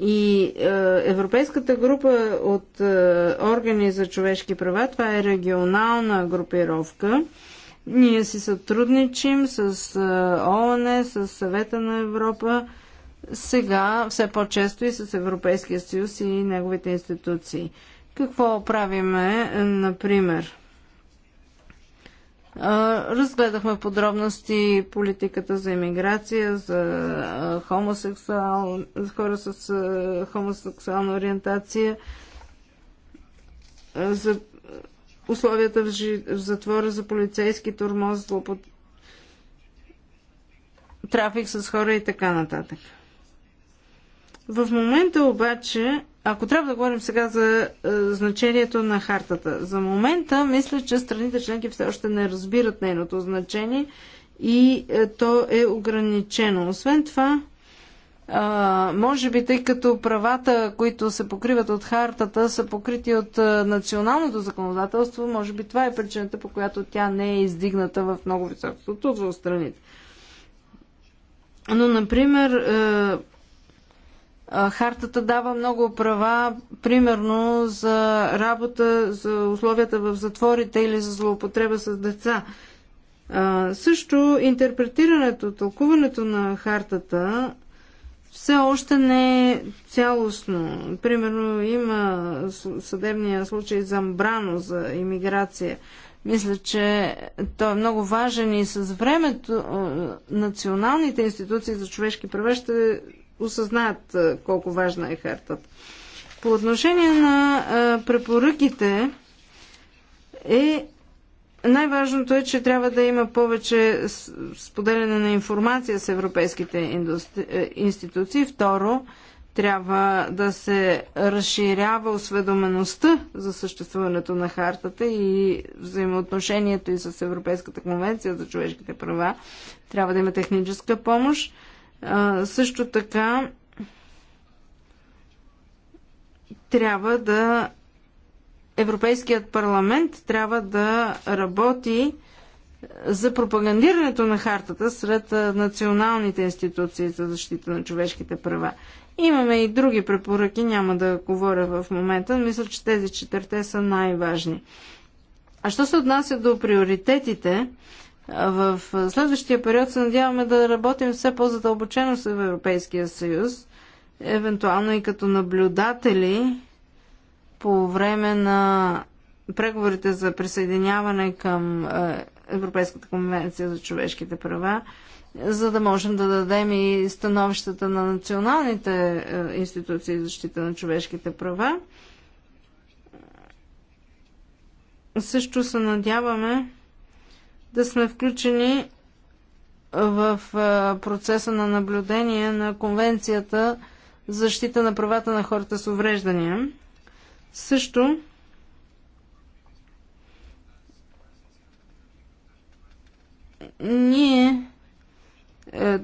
И е, Европейската група от е, органи за човешки права, това е регионална групировка. Ние си сътрудничим с е, ООН, с съвета на Европа, сега все по-често и с Европейския съюз и неговите институции. Какво правиме, например? Разгледахме подробности политиката за иммиграция, за хомосексуал, хора с хомосексуална ориентация, за условията в, жи... в затвора за полицейски турмоз, злопот... трафик с хора и така нататък. В момента обаче ако трябва да говорим сега за е, значението на хартата, за момента мисля, че страните членки все още не разбират нейното значение и е, то е ограничено. Освен това, е, може би тъй като правата, които се покриват от хартата, са покрити от е, националното законодателство, може би това е причината, по която тя не е издигната в много високото за страните. Но, например, е, Хартата дава много права, примерно за работа, за условията в затворите или за злоупотреба с деца. също интерпретирането, тълкуването на хартата все още не е цялостно. Примерно има съдебния случай Замбрано за иммиграция. Мисля, че той е много важен и с времето националните институции за човешки права ще осъзнаят колко важна е хартата. По отношение на препоръките е най-важното е, че трябва да има повече споделяне на информация с европейските индустри... Е, институции. Второ, трябва да се разширява осведомеността за съществуването на хартата и взаимоотношението и с Европейската конвенция за човешките права. Трябва да има техническа помощ също така трябва да Европейският парламент трябва да работи за пропагандирането на хартата сред националните институции за защита на човешките права. Имаме и други препоръки, няма да говоря в момента. Мисля, че тези четирте са най-важни. А що се отнася до приоритетите, в следващия период се надяваме да работим все по-задълбочено с Европейския съюз, евентуално и като наблюдатели по време на преговорите за присъединяване към е, Европейската конвенция за човешките права, за да можем да дадем и становищата на националните е, институции за защита на човешките права. Също се надяваме да сме включени в процеса на наблюдение на Конвенцията за защита на правата на хората с увреждания. Също ние е,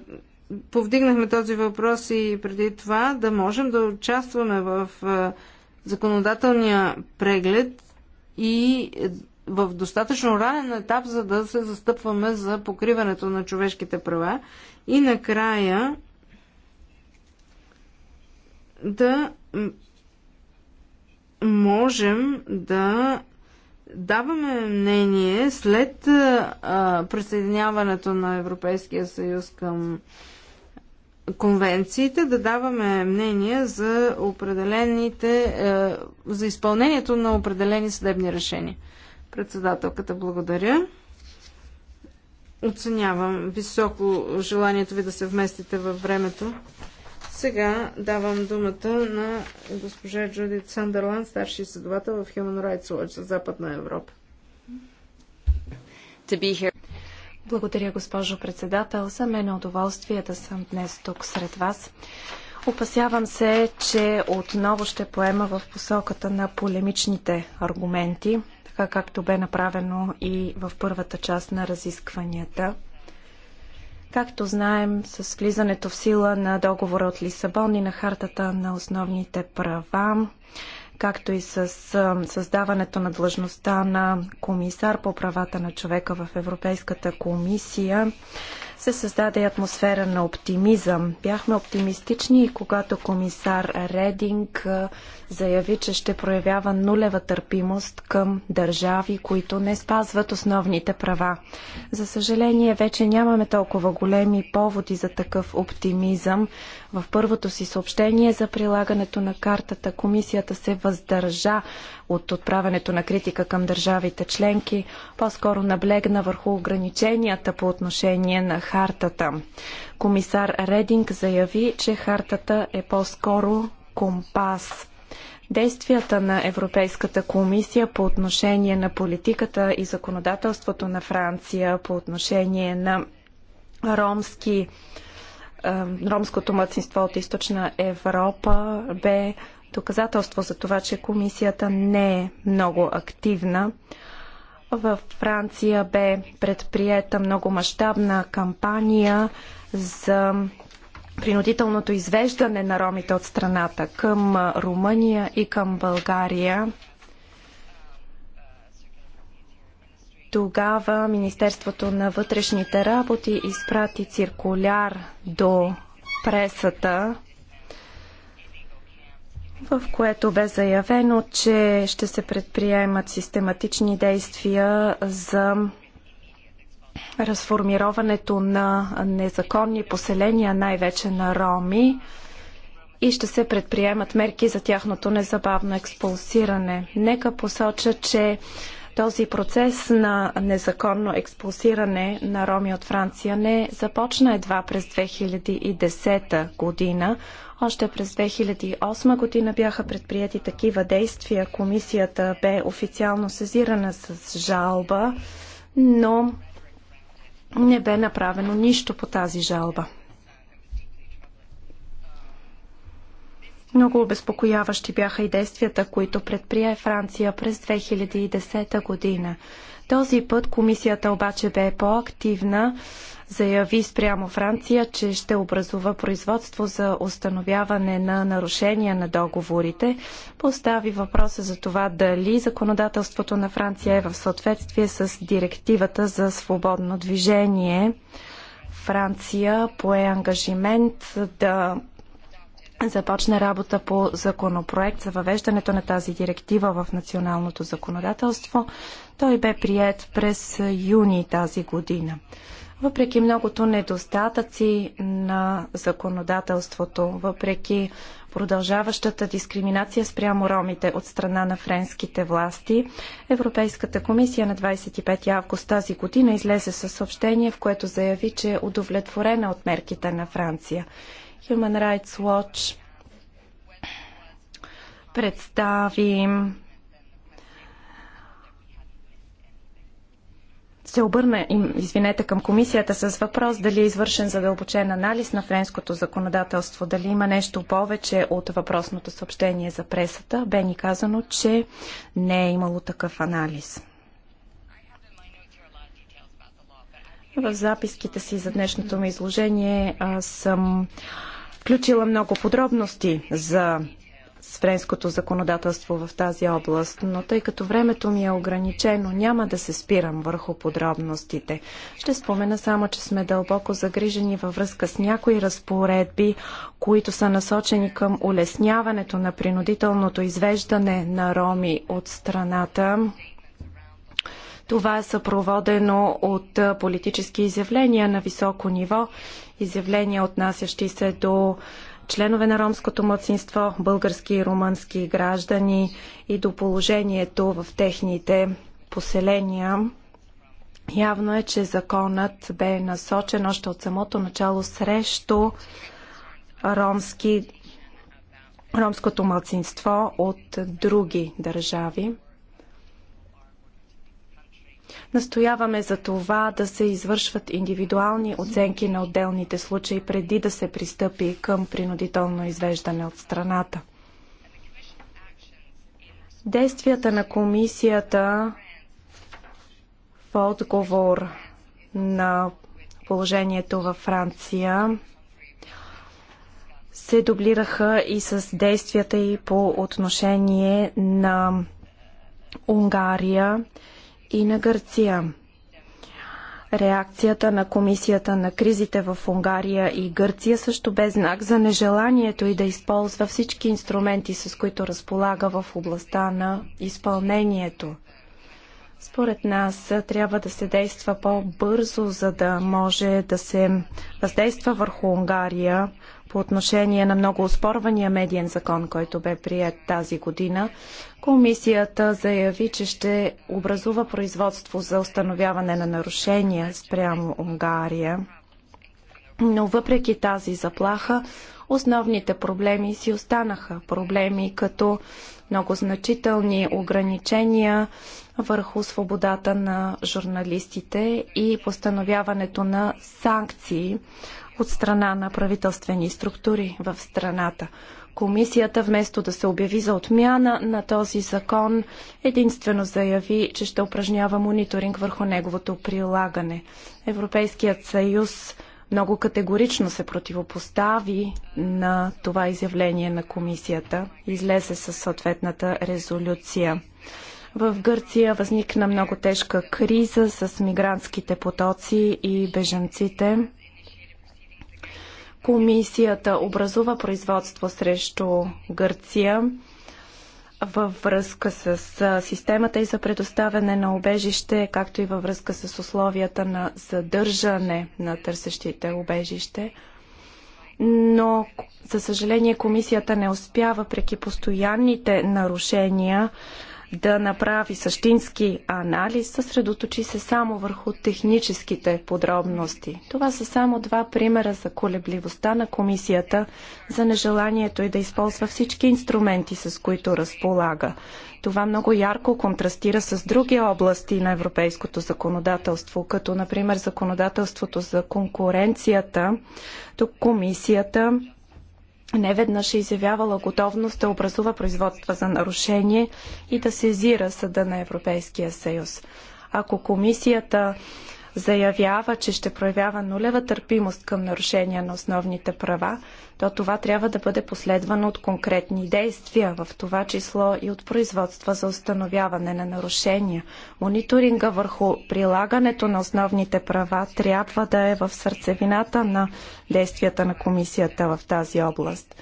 повдигнахме този въпрос и преди това да можем да участваме в е, законодателния преглед и в достатъчно ранен етап, за да се застъпваме за покриването на човешките права. И накрая да можем да даваме мнение след а, присъединяването на Европейския съюз към конвенциите, да даваме мнение за определените, а, за изпълнението на определени съдебни решения. Председателката, благодаря. Оценявам високо желанието ви да се вместите във времето. Сега давам думата на госпожа Джудит Сандерлан, старши изследовател в Human Rights Watch за Западна Европа. Благодаря, госпожо председател. За мен е удоволствие да съм днес тук сред вас. Опасявам се, че отново ще поема в посоката на полемичните аргументи така както бе направено и в първата част на разискванията. Както знаем, с влизането в сила на договора от Лисабон и на хартата на основните права, както и с създаването на длъжността на комисар по правата на човека в Европейската комисия, се създаде атмосфера на оптимизъм. Бяхме оптимистични и когато комисар Рединг заяви, че ще проявява нулева търпимост към държави, които не спазват основните права. За съжаление, вече нямаме толкова големи поводи за такъв оптимизъм. В първото си съобщение за прилагането на картата комисията се въздържа от отправянето на критика към държавите членки, по-скоро наблегна върху ограниченията по отношение на хартата. Комисар Рединг заяви, че хартата е по-скоро компас действията на Европейската комисия по отношение на политиката и законодателството на Франция по отношение на ромски, ромското младсинство от източна Европа бе доказателство за това, че комисията не е много активна. В Франция бе предприета много мащабна кампания за принудителното извеждане на ромите от страната към Румъния и към България. Тогава Министерството на вътрешните работи изпрати циркуляр до пресата, в което бе заявено, че ще се предприемат систематични действия за разформироването на незаконни поселения, най-вече на роми, и ще се предприемат мерки за тяхното незабавно експулсиране. Нека посоча, че този процес на незаконно експулсиране на роми от Франция не започна едва през 2010 година. Още през 2008 година бяха предприяти такива действия. Комисията бе официално сезирана с жалба, но не бе направено нищо по тази жалба. Много обезпокояващи бяха и действията, които предприе Франция през 2010 година. Този път комисията обаче бе по-активна заяви спрямо Франция, че ще образува производство за установяване на нарушения на договорите, постави въпроса за това дали законодателството на Франция е в съответствие с директивата за свободно движение. Франция пое ангажимент да започне работа по законопроект за въвеждането на тази директива в националното законодателство. Той бе прият през юни тази година. Въпреки многото недостатъци на законодателството, въпреки продължаващата дискриминация спрямо ромите от страна на френските власти, Европейската комисия на 25 август тази година излезе със съобщение, в което заяви, че е удовлетворена от мерките на Франция. Human Rights Watch представи се обърна, извинете, към комисията с въпрос дали е извършен задълбочен анализ на френското законодателство, дали има нещо повече от въпросното съобщение за пресата. Бе ни казано, че не е имало такъв анализ. В записките си за днешното ми изложение съм включила много подробности за с френското законодателство в тази област, но тъй като времето ми е ограничено, няма да се спирам върху подробностите. Ще спомена само, че сме дълбоко загрижени във връзка с някои разпоредби, които са насочени към улесняването на принудителното извеждане на роми от страната. Това е съпроводено от политически изявления на високо ниво, изявления отнасящи се до членове на ромското младсинство, български и румънски граждани и до положението в техните поселения. Явно е, че законът бе насочен още от самото начало срещу ромски, ромското младсинство от други държави. Настояваме за това да се извършват индивидуални оценки на отделните случаи преди да се пристъпи към принудително извеждане от страната. Действията на комисията в отговор на положението във Франция се дублираха и с действията и по отношение на Унгария и на Гърция. Реакцията на комисията на кризите в Унгария и Гърция също бе знак за нежеланието и да използва всички инструменти, с които разполага в областта на изпълнението. Според нас трябва да се действа по-бързо, за да може да се въздейства върху Унгария по отношение на много оспорвания медиен закон, който бе прият тази година, комисията заяви, че ще образува производство за установяване на нарушения спрямо Унгария. Но въпреки тази заплаха, основните проблеми си останаха. Проблеми като много значителни ограничения върху свободата на журналистите и постановяването на санкции от страна на правителствени структури в страната. Комисията, вместо да се обяви за отмяна на този закон, единствено заяви, че ще упражнява мониторинг върху неговото прилагане. Европейският съюз много категорично се противопостави на това изявление на комисията. Излезе със съответната резолюция. В Гърция възникна много тежка криза с мигрантските потоци и бежанците. Комисията образува производство срещу Гърция във връзка с системата и за предоставяне на обежище, както и във връзка с условията на задържане на търсещите обежище. Но, за съжаление, комисията не успява преки постоянните нарушения да направи същински анализ, съсредоточи се само върху техническите подробности. Това са само два примера за колебливостта на комисията, за нежеланието и да използва всички инструменти, с които разполага. Това много ярко контрастира с други области на европейското законодателство, като например законодателството за конкуренцията. Тук комисията неведнъж е изявявала готовност да образува производства за нарушение и да сезира Съда на Европейския съюз. Ако комисията заявява, че ще проявява нулева търпимост към нарушения на основните права, то това трябва да бъде последвано от конкретни действия, в това число и от производства за установяване на нарушения. Мониторинга върху прилагането на основните права трябва да е в сърцевината на действията на комисията в тази област.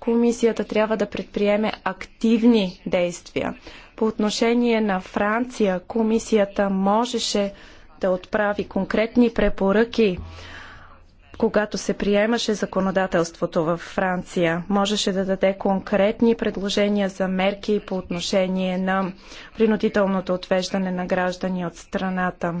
Комисията трябва да предприеме активни действия. По отношение на Франция, комисията можеше да отправи конкретни препоръки когато се приемаше законодателството във Франция, можеше да даде конкретни предложения за мерки по отношение на принудителното отвеждане на граждани от страната.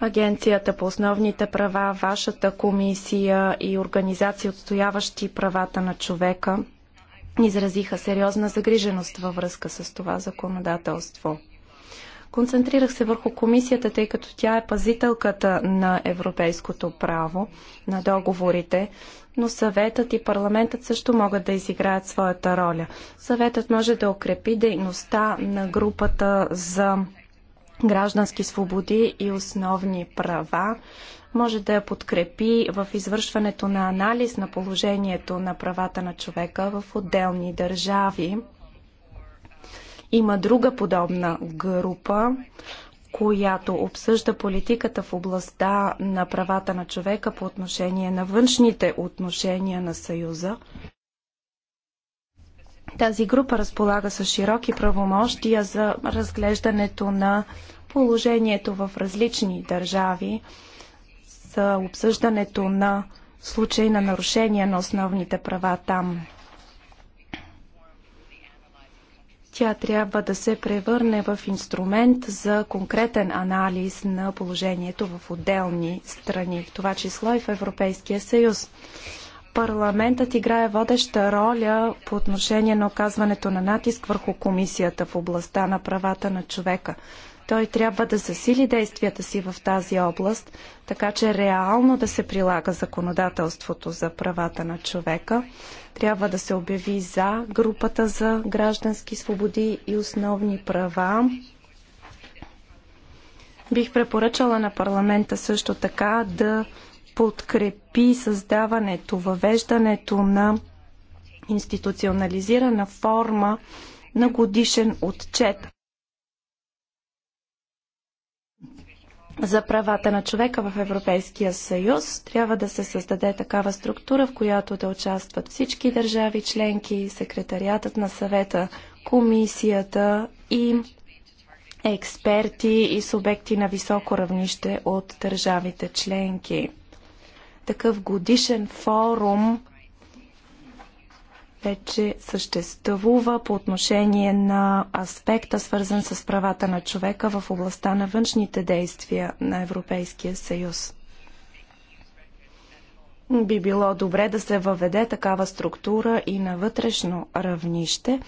Агенцията по основните права, вашата комисия и организации, отстояващи правата на човека, изразиха сериозна загриженост във връзка с това законодателство. Концентрирах се върху комисията, тъй като тя е пазителката на европейското право, на договорите, но съветът и парламентът също могат да изиграят своята роля. Съветът може да укрепи дейността на групата за граждански свободи и основни права, може да я подкрепи в извършването на анализ на положението на правата на човека в отделни държави. Има друга подобна група, която обсъжда политиката в областта на правата на човека по отношение на външните отношения на Съюза. Тази група разполага с широки правомощия за разглеждането на положението в различни държави, за обсъждането на случаи на нарушение на основните права там. Тя трябва да се превърне в инструмент за конкретен анализ на положението в отделни страни, в това число и в Европейския съюз. Парламентът играе водеща роля по отношение на оказването на натиск върху комисията в областта на правата на човека. Той трябва да засили действията си в тази област, така че реално да се прилага законодателството за правата на човека. Трябва да се обяви за групата за граждански свободи и основни права. Бих препоръчала на парламента също така да подкрепи създаването, въвеждането на институционализирана форма на годишен отчет за правата на човека в Европейския съюз. Трябва да се създаде такава структура, в която да участват всички държави членки, секретариатът на съвета, комисията и експерти и субекти на високо равнище от държавите членки. Такъв годишен форум вече съществува по отношение на аспекта, свързан с правата на човека в областта на външните действия на Европейския съюз. Би било добре да се въведе такава структура и на вътрешно равнище.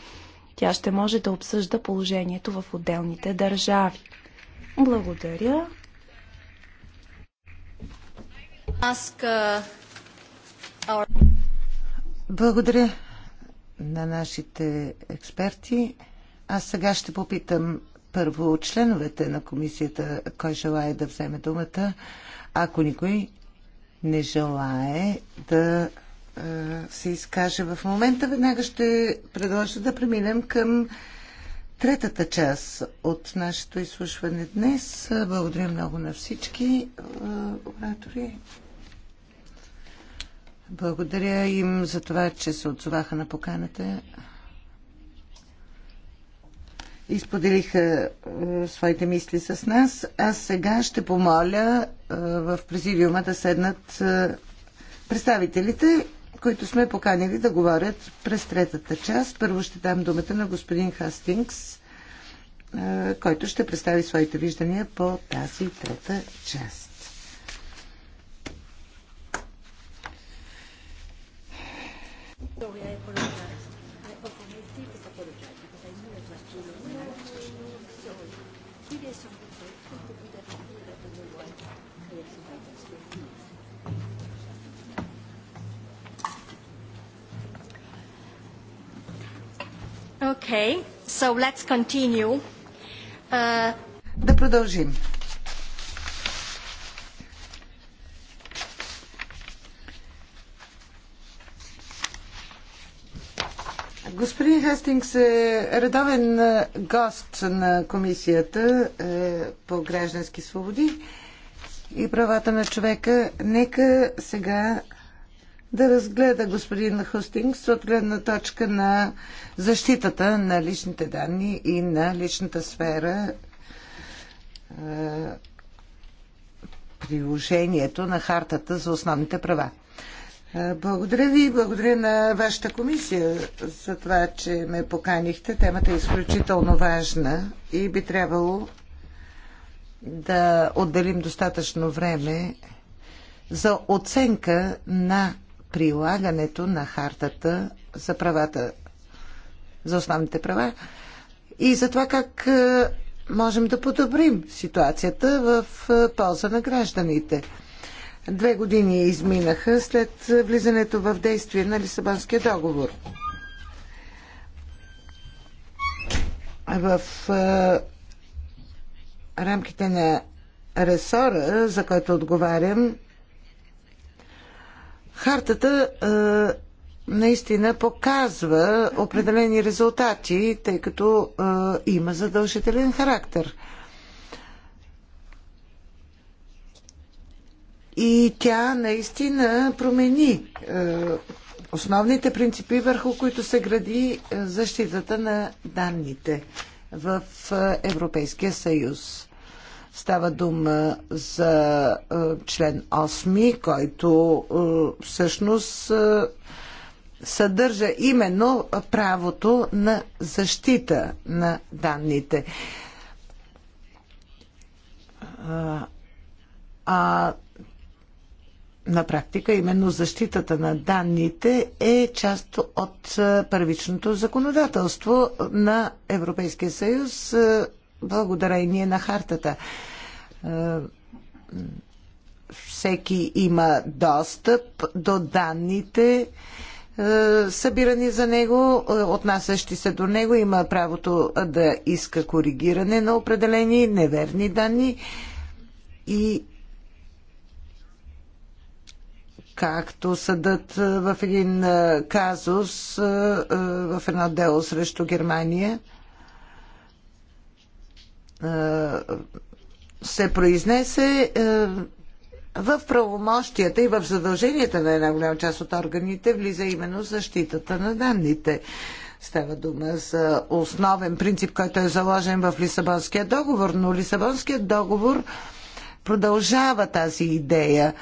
Тя ще може да обсъжда положението в отделните държави. Благодаря. Uh, Благодаря на нашите експерти. Аз сега ще попитам първо членовете на комисията, кой желая да вземе думата. Ако никой не желае да е, се изкаже в момента, веднага ще предложа да преминем към третата част от нашето изслушване днес. Благодаря много на всички е, оратори. Благодаря им за това, че се отзоваха на поканата и споделиха е, своите мисли с нас. Аз сега ще помоля е, в президиума да седнат е, представителите, които сме поканили да говорят през третата част. Първо ще дам думата на господин Хастингс, е, който ще представи своите виждания по тази трета част. Sorry, I apologize. I apologize, apologize because I knew it was too long. No, no, sorry. Il est sur le fait que vous êtes en train de me voir. Et c'est pas parce que vous Okay, so let's continue. Uh... Да продължим. Господин Хестингс, е редовен гост на Комисията е, по граждански свободи и правата на човека. Нека сега да разгледа господин Хостингс от гледна точка на защитата на личните данни и на личната сфера е, приложението на хартата за основните права. Благодаря ви и благодаря на вашата комисия за това, че ме поканихте. Темата е изключително важна и би трябвало да отделим достатъчно време за оценка на прилагането на хартата за правата, за основните права и за това как можем да подобрим ситуацията в полза на гражданите. Две години изминаха след влизането в действие на Лисабонския договор. В рамките на ресора, за който отговарям, хартата наистина показва определени резултати, тъй като има задължителен характер – И тя наистина промени е, основните принципи, върху които се гради е, защитата на данните в е, Европейския съюз. Става дума за член 8, който всъщност съдържа именно правото на защита на данните. А на практика именно защитата на данните е част от е, първичното законодателство на Европейския съюз е, благодарение на хартата. Е, всеки има достъп до данните, събирани за него, отнасящи се до него, има правото да иска коригиране на определени неверни данни и както съдът е, в един е, казус, е, в едно дело срещу Германия, се произнесе в правомощията и в задълженията на една голяма част от органите влиза именно защитата на данните. Става дума за основен принцип, който е заложен в Лисабонския договор, но Лисабонският договор продължава тази идея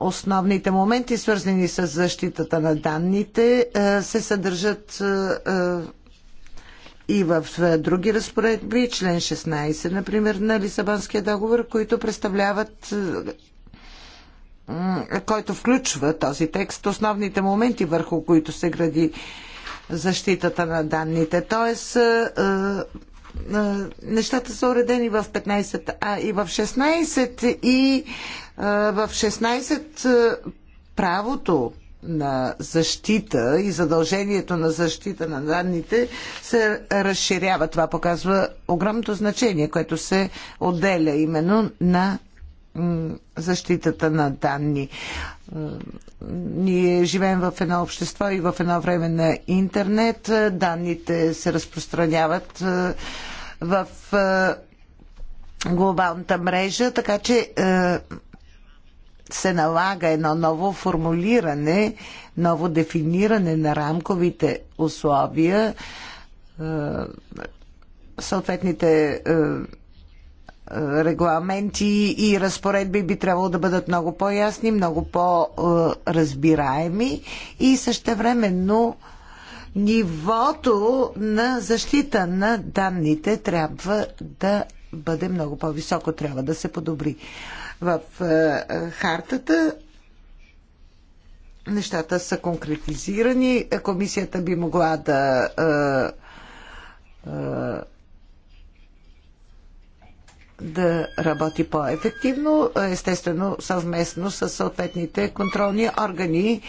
основните моменти, свързани с защитата на данните, е, се съдържат е, е, и в други разпоредби, член 16, например, на Лисабонския договор, които представляват който включва този текст, основните моменти, върху които се гради защитата на данните. Тоест, нещата са уредени в 15, а и в 16 и в 16 правото на защита и задължението на защита на данните се разширява. Това показва огромното значение, което се отделя именно на защитата на данни. Ние живеем в едно общество и в едно време на интернет. Е, данните се разпространяват е, в е, глобалната мрежа, така че се налага едно ново формулиране, ново дефиниране на рамковите условия, съответните регламенти и разпоредби би трябвало да бъдат много по-ясни, много по-разбираеми и същевременно нивото на защита на данните трябва да бъде много по-високо, трябва да се подобри. В е, хартата нещата са конкретизирани. Комисията би могла да е, е, да работи по-ефективно, естествено съвместно с съответните контролни органи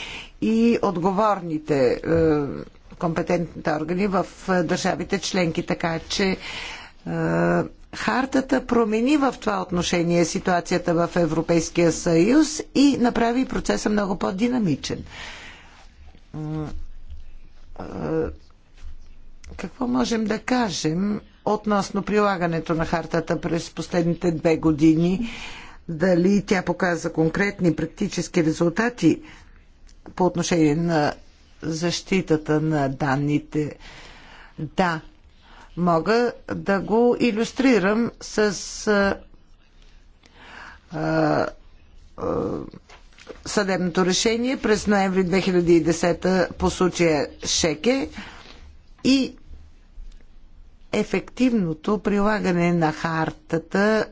и отговорните е, компетентните органи в е, държавите членки. Така че е, Хартата промени в това отношение ситуацията в Европейския съюз и направи процеса много по-динамичен. Какво можем да кажем относно прилагането на хартата през последните две години. Дали тя показа конкретни практически резултати по отношение на защитата на данните? Да, мога да го иллюстрирам с а, а, съдебното решение през ноември 2010 по случая Шеке и ефективното прилагане на хартата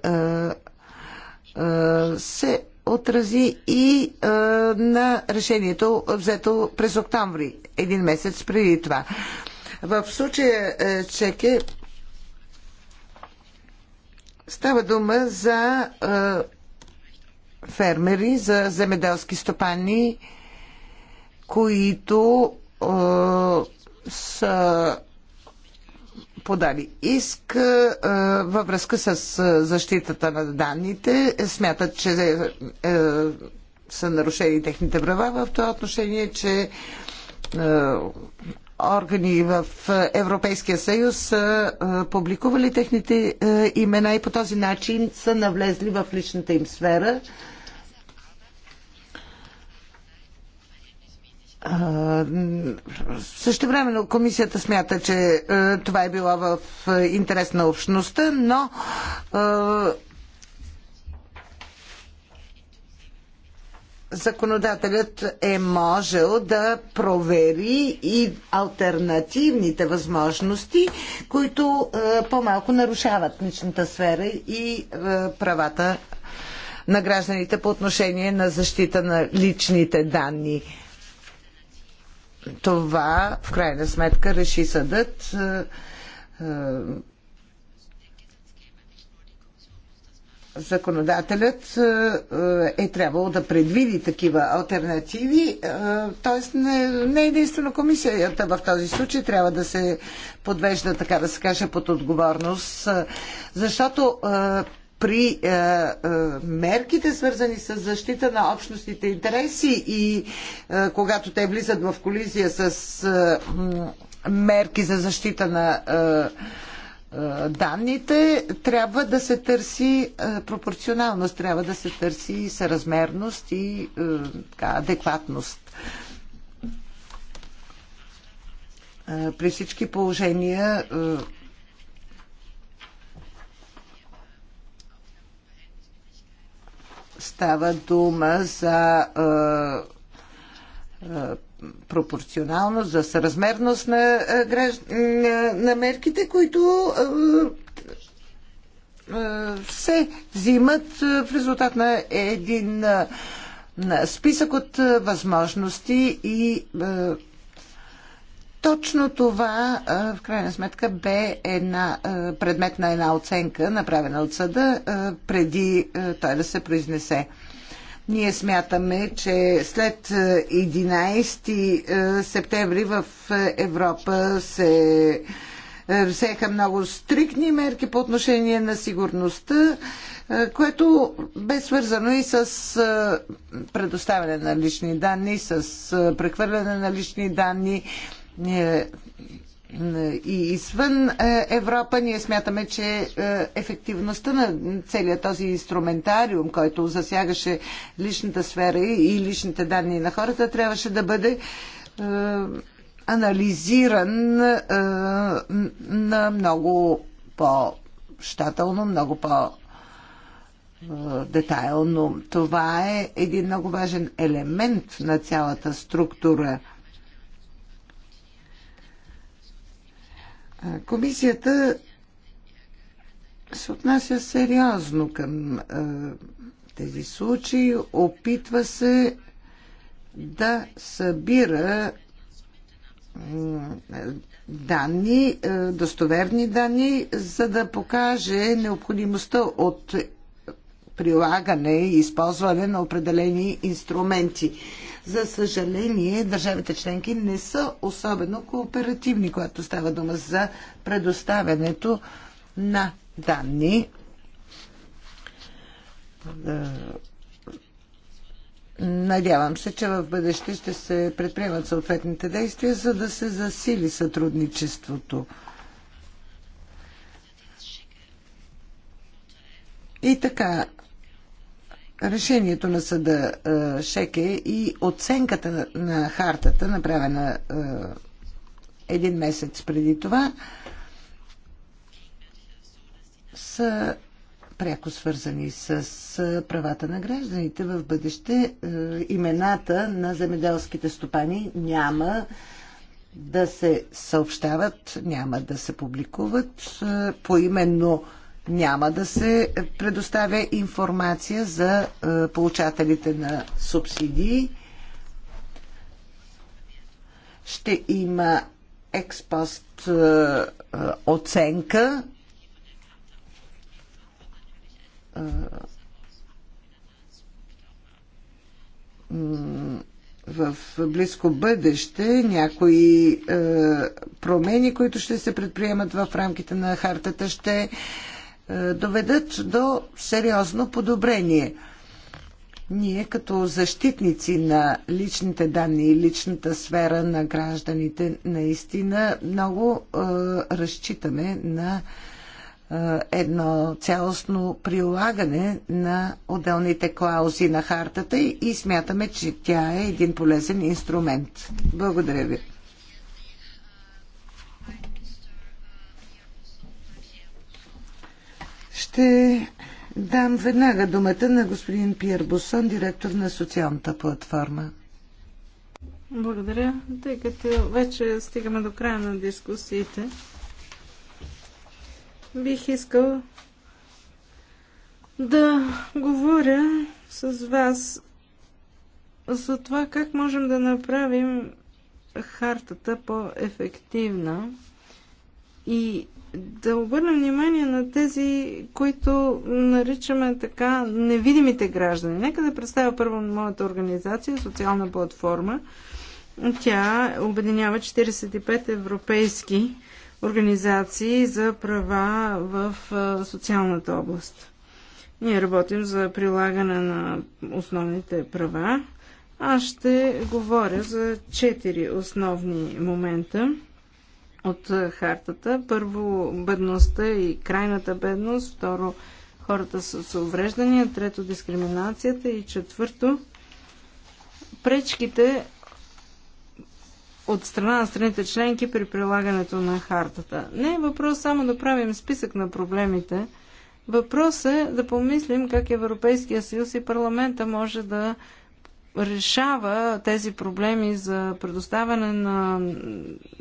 се отрази и а, на решението взето през октомври, един месец преди това. В случая а, Чеке става дума за а, фермери, за земеделски стопани, които а, са подали иск във връзка с защитата на данните. Смятат, че е, е, са нарушени техните права в това отношение, че е, органи в Европейския съюз са публикували техните имена и по този начин са навлезли в личната им сфера Също време комисията смята, че това е било в интерес на общността, но законодателят е можел да провери и альтернативните възможности, които по-малко нарушават личната сфера и правата на гражданите по отношение на защита на личните данни това в крайна сметка реши съдът. Е, е, законодателят е, е трябвало да предвиди такива альтернативи, т.е. Не, не единствено комисията в този случай трябва да се подвежда, така да се каже, под отговорност, защото при е, е, мерките, свързани с защита на общностните интереси и е, когато те влизат в колизия с е, мерки за защита на е, е, данните, трябва да се търси е, пропорционалност, трябва да се търси съразмерност и е, така, адекватност. Е, при всички положения. Е, Става дума за е, е, пропорционалност, за съразмерност на, е, на, на мерките, които се взимат в резултат на един списък от възможности и точно това, в крайна сметка, бе една, предмет на една оценка, направена от съда, преди той да се произнесе. Ние смятаме, че след 11 септември в Европа се взеха много стрикни мерки по отношение на сигурността, което бе свързано и с предоставяне на лични данни, с прехвърляне на лични данни, и извън е, Европа, ние смятаме, че е, ефективността на целият този инструментариум, който засягаше личната сфера и личните данни на хората, трябваше да бъде е, анализиран на много по-щателно, много по- детайлно. Това е един много важен елемент на цялата структура – Комисията се отнася сериозно към тези случаи, опитва се да събира данни, достоверни данни, за да покаже необходимостта от прилагане и използване на определени инструменти. За съжаление, държавите членки не са особено кооперативни, когато става дума за предоставянето на данни е, Надявам се, че в бъдеще ще се предприемат съответните действия, за да се засили сътрудничеството. И така, решението на съда е, Шеке и оценката на хартата, направена е, един месец преди това, са пряко свързани с е, правата на гражданите в бъдеще. Имената на земеделските стопани няма да се съобщават, няма да се публикуват поименно именно няма да се предоставя информация за е, получателите на субсидии. Ще има експост е, е, оценка в близко бъдеще някои промени, които ще се предприемат в рамките на хартата, ще доведат до сериозно подобрение. Ние като защитници на личните данни и личната сфера на гражданите наистина много е, разчитаме на е, едно цялостно прилагане на отделните клаузи на хартата и, и смятаме, че тя е един полезен инструмент. Благодаря ви. Ще дам веднага думата на господин Пиер Бусон, директор на социалната платформа. Благодаря, тъй като вече стигаме до края на дискусиите. Бих искал да говоря с вас за това как можем да направим хартата по-ефективна и да обърнем внимание на тези, които наричаме така невидимите граждани. Нека да представя първо моята организация, социална платформа. Тя обединява 45 европейски организации за права в социалната област. Ние работим за прилагане на основните права. Аз ще говоря за четири основни момента от е, хартата. Първо, бедността и крайната бедност. Второ, хората с увреждания. Трето, дискриминацията. И четвърто, пречките от страна на страните членки при прилагането на хартата. Не е въпрос само да правим списък на проблемите. Въпрос е да помислим как Европейския съюз и парламента може да решава тези проблеми за предоставяне на,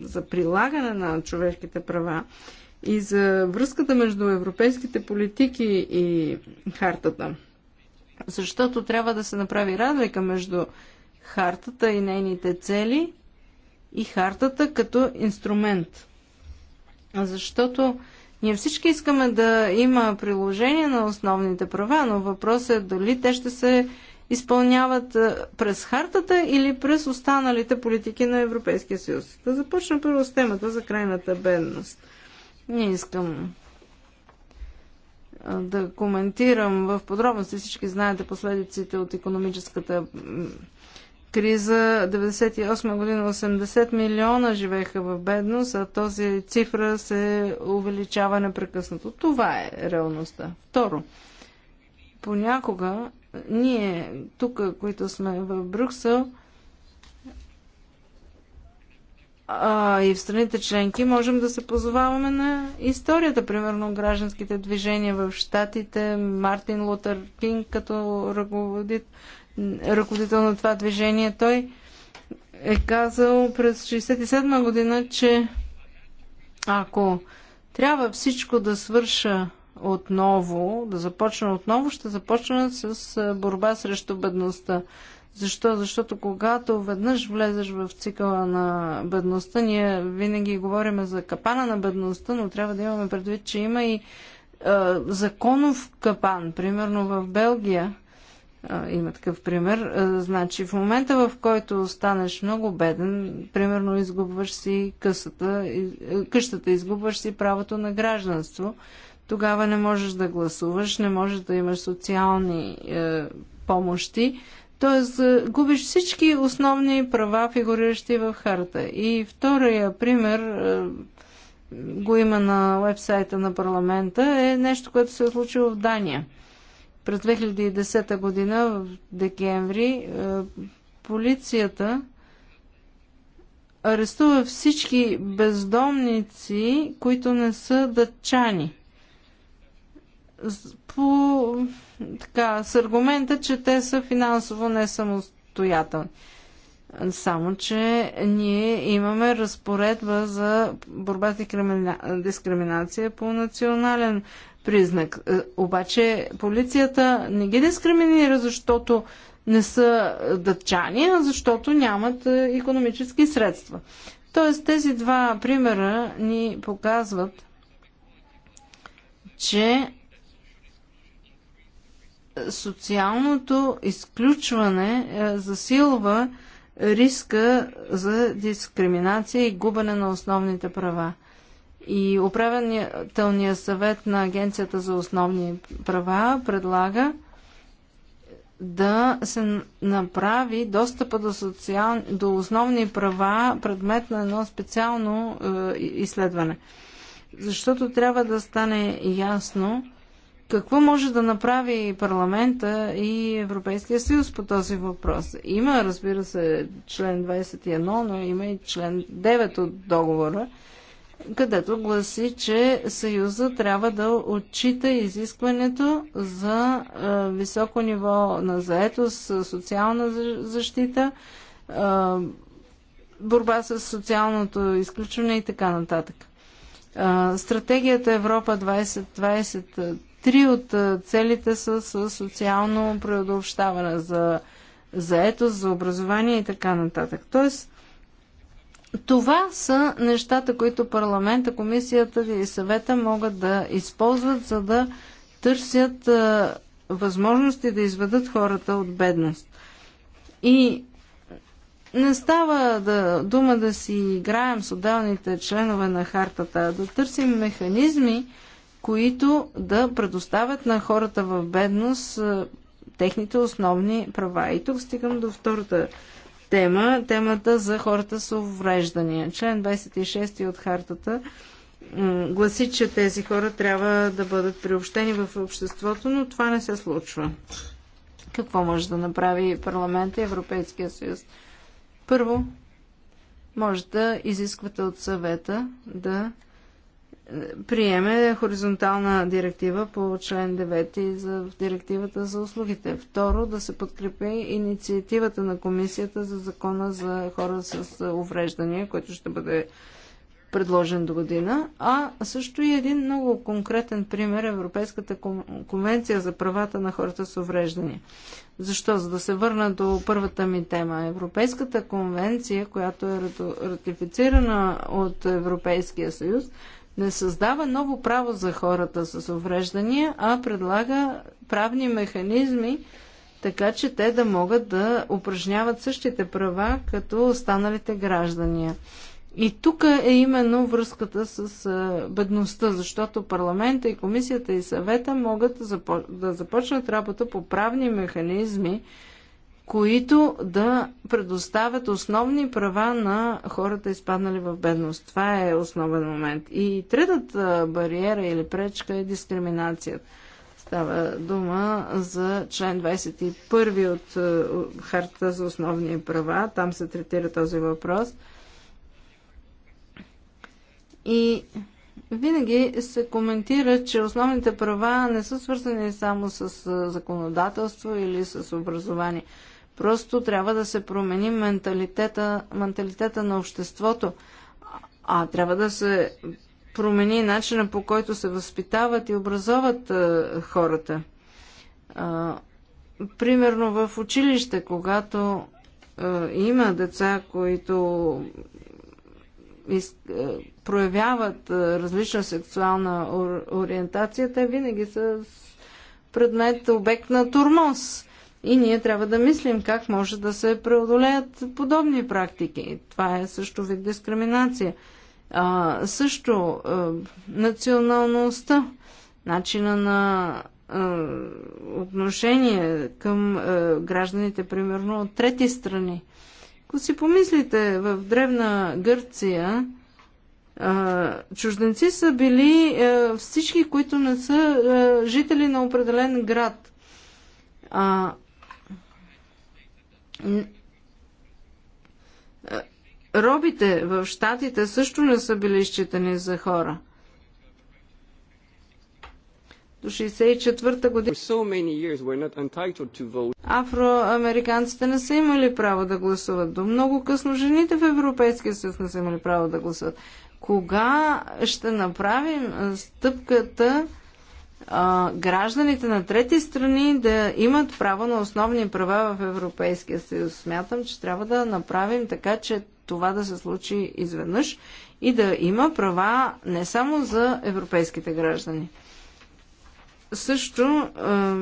за прилагане на човешките права и за връзката между европейските политики и хартата. Защото трябва да се направи разлика между хартата и нейните цели и хартата като инструмент. Защото ние всички искаме да има приложение на основните права, но въпросът е дали те ще се изпълняват през хартата или през останалите политики на Европейския съюз. Да започна първо с темата за крайната бедност. Не искам да коментирам в подробности. Всички знаете последиците от економическата криза. 98 година 80 милиона живееха в бедност, а този цифра се увеличава непрекъснато. Това е реалността. Второ, понякога ние тук, които сме в Брюксел, а, и в страните членки можем да се позоваваме на историята, примерно гражданските движения в Штатите, Мартин Лутер Кинг като ръководит, ръководител на това движение, той е казал през 67 година, че ако трябва всичко да свърша отново, да започна отново, ще започна с е, борба срещу бедността. Защо? Защото когато веднъж влезеш в цикъла на бедността, ние винаги говорим за капана на бедността, но трябва да имаме предвид, че има и е, законов капан. Примерно в Белгия е, има такъв пример. Е, значи в момента, в който станеш много беден, примерно изгубваш си късата, е, къщата, изгубваш си правото на гражданство. Е, тогава не можеш да гласуваш, не можеш да имаш социални е, помощи. Тоест, е, губиш всички основни права, фигуриращи в харта. И втория пример, е, го има на вебсайта на парламента, е нещо, което се е случило в Дания. През 2010 година, в декември, е, полицията арестува всички бездомници, които не са дъчани по, така, с аргумента, че те са финансово не самостоятелни. Само, че ние имаме разпоредба за борба с дискриминация по национален признак. Е, обаче полицията не ги дискриминира, защото не са дъчани, а защото нямат економически средства. Тоест тези два примера ни показват, че социалното изключване е, засилва риска за дискриминация и губане на основните права. И управителният съвет на Агенцията за основни права предлага да се направи достъпа до, социал... до основни права предмет на едно специално е, изследване. Защото трябва да стане ясно, какво може да направи парламента и Европейския съюз по този въпрос? Има, разбира се, член 21, но има и член 9 от договора, където гласи, че Съюза трябва да отчита изискването за високо ниво на заетост, социална защита, борба с социалното изключване и така нататък. Стратегията Европа 2020 Три от целите са с социално преодолщаване за заетост, за образование и така нататък. Тоест, това са нещата, които парламента, комисията и съвета могат да използват, за да търсят възможности да изведат хората от бедност. И не става да, дума да си играем с отделните членове на хартата, а да търсим механизми, които да предоставят на хората в бедност техните основни права. И тук стигам до втората тема, темата за хората с увреждания. Член 26 от хартата гласи, че тези хора трябва да бъдат приобщени в обществото, но това не се случва. Какво може да направи парламент и Европейския съюз? Първо, може да изисквате от съвета да приеме хоризонтална директива по член 9 за директивата за услугите. Второ, да се подкрепи инициативата на Комисията за закона за хора с увреждания, който ще бъде предложен до година, а също и един много конкретен пример Европейската конвенция за правата на хората с увреждания. Защо? За да се върна до първата ми тема. Европейската конвенция, която е ратифицирана от Европейския съюз, не създава ново право за хората с увреждания, а предлага правни механизми, така че те да могат да упражняват същите права като останалите граждани. И тук е именно връзката с бедността, защото парламента и комисията и съвета могат да започнат работа по правни механизми, които да предоставят основни права на хората, изпаднали в бедност. Това е основен момент. И третата бариера или пречка е дискриминацията. Става дума за член 21 от харта за основни права. Там се третира този въпрос. И винаги се коментира, че основните права не са свързани само с законодателство или с образование. Просто трябва да се промени менталитета, менталитета на обществото. А трябва да се промени начина по който се възпитават и образоват а, е, хората. А, примерно в училище, когато а, е, има деца, които из, а, е, проявяват а, различна сексуална ориентация, те винаги са предмет, обект на турмоз. И ние трябва да мислим как може да се преодолеят подобни практики. Това е също вид дискриминация. А, също а, националността, начина на а, отношение към а, гражданите, примерно от трети страни. Ако си помислите, в древна Гърция а, чужденци са били а, всички, които не са а, жители на определен град. А, Робите в Штатите също не са били изчитани за хора. До 64-та година афроамериканците не са имали право да гласуват. До много късно жените в Европейския съюз не са имали право да гласуват. Кога ще направим стъпката а, гражданите на трети страни да имат право на основни права в Европейския съюз. Смятам, че трябва да направим така, че това да се случи изведнъж и да има права не само за европейските граждани. Също а,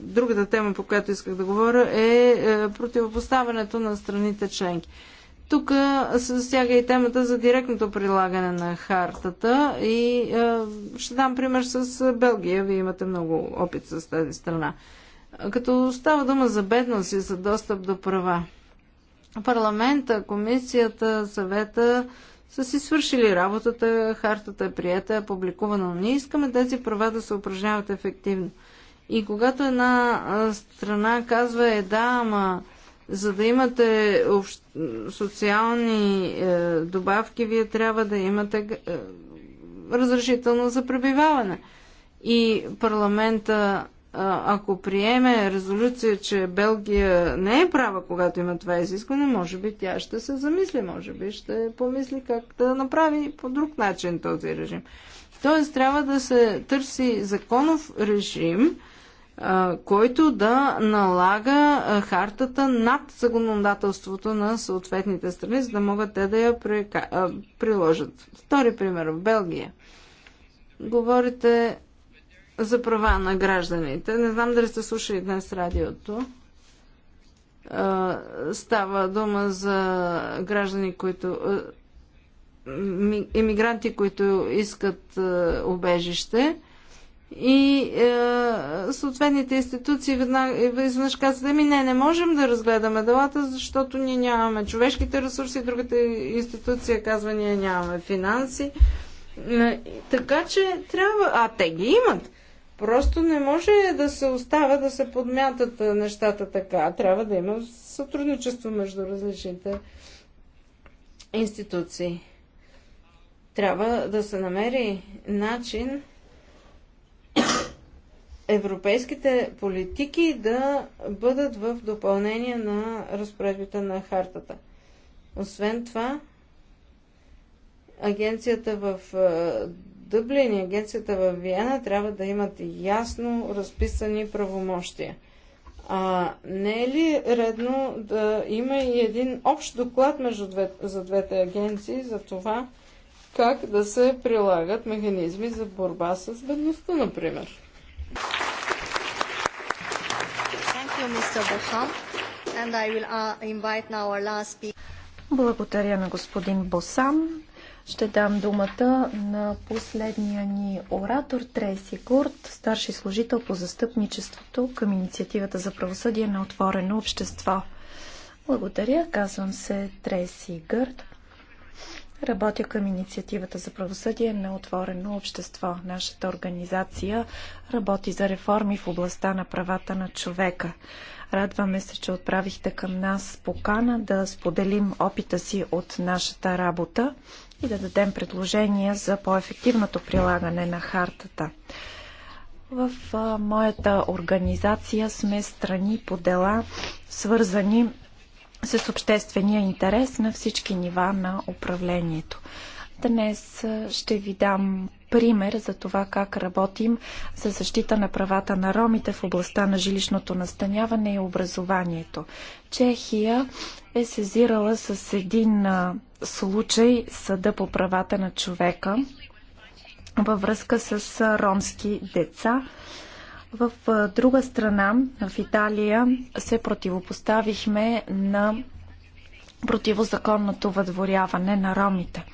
другата тема, по която исках да говоря, е, е противопоставянето на страните членки. Тук се засяга и темата за директното прилагане на хартата и е, ще дам пример с Белгия. Вие имате много опит с тази страна. Като става дума за бедност и за достъп до права, парламента, комисията, съвета са си свършили работата, хартата е прията, е публикувана, но ние искаме тези права да се упражняват ефективно. И когато една страна казва е да, ама за да имате общ... социални е, добавки, вие трябва да имате е, разрешително за пребиваване. И парламента, е, ако приеме резолюция, че Белгия не е права, когато има това изискване, може би тя ще се замисли, може би ще помисли как да направи по друг начин този режим. Тоест трябва да се търси законов режим, който да налага хартата над законодателството на съответните страни, за да могат те да я приложат. Втори пример в Белгия. Говорите за права на гражданите. Не знам дали сте слушали днес радиото. Става дума за граждани, които иммигранти, които искат убежище и е, съответните институции веднага, изведнъж казват, ами не, не можем да разгледаме делата, защото ние нямаме човешките ресурси, другата институция казва, ние нямаме финанси. Е, така че трябва. А те ги имат. Просто не може да се остава да се подмятат е, нещата така. Трябва да има сътрудничество между различните институции. Трябва да се намери начин европейските политики да бъдат в допълнение на разпоредбите на хартата. Освен това, агенцията в Дъблин и агенцията в Виена трябва да имат ясно разписани правомощия. А не е ли редно да има и един общ доклад между две, за двете агенции за това как да се прилагат механизми за борба с бедността, например? Uh, Благодаря на господин Босан. Ще дам думата на последния ни оратор Трейси Курт, старши служител по застъпничеството към инициативата за правосъдие на отворено общество. Благодаря, казвам се Трейси Гърт. Работя към инициативата за правосъдие на отворено общество. Нашата организация работи за реформи в областта на правата на човека. Радваме се, че отправихте към нас покана да споделим опита си от нашата работа и да дадем предложения за по-ефективното прилагане на хартата. В моята организация сме страни по дела, свързани с обществения интерес на всички нива на управлението. Днес ще ви дам пример за това как работим за защита на правата на ромите в областта на жилищното настаняване и образованието. Чехия е сезирала с един случай Съда по правата на човека във връзка с ромски деца, в друга страна, в Италия, се противопоставихме на противозаконното въдворяване на ромите.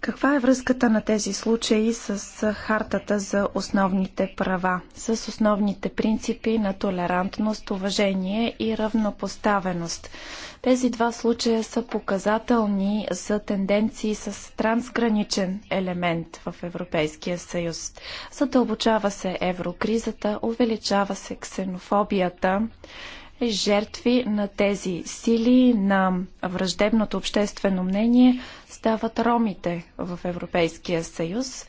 Каква е връзката на тези случаи с хартата за основните права, с основните принципи на толерантност, уважение и равнопоставеност? Тези два случая са показателни за тенденции с трансграничен елемент в Европейския съюз. Задълбочава се еврокризата, увеличава се ксенофобията, жертви на тези сили, на враждебното обществено мнение стават ромите в Европейския съюз.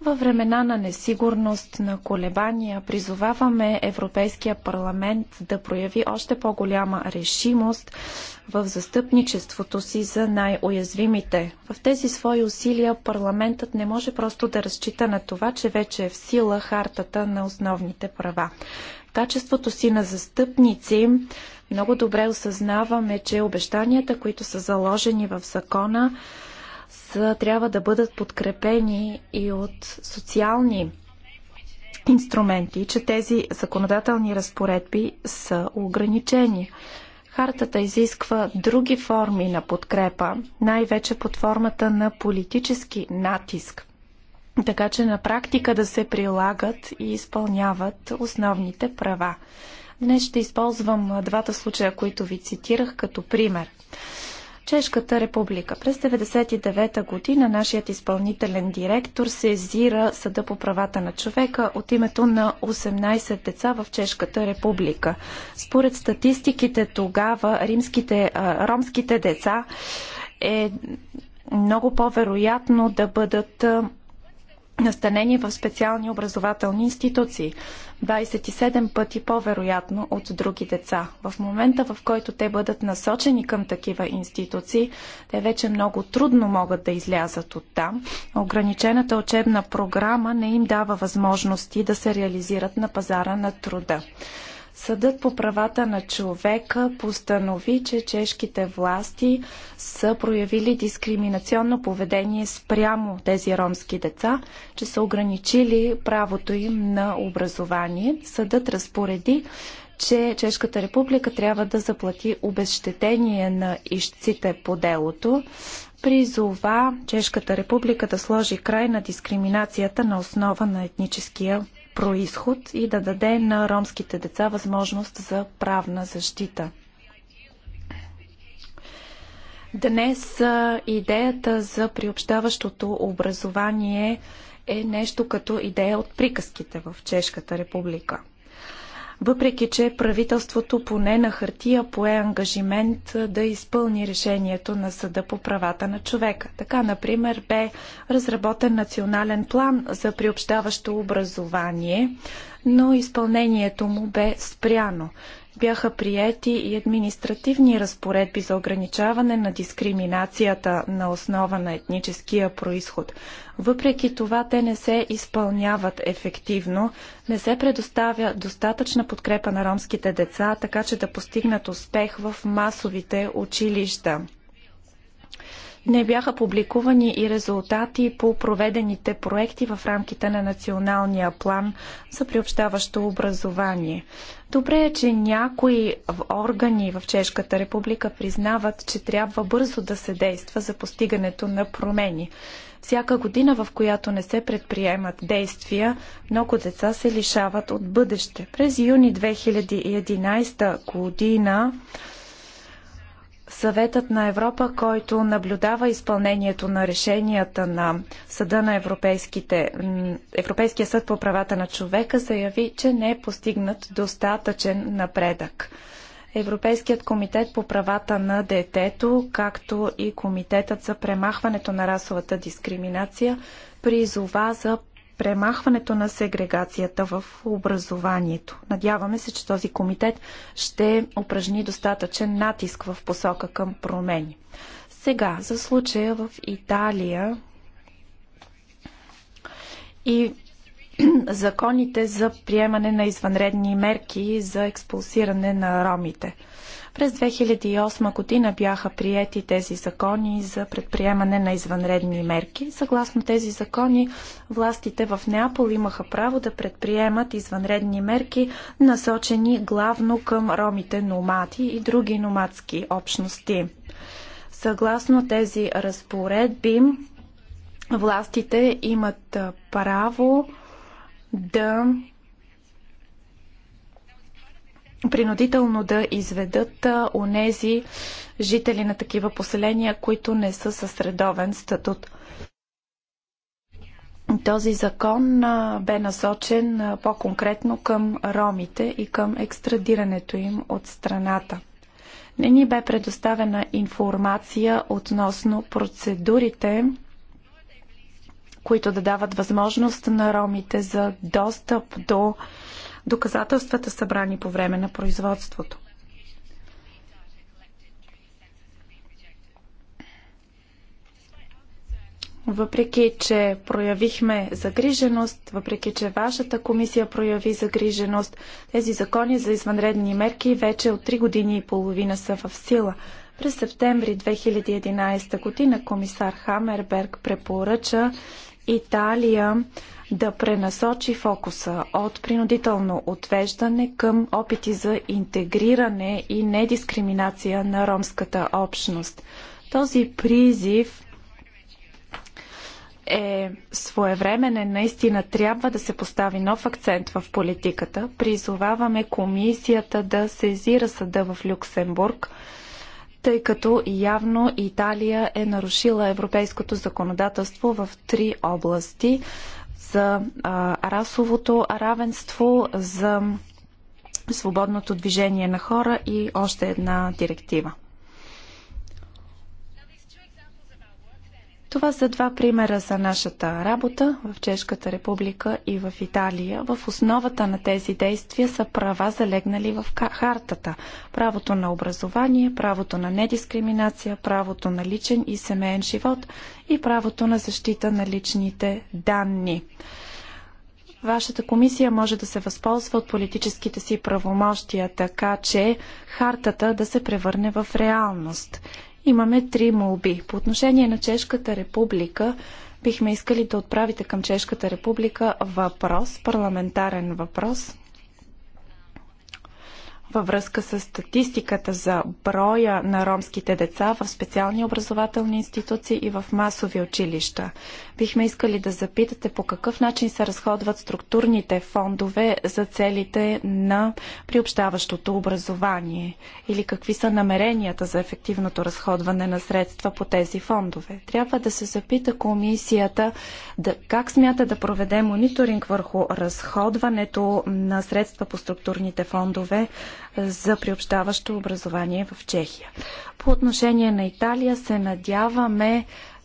Във времена на несигурност, на колебания, призоваваме Европейския парламент да прояви още по-голяма решимост в застъпничеството си за най-уязвимите. В тези свои усилия парламентът не може просто да разчита на това, че вече е в сила хартата на основните права качеството си на застъпници много добре осъзнаваме, че обещанията, които са заложени в закона, са, трябва да бъдат подкрепени и от социални инструменти, че тези законодателни разпоредби са ограничени. Хартата изисква други форми на подкрепа, най-вече под формата на политически натиск така че на практика да се прилагат и изпълняват основните права. Днес ще използвам двата случая, които ви цитирах като пример. Чешката република. През 1999 година нашият изпълнителен директор сезира Съда по правата на човека от името на 18 деца в Чешката република. Според статистиките тогава римските, ромските деца е много по-вероятно да бъдат настанени в специални образователни институции. 27 пъти по-вероятно от други деца. В момента, в който те бъдат насочени към такива институции, те вече много трудно могат да излязат от там. Ограничената учебна програма не им дава възможности да се реализират на пазара на труда. Съдът по правата на човека постанови, че чешките власти са проявили дискриминационно поведение спрямо тези ромски деца, че са ограничили правото им на образование. Съдът разпореди, че Чешката република трябва да заплати обезщетение на ищците по делото. Призова Чешката република да сложи край на дискриминацията на основа на етническия происход и да даде на ромските деца възможност за правна защита. Днес идеята за приобщаващото образование е нещо като идея от приказките в Чешката република въпреки че правителството поне на хартия пое ангажимент да изпълни решението на Съда по правата на човека. Така, например, бе разработен национален план за приобщаващо образование, но изпълнението му бе спряно бяха приети и административни разпоредби за ограничаване на дискриминацията на основа на етническия происход. Въпреки това те не се изпълняват ефективно, не се предоставя достатъчна подкрепа на ромските деца, така че да постигнат успех в масовите училища не бяха публикувани и резултати по проведените проекти в рамките на националния план за приобщаващо образование. Добре е, че някои органи в Чешката република признават, че трябва бързо да се действа за постигането на промени. Всяка година, в която не се предприемат действия, много деца се лишават от бъдеще. През юни 2011 година Съветът на Европа, който наблюдава изпълнението на решенията на Съда на Европейските, Европейския съд по правата на човека, заяви, че не е постигнат достатъчен напредък. Европейският комитет по правата на детето, както и Комитетът за премахването на расовата дискриминация, призова за премахването на сегрегацията в образованието. Надяваме се, че този комитет ще упражни достатъчен натиск в посока към промени. Сега, за случая в Италия и законите за приемане на извънредни мерки за експулсиране на ромите. През 2008 година бяха приети тези закони за предприемане на извънредни мерки. Съгласно тези закони, властите в Неапол имаха право да предприемат извънредни мерки, насочени главно към ромите номади и други номадски общности. Съгласно тези разпоредби, властите имат право да принудително да изведат онези жители на такива поселения, които не са със средовен статут. Този закон бе насочен по-конкретно към ромите и към екстрадирането им от страната. Не ни бе предоставена информация относно процедурите, които да дават възможност на ромите за достъп до доказателствата събрани по време на производството. Въпреки, че проявихме загриженост, въпреки, че вашата комисия прояви загриженост, тези закони за извънредни мерки вече от 3 години и половина са в сила. През септември 2011 година комисар Хамерберг препоръча Италия да пренасочи фокуса от принудително отвеждане към опити за интегриране и недискриминация на ромската общност. Този призив е своевременен, наистина трябва да се постави нов акцент в политиката. Призоваваме комисията да сезира съда в Люксембург, тъй като явно Италия е нарушила европейското законодателство в три области за а, расовото равенство, за свободното движение на хора и още една директива. Това са два примера за нашата работа в Чешката република и в Италия. В основата на тези действия са права залегнали в хартата. Правото на образование, правото на недискриминация, правото на личен и семейен живот и правото на защита на личните данни. Вашата комисия може да се възползва от политическите си правомощия, така че хартата да се превърне в реалност. Имаме три молби. По отношение на Чешката република, бихме искали да отправите към Чешката република въпрос, парламентарен въпрос, във връзка с статистиката за броя на ромските деца в специални образователни институции и в масови училища. Бихме искали да запитате по какъв начин се разходват структурните фондове за целите на приобщаващото образование или какви са намеренията за ефективното разходване на средства по тези фондове. Трябва да се запита комисията да, как смята да проведе мониторинг върху разходването на средства по структурните фондове за приобщаващо образование в Чехия. По отношение на Италия се надяваме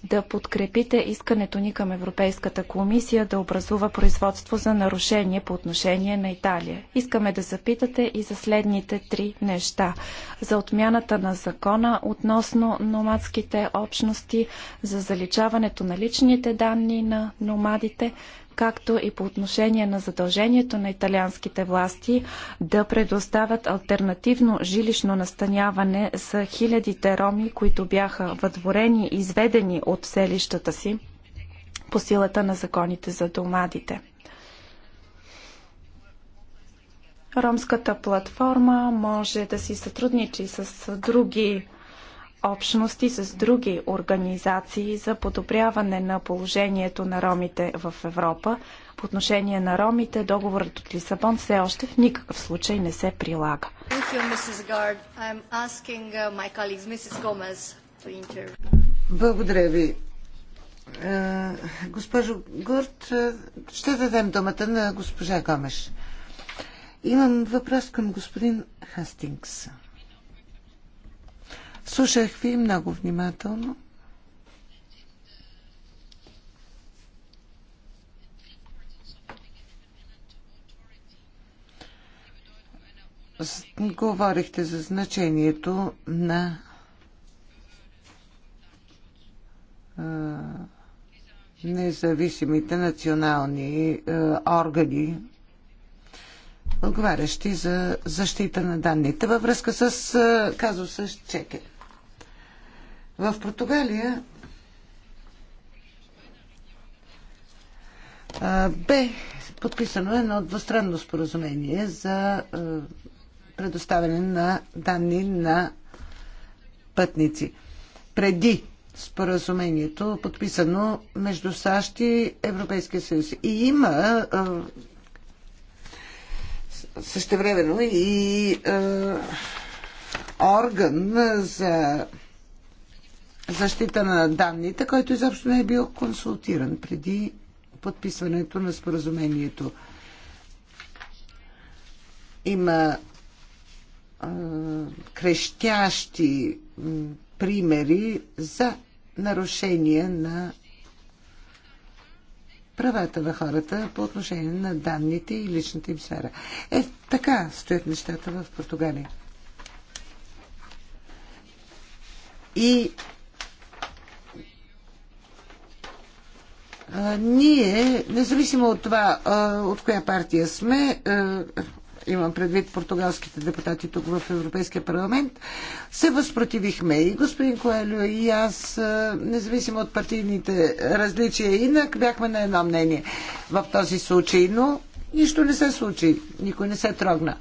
да подкрепите искането ни към Европейската комисия да образува производство за нарушение по отношение на Италия. Искаме да запитате и за следните три неща. За отмяната на закона относно номадските общности, за заличаването на личните данни на номадите, както и по отношение на задължението на италианските власти да предоставят альтернативно жилищно настаняване за хилядите роми, които бяха въдворени и изведени от селищата си по силата на законите за домадите. Ромската платформа може да си сътрудничи с други общности с други организации за подобряване на положението на ромите в Европа. По отношение на ромите, договорът от Лисабон все още в никакъв случай не се прилага. Uh, Благодаря ви. Е, госпожо Горд, е, ще дадем думата на госпожа Гомеш. Имам въпрос към господин Хастингс. Слушах ви много внимателно. Говорихте за значението на независимите национални органи, отговарящи за защита на данните във връзка с казуса с Чекер. В Португалия бе подписано едно двустранно споразумение за предоставяне на данни на пътници. Преди споразумението, подписано между САЩ и Европейския съюз. И има същевременно и орган за защита на данните, който изобщо не е бил консултиран преди подписването на споразумението. Има а, крещящи примери за нарушение на правата на хората по отношение на данните и личната им сфера. Е, така стоят нещата в Португалия. И ние, независимо от това от коя партия сме, имам предвид португалските депутати тук в Европейския парламент, се възпротивихме и господин Коелю, и аз, независимо от партийните различия, инак бяхме на едно мнение в този случай, но нищо не се случи, никой не се трогна.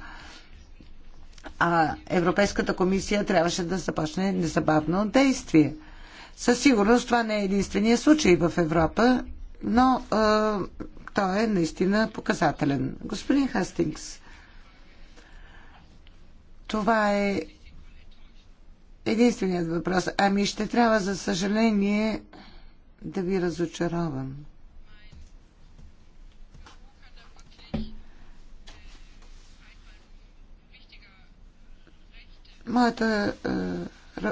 А Европейската комисия трябваше да започне незабавно действие. Със сигурност това не е единствения случай в Европа но а, той е наистина показателен. Господин Хастингс, това е единственият въпрос. Ами ще трябва, за съжаление, да ви разочаровам. Моята е,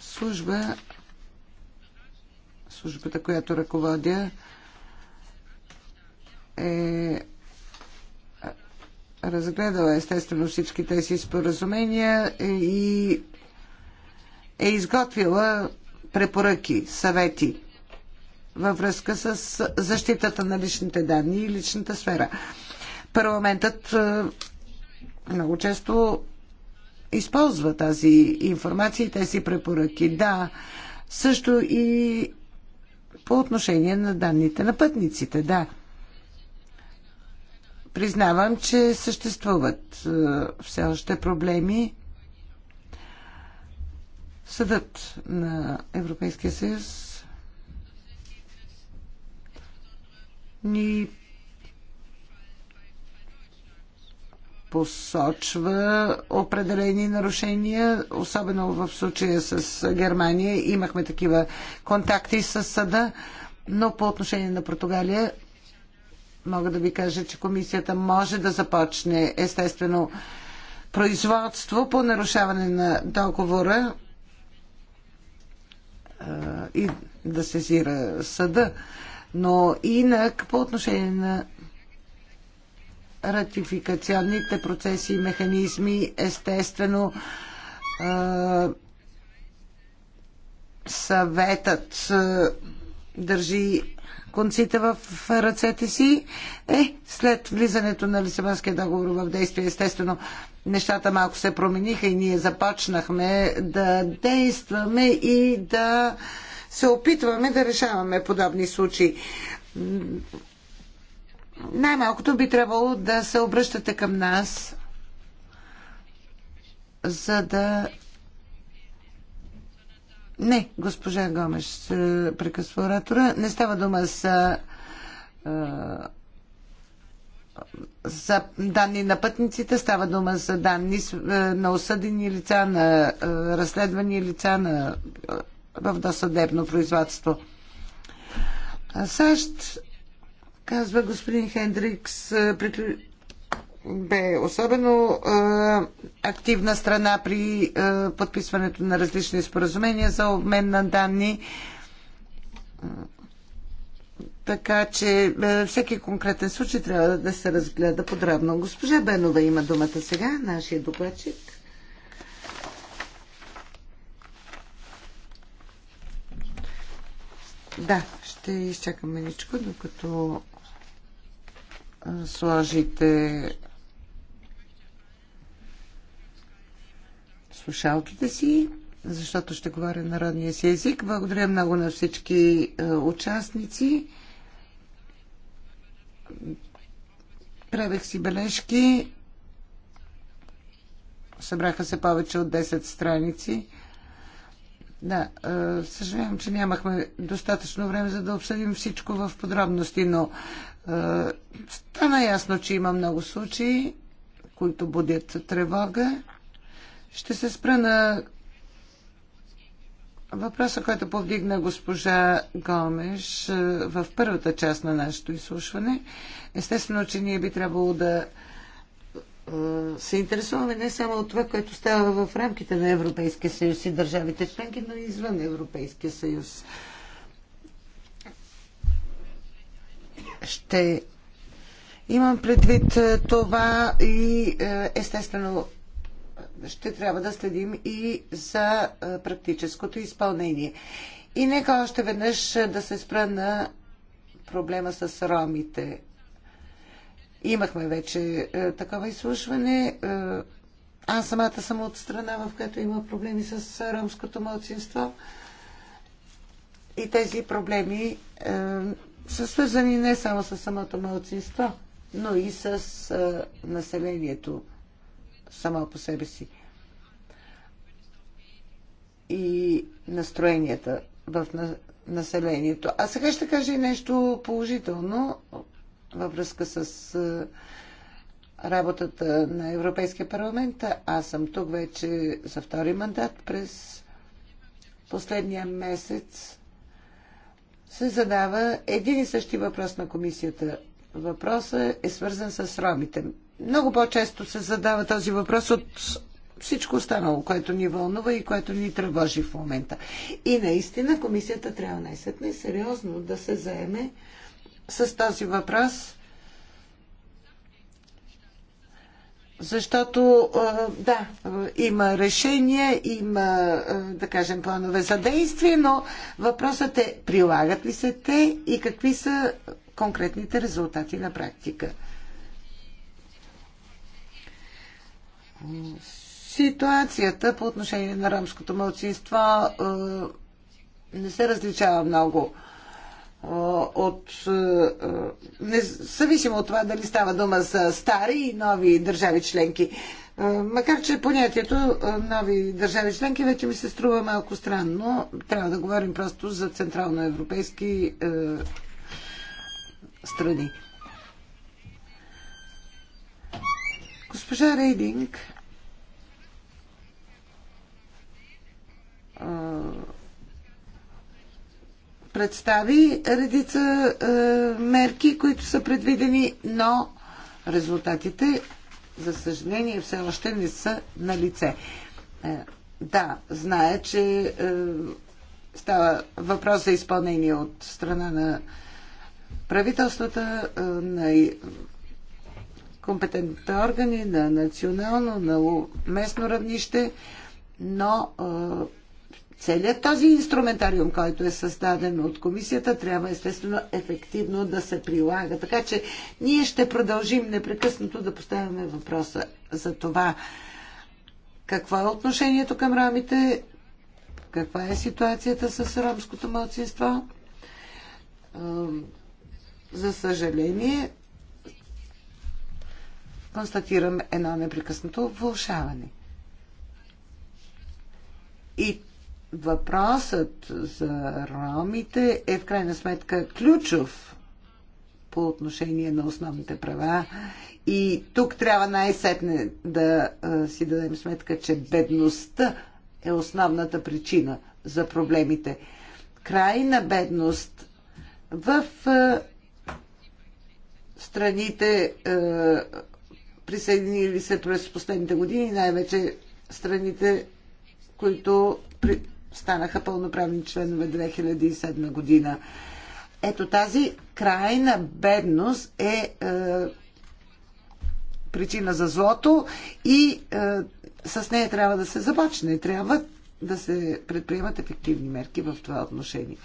служба, службата, която ръководя, е разгледала естествено всички тези споразумения е, и е изготвила препоръки, съвети във връзка с защитата на личните данни и личната сфера. Парламентът е, много често използва тази информация и тези препоръки. Да, също и по отношение на данните на пътниците, да. Признавам, че съществуват е, все още проблеми. Съдът на Европейския съюз ни посочва определени нарушения, особено в случая с Германия. Имахме такива контакти с съда, но по отношение на Португалия мога да ви кажа, че комисията може да започне естествено производство по нарушаване на договора и да сезира съда. Но инак по отношение на ратификационните процеси и механизми, естествено съветът държи конците в ръцете си. Е, след влизането на Лисабонския договор в действие, естествено, нещата малко се промениха и ние започнахме да действаме и да се опитваме да решаваме подобни случаи. Най-малкото би трябвало да се обръщате към нас, за да не, госпожа Гомеш е, прекъсва оратора. Не става дума за е, за данни на пътниците, става дума за данни е, на осъдени лица, на разследвани лица на, в досъдебно производство. САЩ, казва господин Хендрикс, приключи бе особено активна страна при подписването на различни споразумения за обмен на данни. Така че всеки конкретен случай трябва да се разгледа подробно. Госпожа Бенова има думата сега, нашия докладчик. Да, ще изчакам ничко, докато сложите слушалките си, защото ще говоря народния си език. Благодаря много на всички е, участници. Правех си бележки. Събраха се повече от 10 страници. Да, е, съжалявам, че нямахме достатъчно време за да обсъдим всичко в подробности, но е, стана ясно, че има много случаи, които будят тревога. Ще се спра на въпроса, който повдигна госпожа Гомеш е, в първата част на нашето изслушване. Естествено, че ние би трябвало да е, се интересуваме не само от това, което става в рамките на Европейския съюз и държавите членки, но и извън Европейския съюз. Ще имам предвид е, това и естествено ще трябва да следим и за практическото изпълнение. И нека още веднъж да се спра на проблема с ромите. Имахме вече такова изслушване. аз самата съм от страна, в която има проблеми с ромското младсинство. И тези проблеми е, са свързани не само с самото младсинство, но и с е, населението сама по себе си. И настроенията в населението. А сега ще кажа и нещо положително във връзка с работата на Европейския парламент. Аз съм тук вече за втори мандат през последния месец. Се задава един и същи въпрос на комисията. Въпросът е свързан с ромите. Много по-често се задава този въпрос от всичко останало, което ни вълнува и което ни тревожи в момента. И наистина комисията трябва най-сетне сериозно да се заеме с този въпрос, защото да, има решения, има, да кажем, планове за действие, но въпросът е прилагат ли се те и какви са конкретните резултати на практика. Ситуацията по отношение на ромското мълчинство е, не се различава много е, от, е, независимо от това дали става дума за стари и нови държави членки. Макар, че понятието нови държави членки вече ми се струва малко странно, трябва да говорим просто за централноевропейски е, страни. Госпожа Рейдинг представи редица е, мерки, които са предвидени, но резултатите, за съжаление, все още не са на лице. Е, да, знае, че е, става въпрос за изпълнение от страна на правителствата, на компетентните органи, на национално, на местно равнище, но Целият този инструментариум, който е създаден от комисията, трябва естествено ефективно да се прилага. Така че ние ще продължим непрекъснато да поставяме въпроса за това какво е отношението към рамите, каква е ситуацията с ромското младсинство. За съжаление, констатирам едно непрекъснато влушаване. И въпросът за ромите е в крайна сметка ключов по отношение на основните права. И тук трябва най-сетне да си дадем сметка, че бедността е основната причина за проблемите. Крайна бедност в страните присъединили се през последните години, най-вече страните, които станаха пълноправни членове 2007 година. Ето тази крайна бедност е, е причина за злото и е, с нея трябва да се започне. Трябва да се предприемат ефективни мерки в това отношение.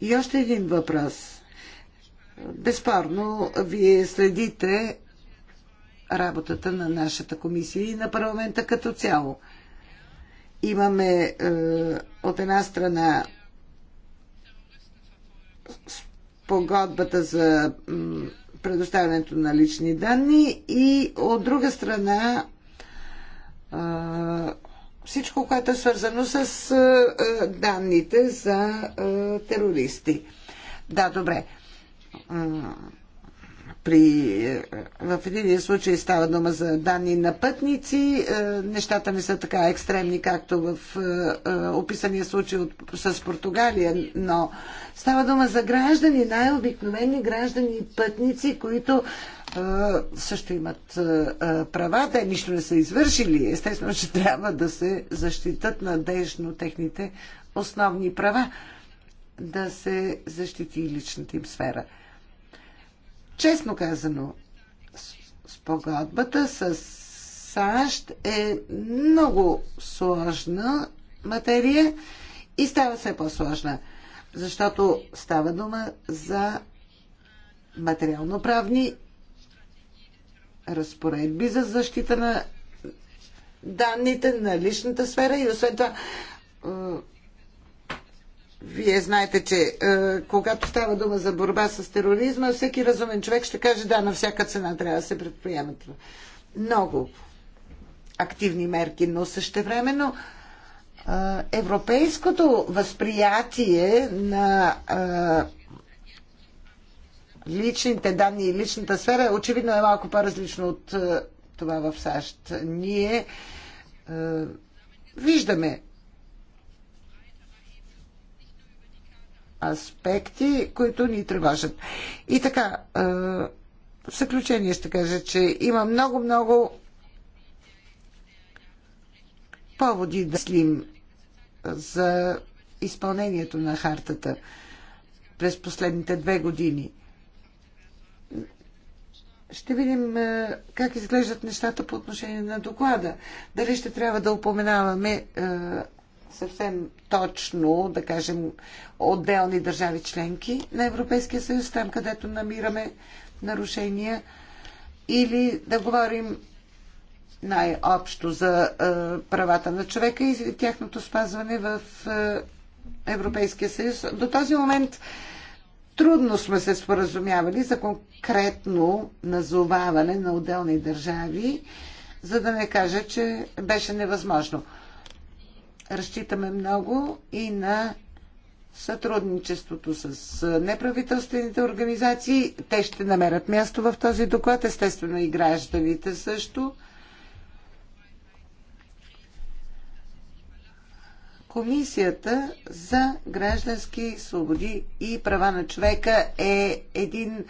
И още един въпрос. Безспорно, вие следите работата на нашата комисия и на парламента като цяло. Имаме е, от една страна погодбата за предоставянето на лични данни и от друга страна е, всичко, което е свързано с е, данните за терористи. Да, добре при, е, в един случай става дума за данни на пътници. Е, нещата не са така екстремни, както в е, описания случай от, с Португалия, но става дума за граждани, най-обикновени граждани и пътници, които също имат права. Те нищо не са извършили. Естествено, че трябва да се защитат надежно техните основни права, да се защити личната им сфера. Честно казано, спогодбата с САЩ е много сложна материя и става все по-сложна, защото става дума за материално-правни разпоредби за защита на данните на личната сфера и освен това вие знаете, че е, когато става дума за борба с тероризма, всеки разумен човек ще каже да, на всяка цена трябва да се предприемат много активни мерки, но същевременно е, европейското възприятие на е, личните данни и личната сфера очевидно е малко по-различно от е, това в САЩ. Ние е, виждаме аспекти, които ни тревожат. И така, в заключение ще кажа, че има много-много поводи да слим за изпълнението на хартата през последните две години. Ще видим как изглеждат нещата по отношение на доклада. Дали ще трябва да упоменаваме съвсем точно, да кажем, отделни държави членки на Европейския съюз, там където намираме нарушения, или да говорим най-общо за е, правата на човека и тяхното спазване в е, Европейския съюз. До този момент трудно сме се споразумявали за конкретно назоваване на отделни държави, за да не кажа, че беше невъзможно. Разчитаме много и на сътрудничеството с неправителствените организации. Те ще намерят място в този доклад, естествено и гражданите също. Комисията за граждански свободи и права на човека е един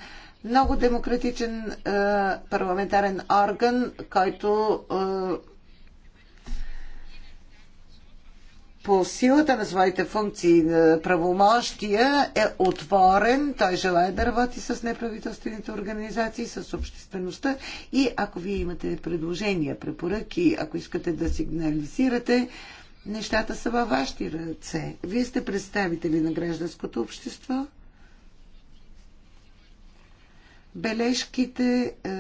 много демократичен е, парламентарен орган, който е, по силата на своите функции, правомощия е отворен. Той желая да работи с неправителствените организации, с обществеността и ако вие имате предложения, препоръки, ако искате да сигнализирате, нещата са във вашите ръце. Вие сте представители на гражданското общество. Бележките, е,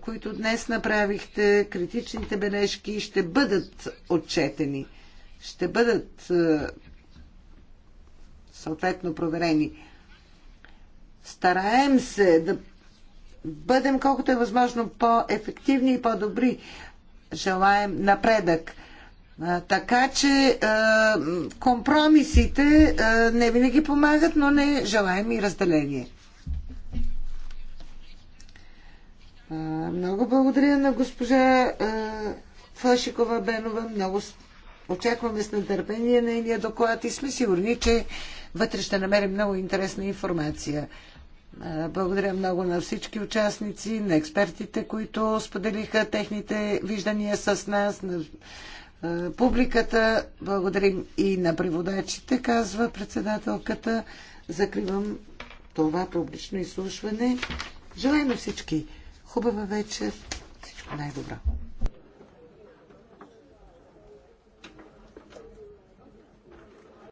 които днес направихте, критичните бележки ще бъдат отчетени – ще бъдат е, съответно проверени. Стараем се да бъдем колкото е възможно по-ефективни и по-добри. Желаем напредък. Е, така че е, компромисите не винаги помагат, но не желаем и разделение. Много благодаря на госпожа Фашикова Бенова. Много Очакваме с нетърпение нейния доклад и сме сигурни, че вътре ще намерим много интересна информация. Благодаря много на всички участници, на експертите, които споделиха техните виждания с нас, на публиката. Благодарим и на преводачите, казва председателката. Закривам това публично изслушване. Желаем на всички хубава вечер. Всичко най-добро.